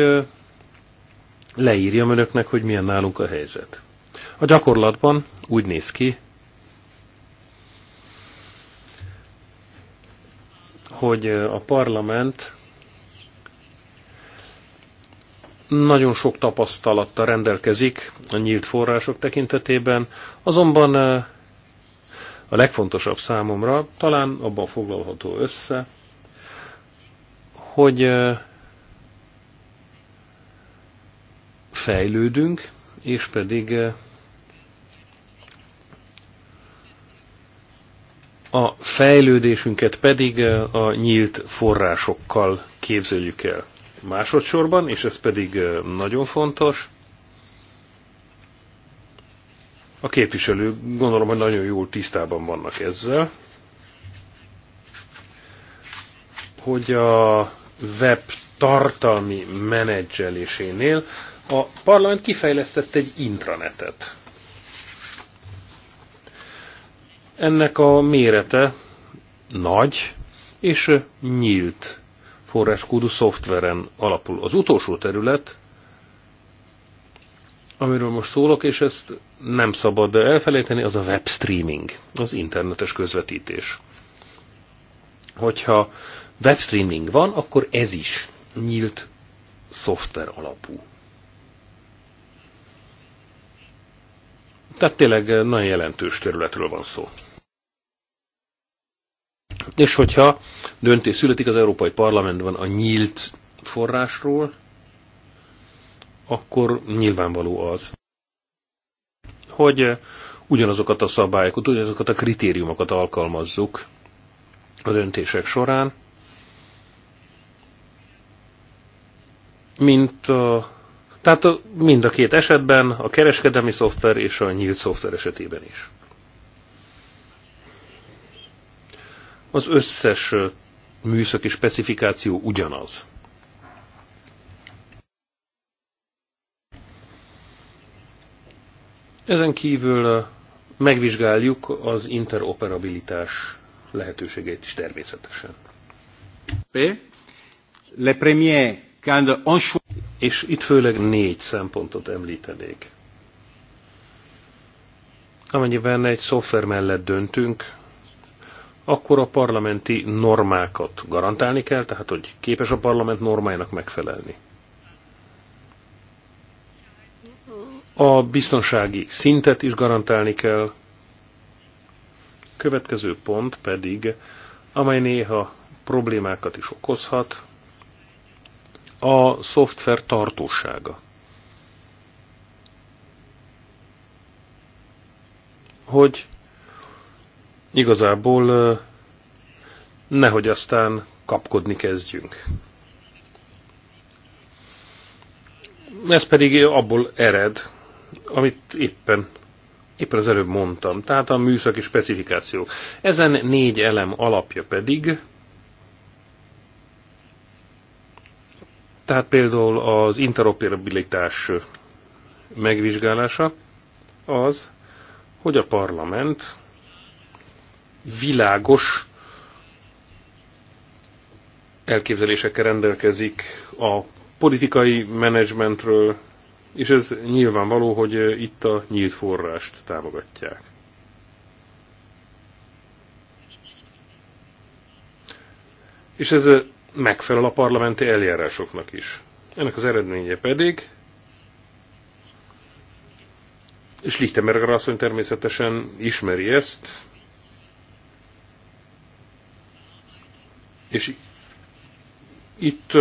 leírjam önöknek, hogy milyen nálunk a helyzet. A gyakorlatban úgy néz ki, hogy a parlament nagyon sok tapasztalattal rendelkezik a nyílt források tekintetében, azonban a legfontosabb számomra talán abban foglalható össze, hogy fejlődünk, és pedig eh, a fejlődésünket pedig eh, a nyílt forrásokkal képzeljük el. Másodszorban, és ez pedig eh, nagyon fontos, a képviselők gondolom, hogy nagyon jól tisztában vannak ezzel, hogy a web tartalmi menedzselésénél a parlament kifejlesztett egy intranetet. Ennek a mérete nagy és nyílt forráskódú szoftveren alapul. Az utolsó terület, amiről most szólok, és ezt nem szabad elfelejteni, az a webstreaming, az internetes közvetítés. Hogyha webstreaming van, akkor ez is nyílt szoftver alapú. Tehát tényleg nagyon jelentős területről van szó. És hogyha döntés születik az Európai Parlamentben a nyílt forrásról, akkor nyilvánvaló az, hogy ugyanazokat a szabályokat, ugyanazokat a kritériumokat alkalmazzuk a döntések során, mint a tehát mind a két esetben, a kereskedelmi szoftver és a nyílt szoftver esetében is. Az összes műszaki specifikáció ugyanaz. Ezen kívül megvizsgáljuk az interoperabilitás lehetőségeit is természetesen. Le premier, quand on és itt főleg négy szempontot említenék. Amennyiben egy szoftver mellett döntünk, akkor a parlamenti normákat garantálni kell, tehát hogy képes a parlament normájának megfelelni. A biztonsági szintet is garantálni kell. Következő pont pedig, amely néha problémákat is okozhat, a szoftver tartósága. Hogy igazából nehogy aztán kapkodni kezdjünk. Ez pedig abból ered, amit éppen, éppen az előbb mondtam, tehát a műszaki specifikációk. Ezen négy elem alapja pedig Tehát például az interoperabilitás megvizsgálása az, hogy a parlament világos elképzelésekkel rendelkezik a politikai menedzsmentről, és ez nyilvánvaló, hogy itt a nyílt forrást támogatják. És ez megfelel a parlamenti eljárásoknak is. Ennek az eredménye pedig, és Lichtenberger asszony természetesen ismeri ezt, és itt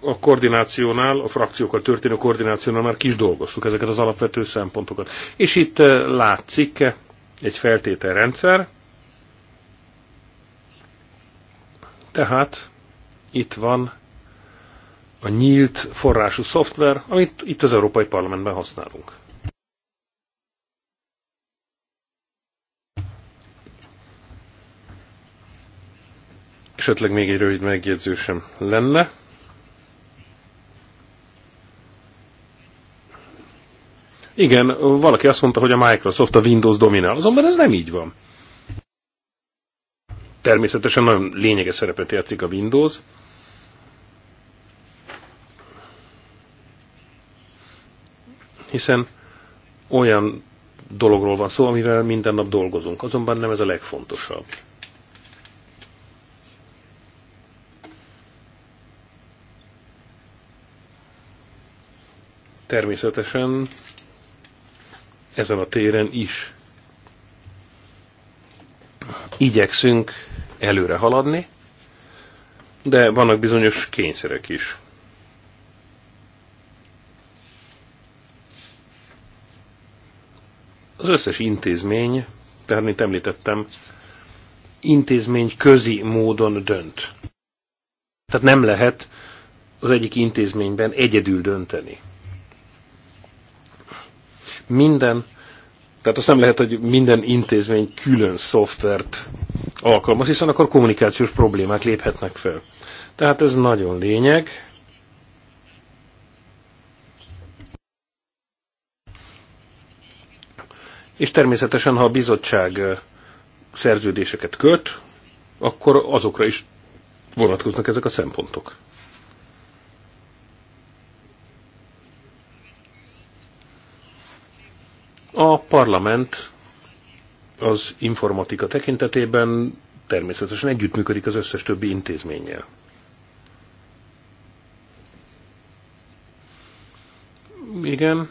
a koordinációnál, a frakciókkal történő koordinációnál már kis dolgoztuk ezeket az alapvető szempontokat. És itt látszik egy feltételrendszer, tehát itt van a nyílt forrású szoftver, amit itt az Európai Parlamentben használunk. Esetleg még egy rövid megjegyzésem lenne. Igen, valaki azt mondta, hogy a Microsoft a Windows dominál, azonban ez nem így van. Természetesen nagyon lényeges szerepet játszik a Windows, hiszen olyan dologról van szó, amivel minden nap dolgozunk, azonban nem ez a legfontosabb. Természetesen ezen a téren is igyekszünk előre haladni, de vannak bizonyos kényszerek is. Az összes intézmény, tehát mint említettem, intézmény közi módon dönt. Tehát nem lehet az egyik intézményben egyedül dönteni. Minden, tehát azt nem lehet, hogy minden intézmény külön szoftvert alkalmaz, hiszen akkor kommunikációs problémák léphetnek fel. Tehát ez nagyon lényeg, És természetesen, ha a bizottság szerződéseket köt, akkor azokra is vonatkoznak ezek a szempontok. A parlament az informatika tekintetében természetesen együttműködik az összes többi intézménnyel. Igen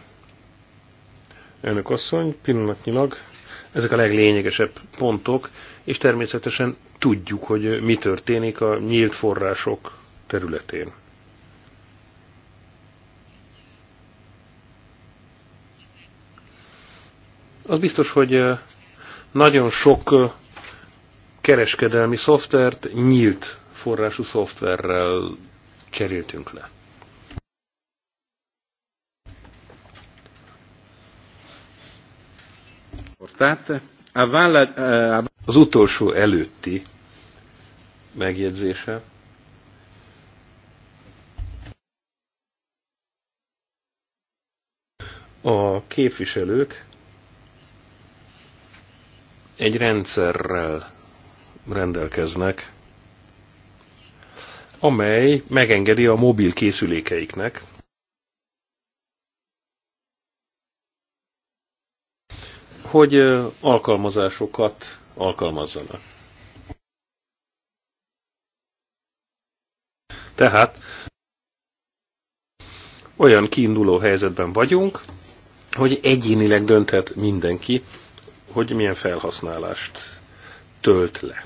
elnök asszony, pillanatnyilag ezek a leglényegesebb pontok, és természetesen tudjuk, hogy mi történik a nyílt források területén. Az biztos, hogy eh, nagyon sok eh, kereskedelmi szoftvert nyílt forrású szoftverrel cseréltünk le. Az utolsó előtti megjegyzése. A képviselők egy rendszerrel rendelkeznek, amely megengedi a mobil készülékeiknek, hogy alkalmazásokat alkalmazzanak. Tehát olyan kiinduló helyzetben vagyunk, hogy egyénileg dönthet mindenki, hogy milyen felhasználást tölt le.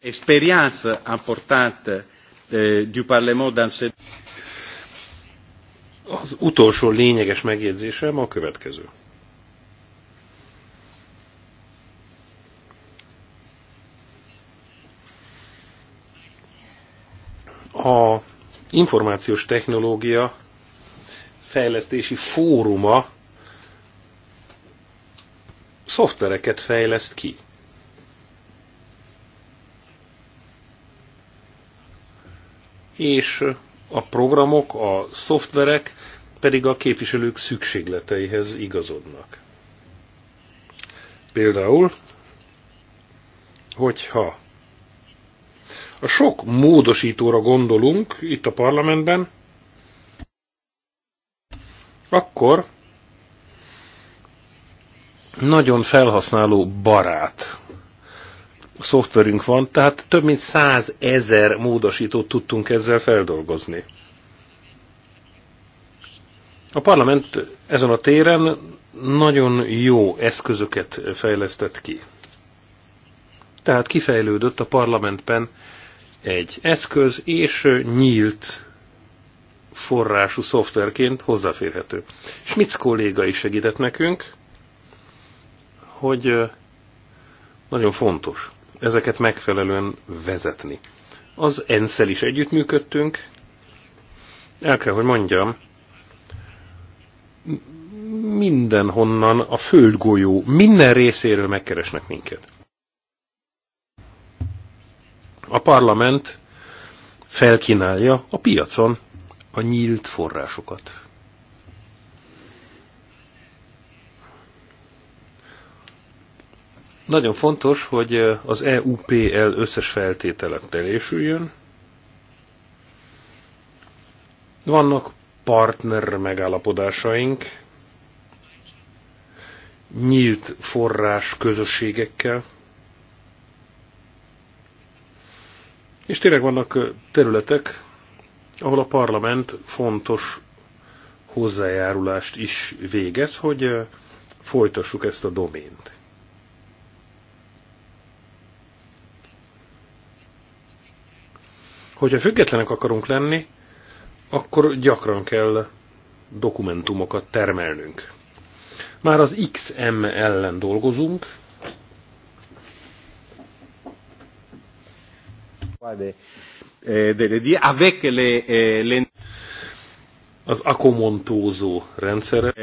Experience apportate eh, du Parlement dans az utolsó lényeges megjegyzésem a következő. A információs technológia fejlesztési fóruma szoftvereket fejleszt ki. És a programok, a szoftverek pedig a képviselők szükségleteihez igazodnak. Például, hogyha a sok módosítóra gondolunk itt a parlamentben, akkor nagyon felhasználó barát szoftverünk van, tehát több mint 100 ezer módosítót tudtunk ezzel feldolgozni. A parlament ezen a téren nagyon jó eszközöket fejlesztett ki. Tehát kifejlődött a parlamentben egy eszköz, és nyílt forrású szoftverként hozzáférhető. Schmitz kolléga is segített nekünk, hogy nagyon fontos ezeket megfelelően vezetni. Az Enszel is együttműködtünk. El kell, hogy mondjam, mindenhonnan a földgolyó, minden részéről megkeresnek minket. A parlament felkínálja a piacon a nyílt forrásokat. Nagyon fontos, hogy az EUPL összes feltétele teljesüljön. Vannak partner megállapodásaink, nyílt forrás közösségekkel, és tényleg vannak területek, ahol a parlament fontos hozzájárulást is végez, hogy folytassuk ezt a domént. Hogyha függetlenek akarunk lenni, akkor gyakran kell dokumentumokat termelnünk. Már az XM ellen dolgozunk. Az akomontózó rendszere.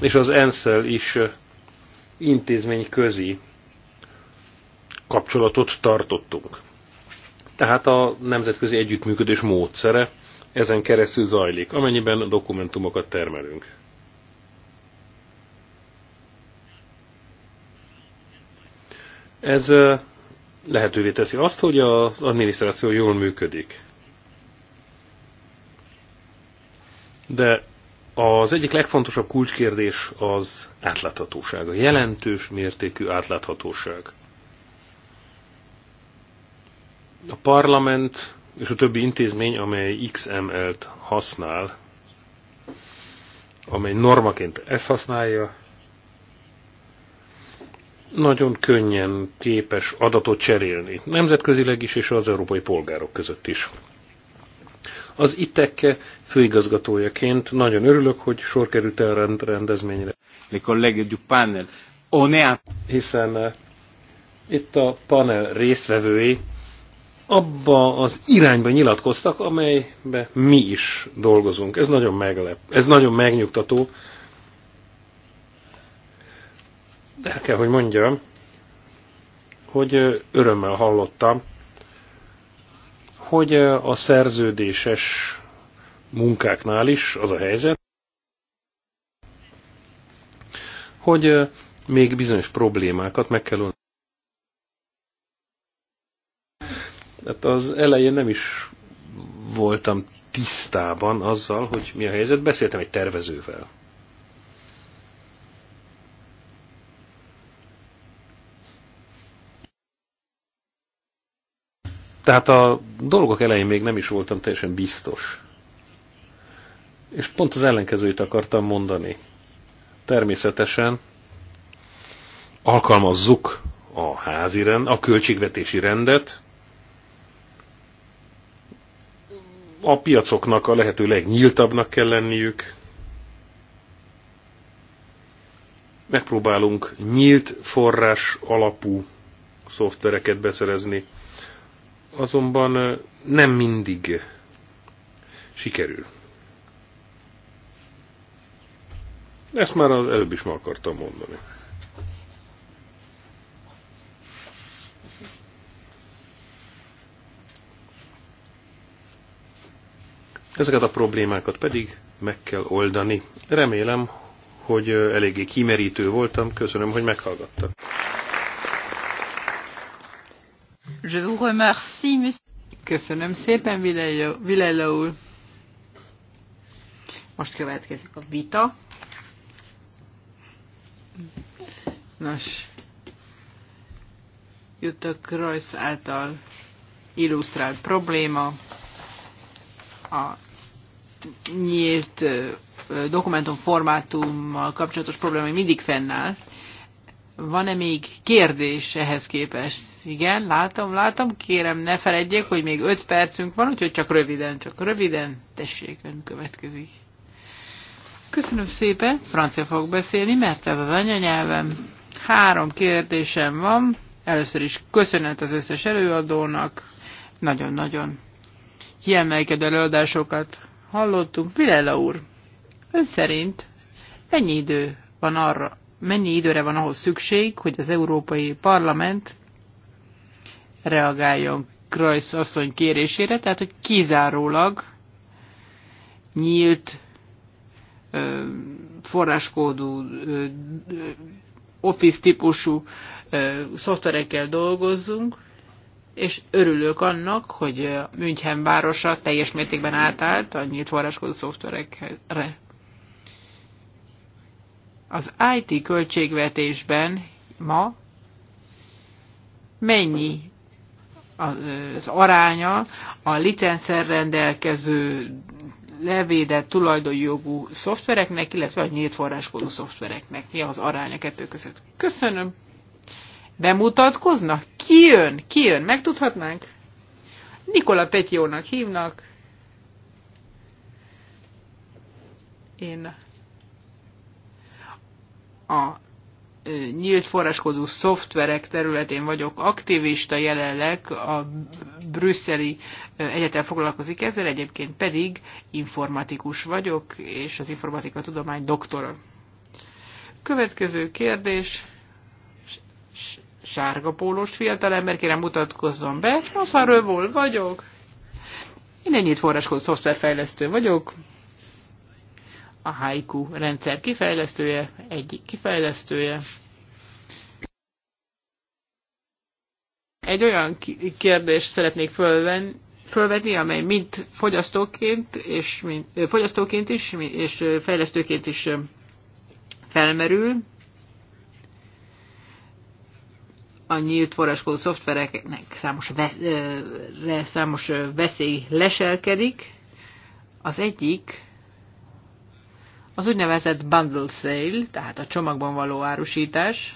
És az ENSZEL is intézmény közi kapcsolatot tartottunk. Tehát a nemzetközi együttműködés módszere ezen keresztül zajlik, amennyiben dokumentumokat termelünk. Ez lehetővé teszi azt, hogy az adminisztráció jól működik. De az egyik legfontosabb kulcskérdés az átláthatóság, a jelentős mértékű átláthatóság a parlament és a többi intézmény, amely XML-t használ, amely normaként ezt használja, nagyon könnyen képes adatot cserélni, nemzetközileg is és az európai polgárok között is. Az ITEK -e főigazgatójaként nagyon örülök, hogy sor került el rend, rendezményre. Hiszen eh, itt a panel résztvevői abba az irányba nyilatkoztak, amelybe mi is dolgozunk. Ez nagyon meglep, ez nagyon megnyugtató. De el kell, hogy mondjam, hogy örömmel hallottam, hogy a szerződéses munkáknál is az a helyzet, hogy még bizonyos problémákat meg kell Hát az elején nem is voltam tisztában azzal, hogy mi a helyzet. Beszéltem egy tervezővel. Tehát a dolgok elején még nem is voltam teljesen biztos. És pont az ellenkezőjét akartam mondani. Természetesen alkalmazzuk a házi rend, a költségvetési rendet, a piacoknak a lehető legnyíltabbnak kell lenniük. Megpróbálunk nyílt forrás alapú szoftvereket beszerezni, azonban nem mindig sikerül. Ezt már az előbb is meg akartam mondani. Ezeket a problémákat pedig meg kell oldani. Remélem, hogy eléggé kimerítő voltam. Köszönöm, hogy meghallgattak. Je vous remercie, monsieur. Köszönöm szépen, Vilella úr. Most következik a vita. Nos, Juttak Kreuz által illusztrált probléma a nyílt dokumentum kapcsolatos probléma mindig fennáll. Van-e még kérdés ehhez képest? Igen, látom, látom. Kérem, ne feledjék, hogy még 5 percünk van, úgyhogy csak röviden, csak röviden. Tessék, ön következik. Köszönöm szépen. Francia fogok beszélni, mert ez az anyanyelvem. Három kérdésem van. Először is köszönet az összes előadónak. Nagyon-nagyon kiemelkedő előadásokat hallottunk. Vilela úr, ön szerint mennyi idő van arra, mennyi időre van ahhoz szükség, hogy az Európai Parlament reagáljon Krajsz asszony kérésére, tehát hogy kizárólag nyílt ö, forráskódú ö, office típusú szoftverekkel dolgozzunk, és örülök annak, hogy München városa teljes mértékben átállt a nyílt forráskodó szoftverekre. Az IT költségvetésben ma mennyi az aránya a licenszer rendelkező levédett tulajdonjogú szoftvereknek, illetve a nyílt forráskodó szoftvereknek. Mi az aránya kettő között? Köszönöm bemutatkoznak? Ki jön? Ki jön? Megtudhatnánk? Nikola Petjónak hívnak. Én a nyílt forráskodó szoftverek területén vagyok aktivista jelenleg, a brüsszeli egyetem foglalkozik ezzel, egyébként pedig informatikus vagyok, és az informatika tudomány doktora. Következő kérdés, sárga pólós fiatalember, kérem mutatkozzon be, rövol vagyok. Én ennyit forráskodó szoftverfejlesztő vagyok. A Haiku rendszer kifejlesztője, egyik kifejlesztője. Egy olyan kérdést szeretnék fölvenni, fölvetni, amely mint fogyasztóként, és mint, fogyasztóként is, és fejlesztőként is felmerül, a nyílt forráskódú szoftvereknek számos, ve- számos veszély leselkedik. Az egyik az úgynevezett bundle sale, tehát a csomagban való árusítás.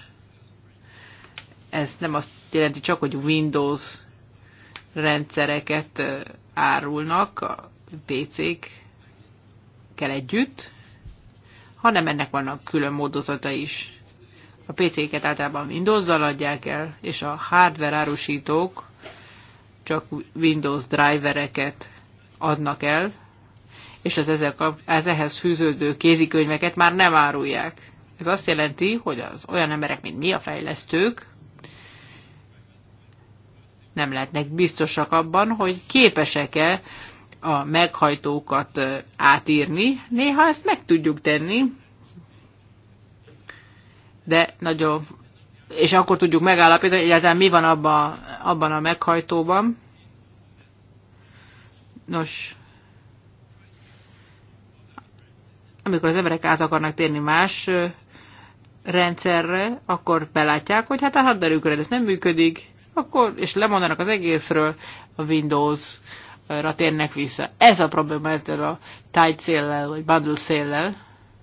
Ez nem azt jelenti csak, hogy Windows rendszereket árulnak a PC-kkel együtt, hanem ennek vannak külön módozata is a PC-ket általában Windows-zal adják el, és a hardware árusítók csak Windows drivereket adnak el, és az, ezek kap, az ehhez fűződő kézikönyveket már nem árulják. Ez azt jelenti, hogy az olyan emberek, mint mi a fejlesztők, nem lehetnek biztosak abban, hogy képesek-e a meghajtókat átírni. Néha ezt meg tudjuk tenni, de nagyon, és akkor tudjuk megállapítani, hogy egyáltalán mi van abba, abban a meghajtóban. Nos, amikor az emberek át akarnak térni más rendszerre, akkor belátják, hogy hát a hardware ez nem működik, akkor, és lemondanak az egészről, a Windows-ra térnek vissza. Ez a probléma ezzel a tight vagy bundle széllel.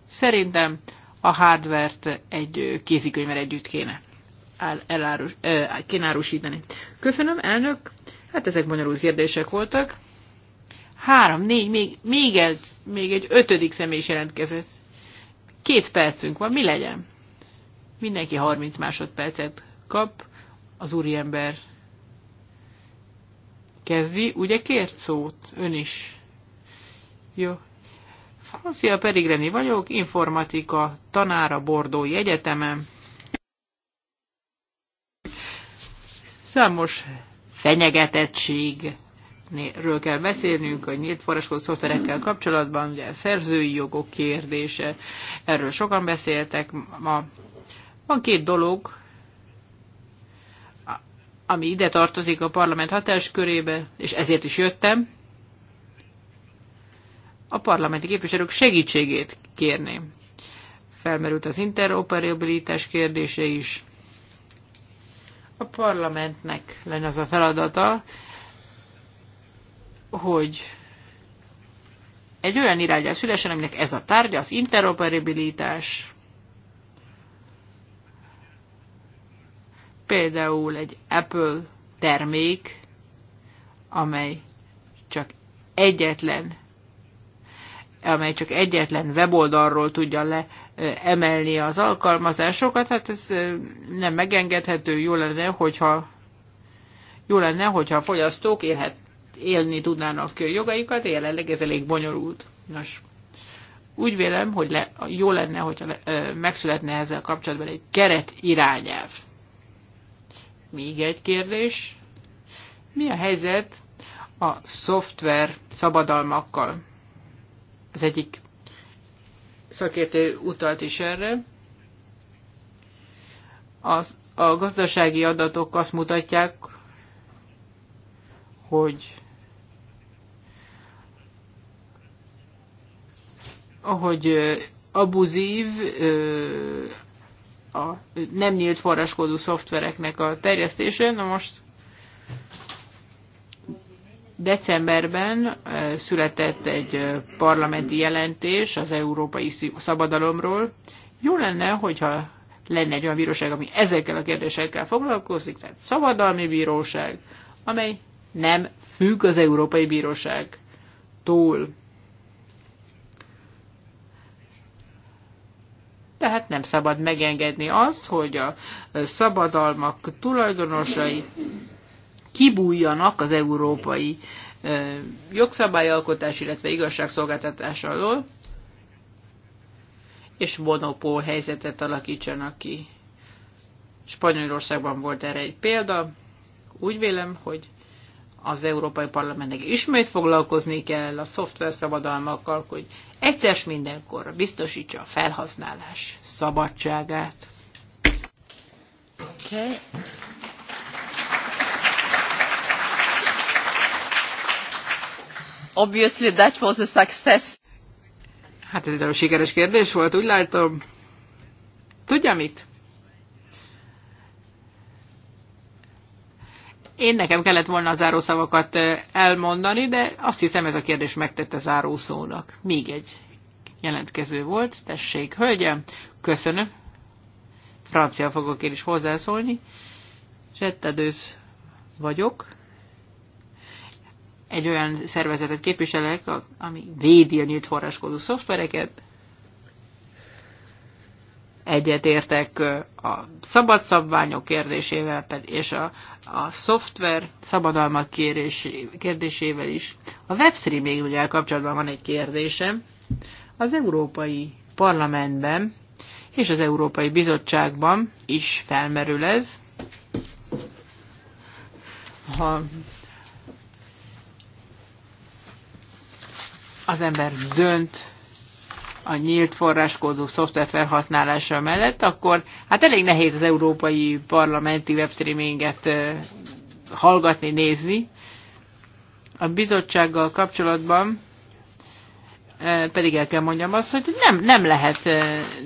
Szerintem a hardvert egy kézikönyvvel együtt kéne, elárus, kéne árusítani. Köszönöm, elnök. Hát ezek bonyolult kérdések voltak. Három, négy, még, még ez, még egy ötödik személy is jelentkezett. Két percünk van, mi legyen? Mindenki 30 másodpercet kap, az úriember kezdi, ugye kért szót, ön is. Jó, Szia, Perigreni vagyok, informatika tanára Bordói Egyetemen. Számos fenyegetettségről kell beszélnünk, hogy nyílt forráskódú szoftverekkel kapcsolatban, ugye a szerzői jogok kérdése, erről sokan beszéltek ma. Van két dolog, ami ide tartozik a parlament hatáskörébe, és ezért is jöttem a parlamenti képviselők segítségét kérném. Felmerült az interoperabilitás kérdése is. A parlamentnek lenne az a feladata, hogy egy olyan irányás szülesen, aminek ez a tárgya, az interoperabilitás, például egy Apple termék, amely csak egyetlen amely csak egyetlen weboldalról tudja le emelni az alkalmazásokat, hát ez nem megengedhető, jó lenne, hogyha, jó lenne, hogyha a fogyasztók élhet, élni tudnának jogaikat, jelenleg ez elég bonyolult. Nos, úgy vélem, hogy le, jó lenne, hogyha le, megszületne ezzel kapcsolatban egy keret irányelv. Még egy kérdés. Mi a helyzet a szoftver szabadalmakkal? Az egyik szakértő utalt is erre. Az, a gazdasági adatok azt mutatják, hogy ahogy abuzív a nem nyílt forráskódú szoftvereknek a terjesztése. Na most Decemberben született egy parlamenti jelentés az európai szabadalomról. Jó lenne, hogyha lenne egy olyan bíróság, ami ezekkel a kérdésekkel foglalkozik, tehát szabadalmi bíróság, amely nem függ az Európai Bíróságtól. Tehát nem szabad megengedni azt, hogy a szabadalmak tulajdonosai kibújjanak az európai jogszabályalkotás, illetve igazságszolgáltatás alól, és monopól helyzetet alakítsanak ki. Spanyolországban volt erre egy példa. Úgy vélem, hogy az Európai Parlamentnek ismét foglalkozni kell a szoftver szabadalmakkal, hogy egyszer mindenkor biztosítsa a felhasználás szabadságát. Okay. Obviously that was a success. Hát ez egy nagyon sikeres kérdés volt, úgy látom. Tudja mit? Én nekem kellett volna a zárószavakat elmondani, de azt hiszem ez a kérdés megtette zárószónak. Még egy jelentkező volt, tessék, hölgyem, köszönöm. Francia fogok én is hozzászólni. Zsettedősz vagyok egy olyan szervezetet képviselek, ami védi a nyílt forráskódú szoftvereket. Egyetértek a szabad szabványok kérdésével, és a, a szoftver szabadalmak kérdésével is. A ugye kapcsolatban van egy kérdésem. Az Európai Parlamentben és az Európai Bizottságban is felmerül ez. Ha az ember dönt a nyílt forráskódú szoftver felhasználása mellett, akkor hát elég nehéz az európai parlamenti webstreaminget hallgatni, nézni. A bizottsággal kapcsolatban pedig el kell mondjam azt, hogy nem, nem lehet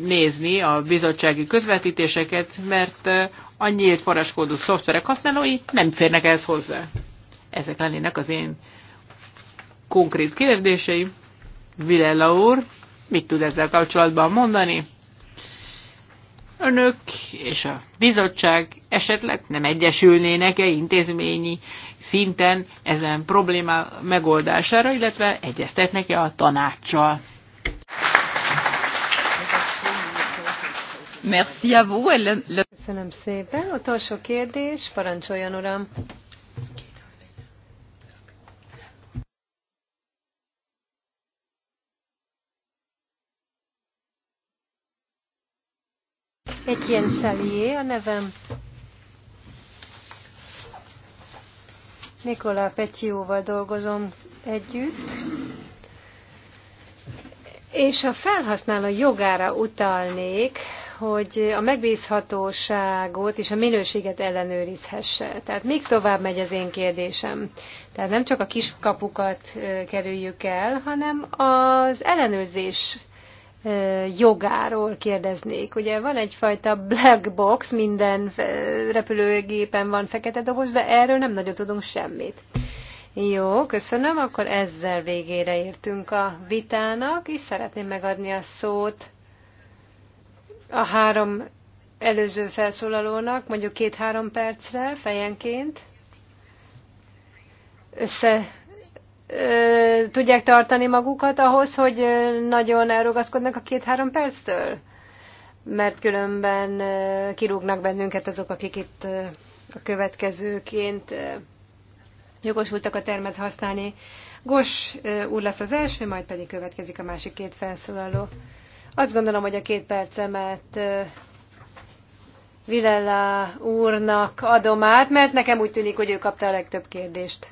nézni a bizottsági közvetítéseket, mert a nyílt forráskódú szoftverek használói nem férnek ehhez hozzá. Ezek lennének az én konkrét kérdései. Vilella úr, mit tud ezzel kapcsolatban mondani? Önök és a bizottság esetleg nem egyesülnének-e intézményi szinten ezen probléma megoldására, illetve egyeztetnek-e a tanácssal? Merci a vous. Köszönöm szépen. Utolsó kérdés, parancsoljon uram. Etienne Salier a nevem. Nikolá Petióval dolgozom együtt, és a felhasználó jogára utalnék, hogy a megbízhatóságot és a minőséget ellenőrizhesse. Tehát még tovább megy az én kérdésem. Tehát nem csak a kiskapukat kerüljük el, hanem az ellenőrzés jogáról kérdeznék. Ugye van egyfajta black box, minden repülőgépen van fekete doboz, de erről nem nagyon tudunk semmit. Jó, köszönöm, akkor ezzel végére értünk a vitának, és szeretném megadni a szót a három előző felszólalónak, mondjuk két-három percre fejenként. Össze tudják tartani magukat ahhoz, hogy nagyon elrugaszkodnak a két-három perctől? Mert különben kirúgnak bennünket azok, akik itt a következőként jogosultak a termet használni. Gos úr lesz az első, majd pedig következik a másik két felszólaló. Azt gondolom, hogy a két percemet Vilella úrnak adom át, mert nekem úgy tűnik, hogy ő kapta a legtöbb kérdést.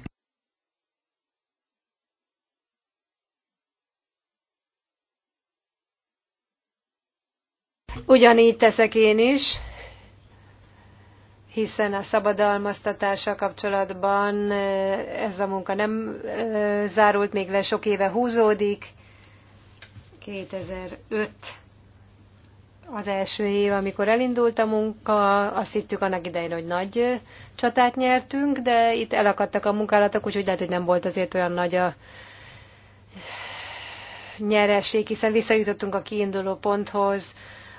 Ugyanígy teszek én is, hiszen a szabadalmaztatással kapcsolatban ez a munka nem zárult, még le sok éve húzódik. 2005 az első év, amikor elindult a munka, azt hittük annak idején, hogy nagy csatát nyertünk, de itt elakadtak a munkálatok, úgyhogy lehet, hogy nem volt azért olyan nagy a nyeresség, hiszen visszajutottunk a kiinduló ponthoz,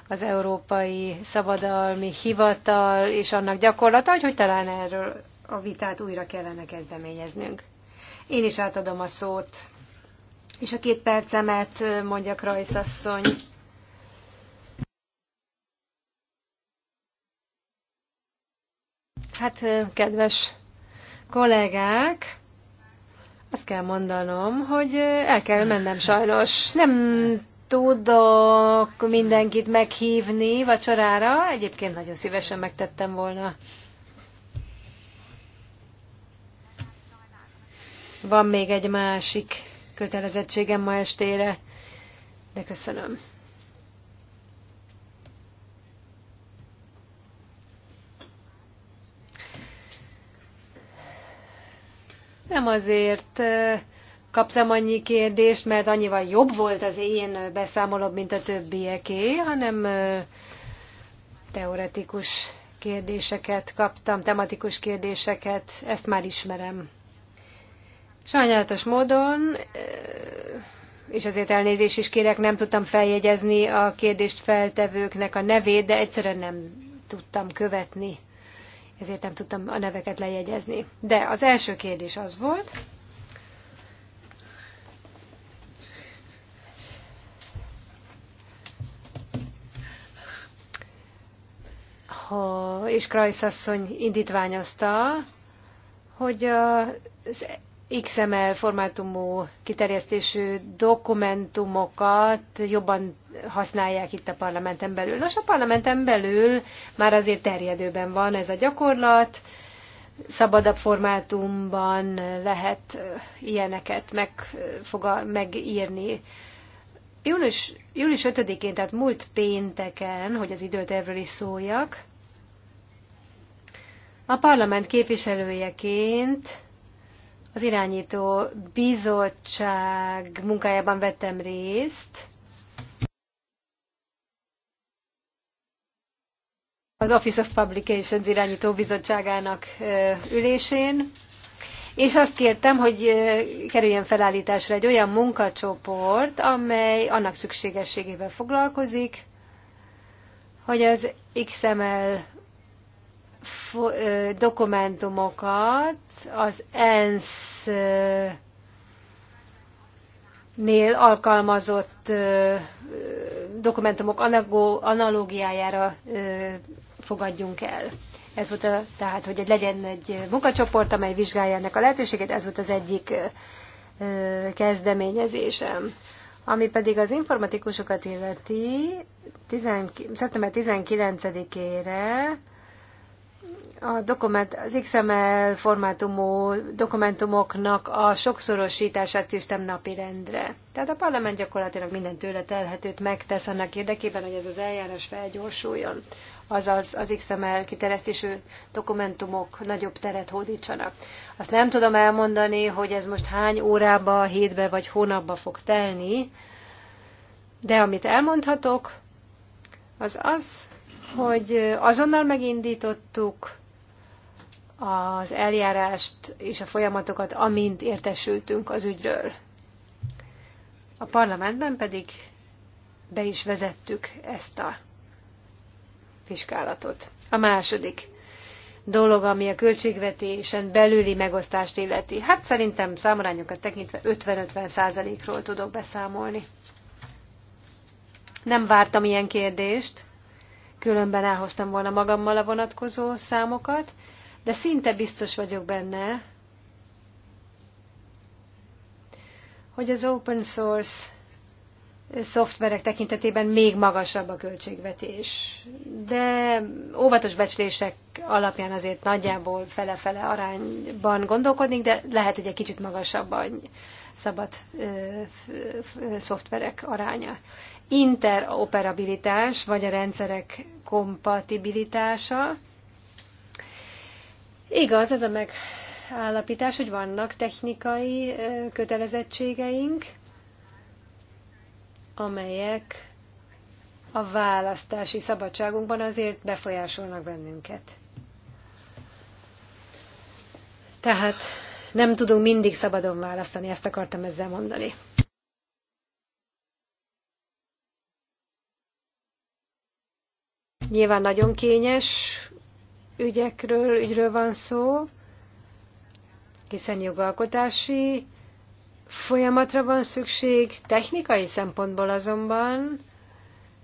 az Európai Szabadalmi Hivatal és annak gyakorlata, hogy, hogy talán erről a vitát újra kellene kezdeményeznünk. Én is átadom a szót, és a két percemet mondja Krajszasszony. Hát, kedves kollégák, azt kell mondanom, hogy el kell mennem sajnos. Nem tudok mindenkit meghívni vacsorára. Egyébként nagyon szívesen megtettem volna. Van még egy másik kötelezettségem ma estére, de köszönöm. Nem azért eh, kaptam annyi kérdést, mert annyival jobb volt az én beszámolom, mint a többieké, hanem teoretikus kérdéseket kaptam, tematikus kérdéseket, ezt már ismerem. Sajnálatos módon, és azért elnézést is kérek, nem tudtam feljegyezni a kérdést feltevőknek a nevét, de egyszerűen nem tudtam követni, ezért nem tudtam a neveket lejegyezni. De az első kérdés az volt, ha, és Krajsz asszony indítványozta, hogy az XML formátumú kiterjesztésű dokumentumokat jobban használják itt a parlamenten belül. Nos, a parlamenten belül már azért terjedőben van ez a gyakorlat, szabadabb formátumban lehet ilyeneket megfoga, megírni. Július, július 5-én, tehát múlt pénteken, hogy az időtervről is szóljak, a parlament képviselőjeként az irányító bizottság munkájában vettem részt. Az Office of Publications irányító bizottságának ülésén, és azt kértem, hogy kerüljön felállításra egy olyan munkacsoport, amely annak szükségességével foglalkozik, hogy az XML dokumentumokat az ENSZ nél alkalmazott dokumentumok analógiájára fogadjunk el. Ez volt a, tehát, hogy legyen egy munkacsoport, amely vizsgálja ennek a lehetőséget, ez volt az egyik kezdeményezésem. Ami pedig az informatikusokat illeti, 10, szeptember 19-ére a dokument, az XML formátumú dokumentumoknak a sokszorosítását tűztem napirendre. Tehát a parlament gyakorlatilag minden tőle telhetőt megtesz annak érdekében, hogy ez az eljárás felgyorsuljon, azaz az XML kiteresztésű dokumentumok nagyobb teret hódítsanak. Azt nem tudom elmondani, hogy ez most hány órába, hétbe vagy hónapba fog telni, de amit elmondhatok, az az, hogy azonnal megindítottuk az eljárást és a folyamatokat, amint értesültünk az ügyről. A parlamentben pedig be is vezettük ezt a vizsgálatot. A második dolog, ami a költségvetésen belüli megosztást illeti. Hát szerintem számarányokat tekintve 50-50 százalékról tudok beszámolni. Nem vártam ilyen kérdést, különben elhoztam volna magammal a vonatkozó számokat, de szinte biztos vagyok benne, hogy az open source szoftverek tekintetében még magasabb a költségvetés. De óvatos becslések alapján azért nagyjából fele-fele arányban gondolkodnék, de lehet, hogy egy kicsit magasabb a szabad ö, ö, szoftverek aránya. Interoperabilitás, vagy a rendszerek kompatibilitása, Igaz, ez a megállapítás, hogy vannak technikai kötelezettségeink, amelyek a választási szabadságunkban azért befolyásolnak bennünket. Tehát nem tudunk mindig szabadon választani, ezt akartam ezzel mondani. Nyilván nagyon kényes ügyekről, ügyről van szó, hiszen jogalkotási folyamatra van szükség, technikai szempontból azonban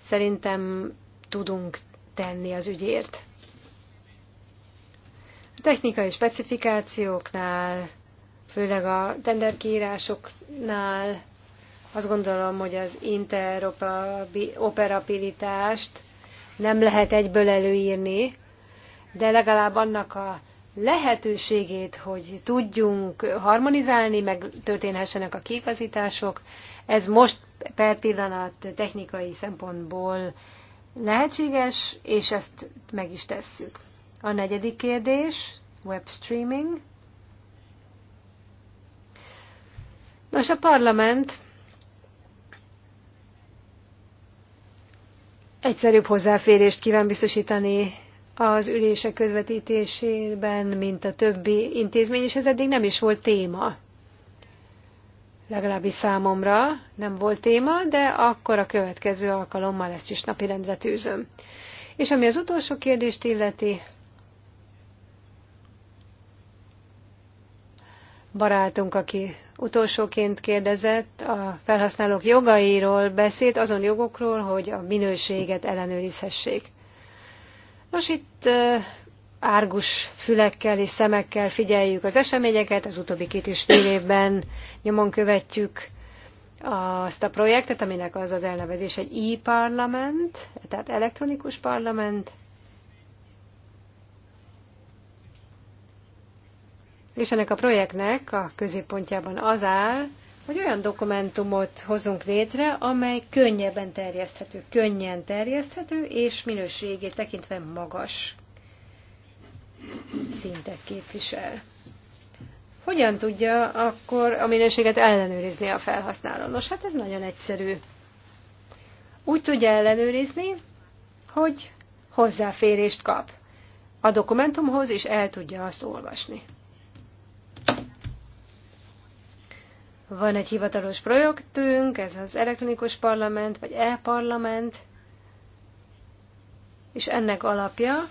szerintem tudunk tenni az ügyért. A technikai specifikációknál, főleg a tenderkírásoknál azt gondolom, hogy az interoperabilitást nem lehet egyből előírni, de legalább annak a lehetőségét, hogy tudjunk harmonizálni, meg történhessenek a kiigazítások, ez most per pillanat technikai szempontból lehetséges, és ezt meg is tesszük. A negyedik kérdés, webstreaming. Nos, a parlament egyszerűbb hozzáférést kíván biztosítani az ülések közvetítésében, mint a többi intézmény, és ez eddig nem is volt téma. Legalábbis számomra nem volt téma, de akkor a következő alkalommal ezt is napirendre tűzöm. És ami az utolsó kérdést illeti, barátunk, aki utolsóként kérdezett, a felhasználók jogairól beszélt, azon jogokról, hogy a minőséget ellenőrizhessék. Most itt árgus fülekkel és szemekkel figyeljük az eseményeket, az utóbbi két és fél évben nyomon követjük azt a projektet, aminek az az elnevezés egy e-parlament, tehát elektronikus parlament, és ennek a projektnek a középpontjában az áll, hogy olyan dokumentumot hozunk létre, amely könnyebben terjeszthető, könnyen terjeszthető, és minőségét tekintve magas szintek képvisel. Hogyan tudja akkor a minőséget ellenőrizni a felhasználó? Nos, hát ez nagyon egyszerű. Úgy tudja ellenőrizni, hogy hozzáférést kap a dokumentumhoz, és el tudja azt olvasni. Van egy hivatalos projektünk, ez az elektronikus parlament, vagy e-parlament, és ennek alapja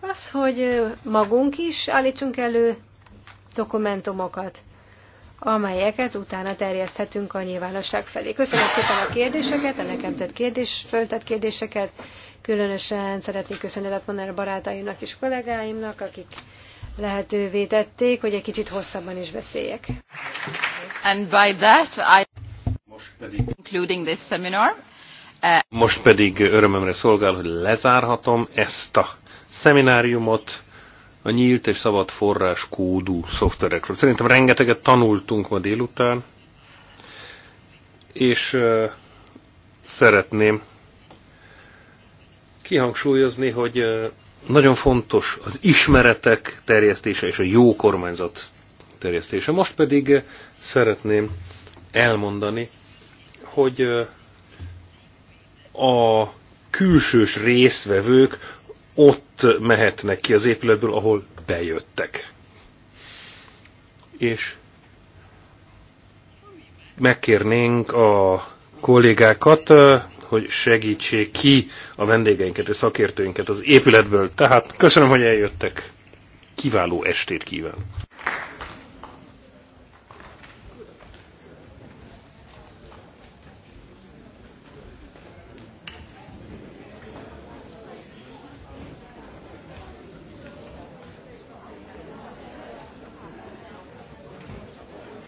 az, hogy magunk is állítsunk elő dokumentumokat, amelyeket utána terjeszthetünk a nyilvánosság felé. Köszönöm szépen a kérdéseket, a nekem tett kérdés, föltett kérdéseket. Különösen szeretnék köszönetet mondani a barátaimnak és kollégáimnak, akik lehetővé tették, hogy egy kicsit hosszabban is beszéljek. And by that I... Most pedig, including this seminar. Uh... Most pedig örömömre szolgál, hogy lezárhatom ezt a szemináriumot a nyílt és szabad forrás kódú szoftverekről. Szerintem rengeteget tanultunk ma délután, és uh, szeretném kihangsúlyozni, hogy uh, nagyon fontos az ismeretek terjesztése és a jó kormányzat terjesztése. Most pedig eh, szeretném elmondani, hogy eh, a külsős részvevők ott mehetnek ki az épületből, ahol bejöttek. És megkérnénk a kollégákat, eh, hogy segítsék ki a vendégeinket, a szakértőinket az épületből. Tehát köszönöm, hogy eljöttek. Kiváló estét kívánok!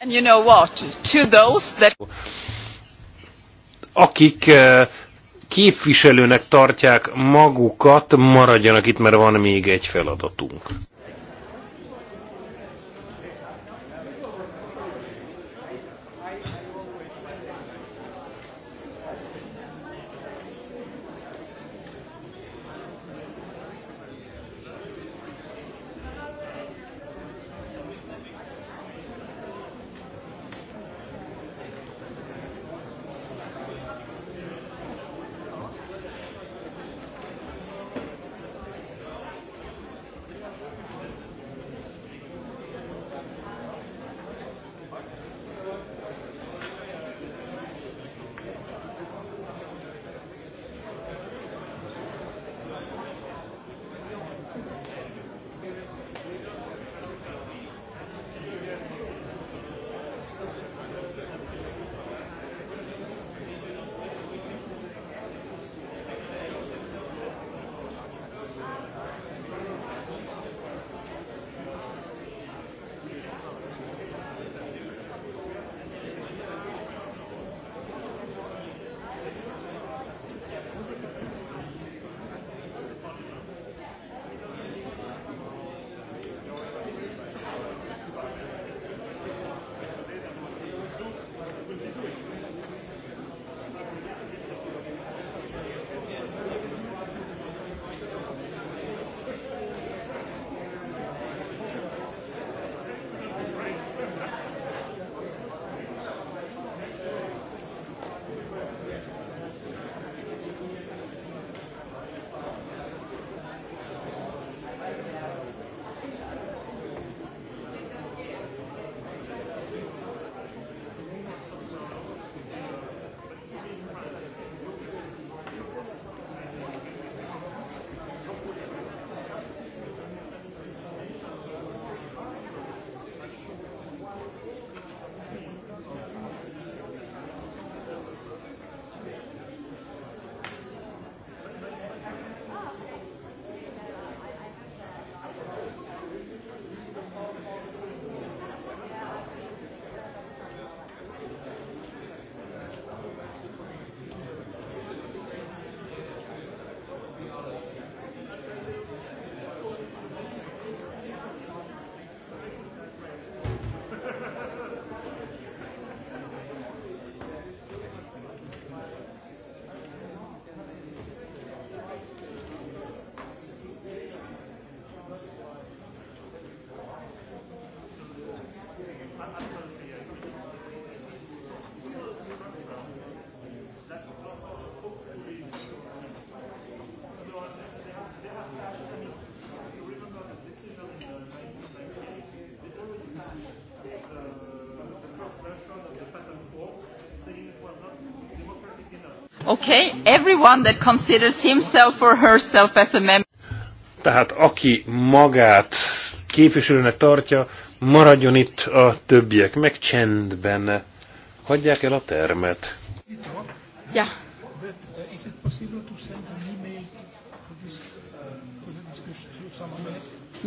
you know what to those that akik eh, képviselőnek tartják magukat, maradjanak itt, mert van még egy feladatunk. Okay, everyone that considers himself or herself as a member. Tehát aki magát képviselőnek tartja, maradjon itt a többiek, meg csendben. Hagyják el a termet. Yeah.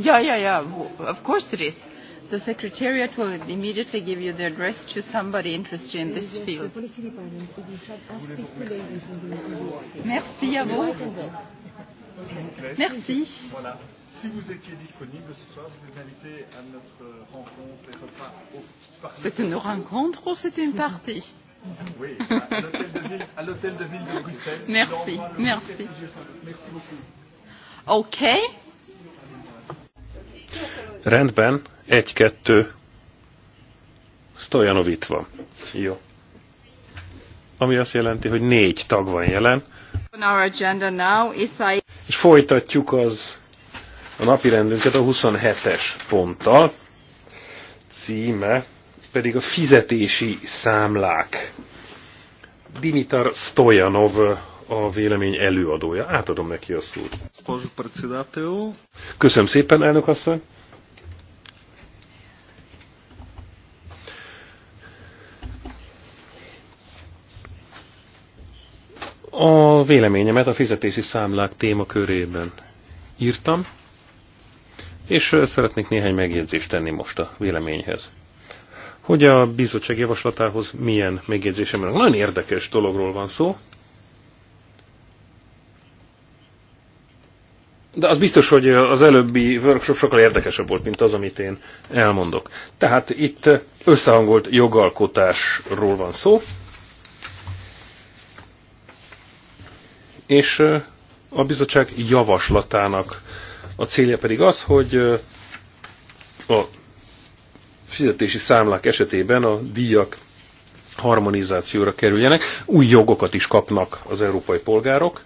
Ja, ja, ja, of course it is. The Secretariat will immediately give you the address to somebody interested in this field. Merci à vous. Merci. Voilà. Si vous étiez disponible ce soir, vous êtes invité à notre rencontre et repas au parti. C'est une rencontre ou c'est une partie Oui, à l'hôtel de, de, ville de Bruxelles. Merci, merci. Merci beaucoup. Okay. Rendben, egy-kettő. Stojanov itt van. Jó. Ami azt jelenti, hogy négy tag van jelen. És folytatjuk az a napi rendünket a 27-es ponttal. Címe pedig a fizetési számlák. Dimitar Stojanov a vélemény előadója. Átadom neki a szót. Köszönöm szépen, elnök asszony. a véleményemet a fizetési számlák témakörében írtam, és szeretnék néhány megjegyzést tenni most a véleményhez. Hogy a bizottság javaslatához milyen megjegyzésem van. Nagyon érdekes dologról van szó. De az biztos, hogy az előbbi workshop sokkal érdekesebb volt, mint az, amit én elmondok. Tehát itt összehangolt jogalkotásról van szó, és a bizottság javaslatának a célja pedig az, hogy a fizetési számlák esetében a díjak harmonizációra kerüljenek, új jogokat is kapnak az európai polgárok.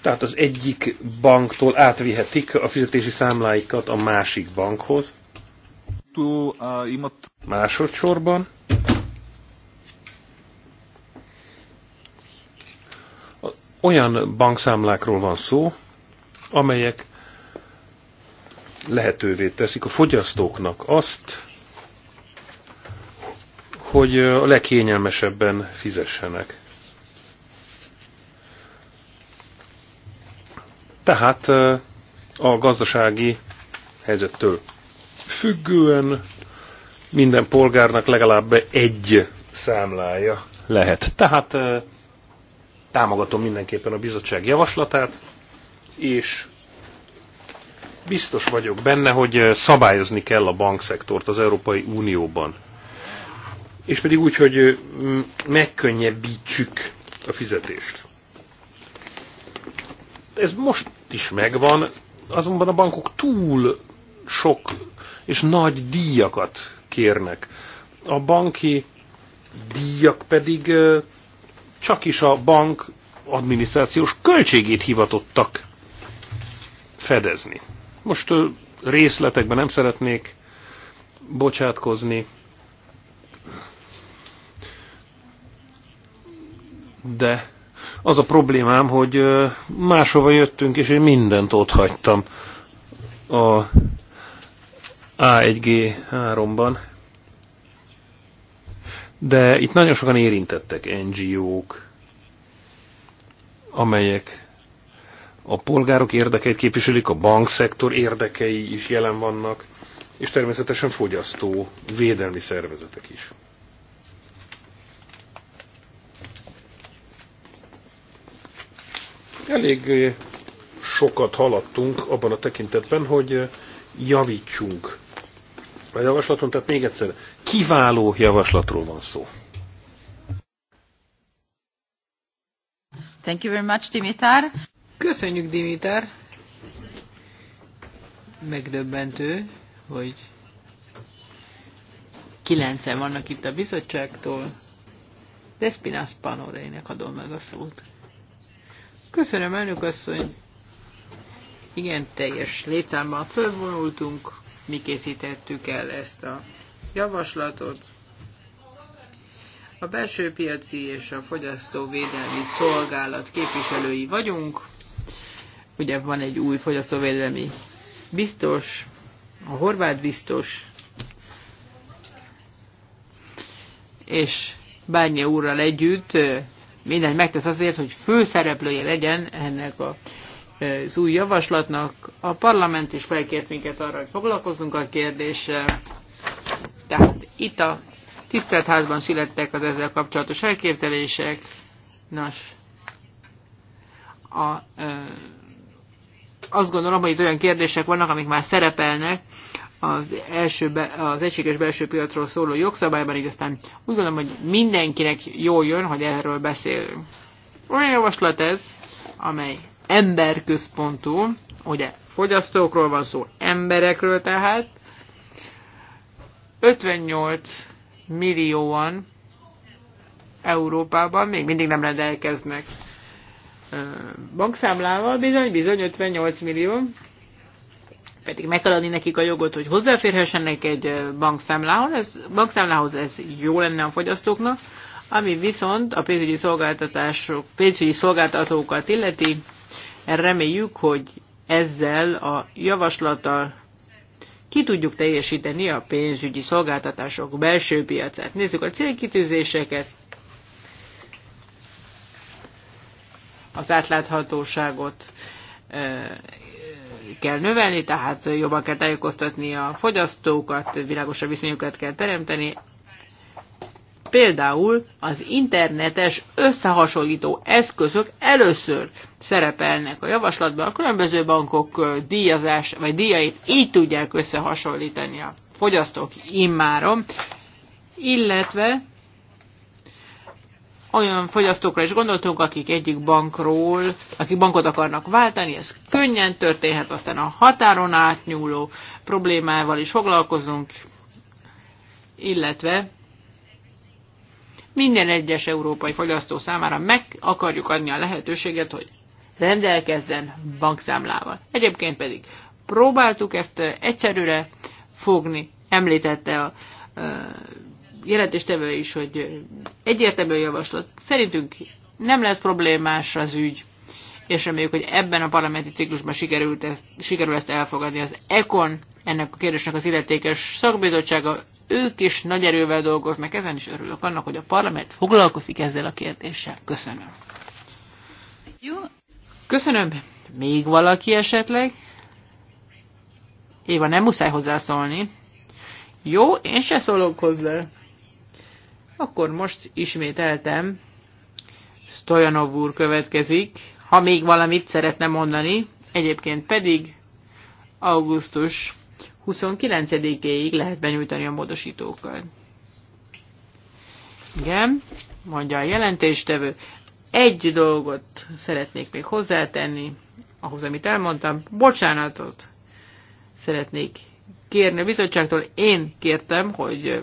Tehát az egyik banktól átvihetik a fizetési számláikat a másik bankhoz. Másodszorban Olyan bankszámlákról van szó, amelyek lehetővé teszik a fogyasztóknak azt, hogy a legkényelmesebben fizessenek. Tehát a gazdasági helyzettől függően minden polgárnak legalább egy számlája lehet. Tehát támogatom mindenképpen a bizottság javaslatát, és biztos vagyok benne, hogy szabályozni kell a bankszektort az Európai Unióban. És pedig úgy, hogy megkönnyebbítsük a fizetést. Ez most is megvan, azonban a bankok túl sok és nagy díjakat kérnek. A banki díjak pedig csak is a bank adminisztrációs költségét hivatottak fedezni. Most részletekben nem szeretnék bocsátkozni, de az a problémám, hogy máshova jöttünk, és én mindent ott hagytam a A1G3-ban de itt nagyon sokan érintettek NGO-k, amelyek a polgárok érdekeit képviselik, a bankszektor érdekei is jelen vannak, és természetesen fogyasztó védelmi szervezetek is. Elég sokat haladtunk abban a tekintetben, hogy javítsunk a javaslaton, tehát még egyszer, kiváló javaslatról van szó. Thank you very much, Dimitar. Köszönjük, Dimitar. Megdöbbentő, hogy kilencen vannak itt a bizottságtól. Despinas Panoreinek adom meg a szót. Köszönöm, elnök asszony. Igen, teljes létszámban fölvonultunk, mi készítettük el ezt a javaslatot. A belső piaci és a fogyasztóvédelmi szolgálat képviselői vagyunk. Ugye van egy új fogyasztóvédelmi biztos, a horvát biztos, és bármilyen úrral együtt mindent megtesz azért, hogy főszereplője legyen ennek a az új javaslatnak. A parlament is felkért minket arra, hogy foglalkozzunk a kérdéssel. Tehát itt a tisztelt házban születtek az ezzel kapcsolatos elképzelések. Nos, a, azt gondolom, hogy itt olyan kérdések vannak, amik már szerepelnek az, első be, az egységes belső piacról szóló jogszabályban, így aztán úgy gondolom, hogy mindenkinek jól jön, hogy erről beszélünk. Olyan javaslat ez, amely emberközpontú, ugye fogyasztókról van szó, emberekről tehát, 58 millióan Európában még mindig nem rendelkeznek bankszámlával, bizony, bizony 58 millió, pedig meg kell adni nekik a jogot, hogy hozzáférhessenek egy bankszámlához, ez, bankszámlához ez jó lenne a fogyasztóknak, ami viszont a pénzügyi, szolgáltatások, pénzügyi szolgáltatókat illeti, Reméljük, hogy ezzel a javaslattal ki tudjuk teljesíteni a pénzügyi szolgáltatások belső piacát. Nézzük a célkitűzéseket, az átláthatóságot kell növelni, tehát jobban kell tájékoztatni a fogyasztókat, világosabb viszonyokat kell teremteni, Például az internetes összehasonlító eszközök először szerepelnek a javaslatban, a különböző bankok díjazás vagy díjait így tudják összehasonlítani a fogyasztók immáron, illetve olyan fogyasztókra is gondoltunk, akik egyik bankról, akik bankot akarnak váltani, ez könnyen történhet, aztán a határon átnyúló problémával is foglalkozunk, illetve minden egyes európai fogyasztó számára meg akarjuk adni a lehetőséget, hogy rendelkezzen bankszámlával. Egyébként pedig próbáltuk ezt eh, egyszerűre fogni. Említette a eh, jelentéstevő is, hogy egyértelmű javaslat. Szerintünk nem lesz problémás az ügy, és reméljük, hogy ebben a parlamenti ciklusban sikerült ezt, sikerül ezt elfogadni. Az ECON, ennek a kérdésnek az illetékes szakbizottsága ők is nagy erővel dolgoznak ezen, is örülök annak, hogy a parlament foglalkozik ezzel a kérdéssel. Köszönöm. Jó. Köszönöm. Még valaki esetleg? Éva, nem muszáj hozzászólni. Jó, én se szólok hozzá. Akkor most ismételtem. Stojanov úr következik, ha még valamit szeretne mondani, egyébként pedig augusztus 29-éig lehet benyújtani a módosítókat. Igen, mondja a jelentéstevő. Egy dolgot szeretnék még hozzátenni, ahhoz, amit elmondtam. Bocsánatot szeretnék kérni a bizottságtól. Én kértem, hogy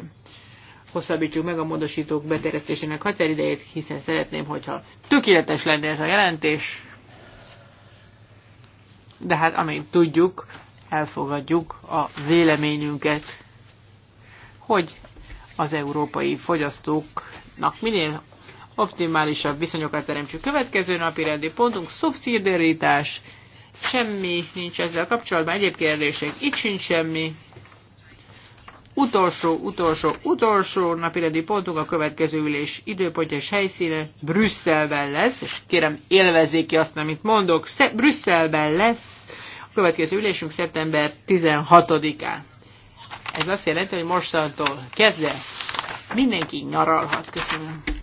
hosszabbítsuk meg a módosítók beterjesztésének határidejét, hiszen szeretném, hogyha tökéletes lenne ez a jelentés, de hát amint tudjuk, elfogadjuk a véleményünket, hogy az európai fogyasztóknak minél optimálisabb viszonyokat teremtsük. Következő napi rendi pontunk szubszidiaritás, semmi nincs ezzel kapcsolatban, egyéb kérdések, itt sincs semmi. Utolsó, utolsó, utolsó napirendi pontunk a következő ülés időpontja és helyszíne Brüsszelben lesz, és kérem élvezzék ki azt, amit mondok, Brüsszelben lesz Következő ülésünk szeptember 16-án. Ez azt jelenti, hogy mostantól kezdve mindenki nyaralhat. Köszönöm.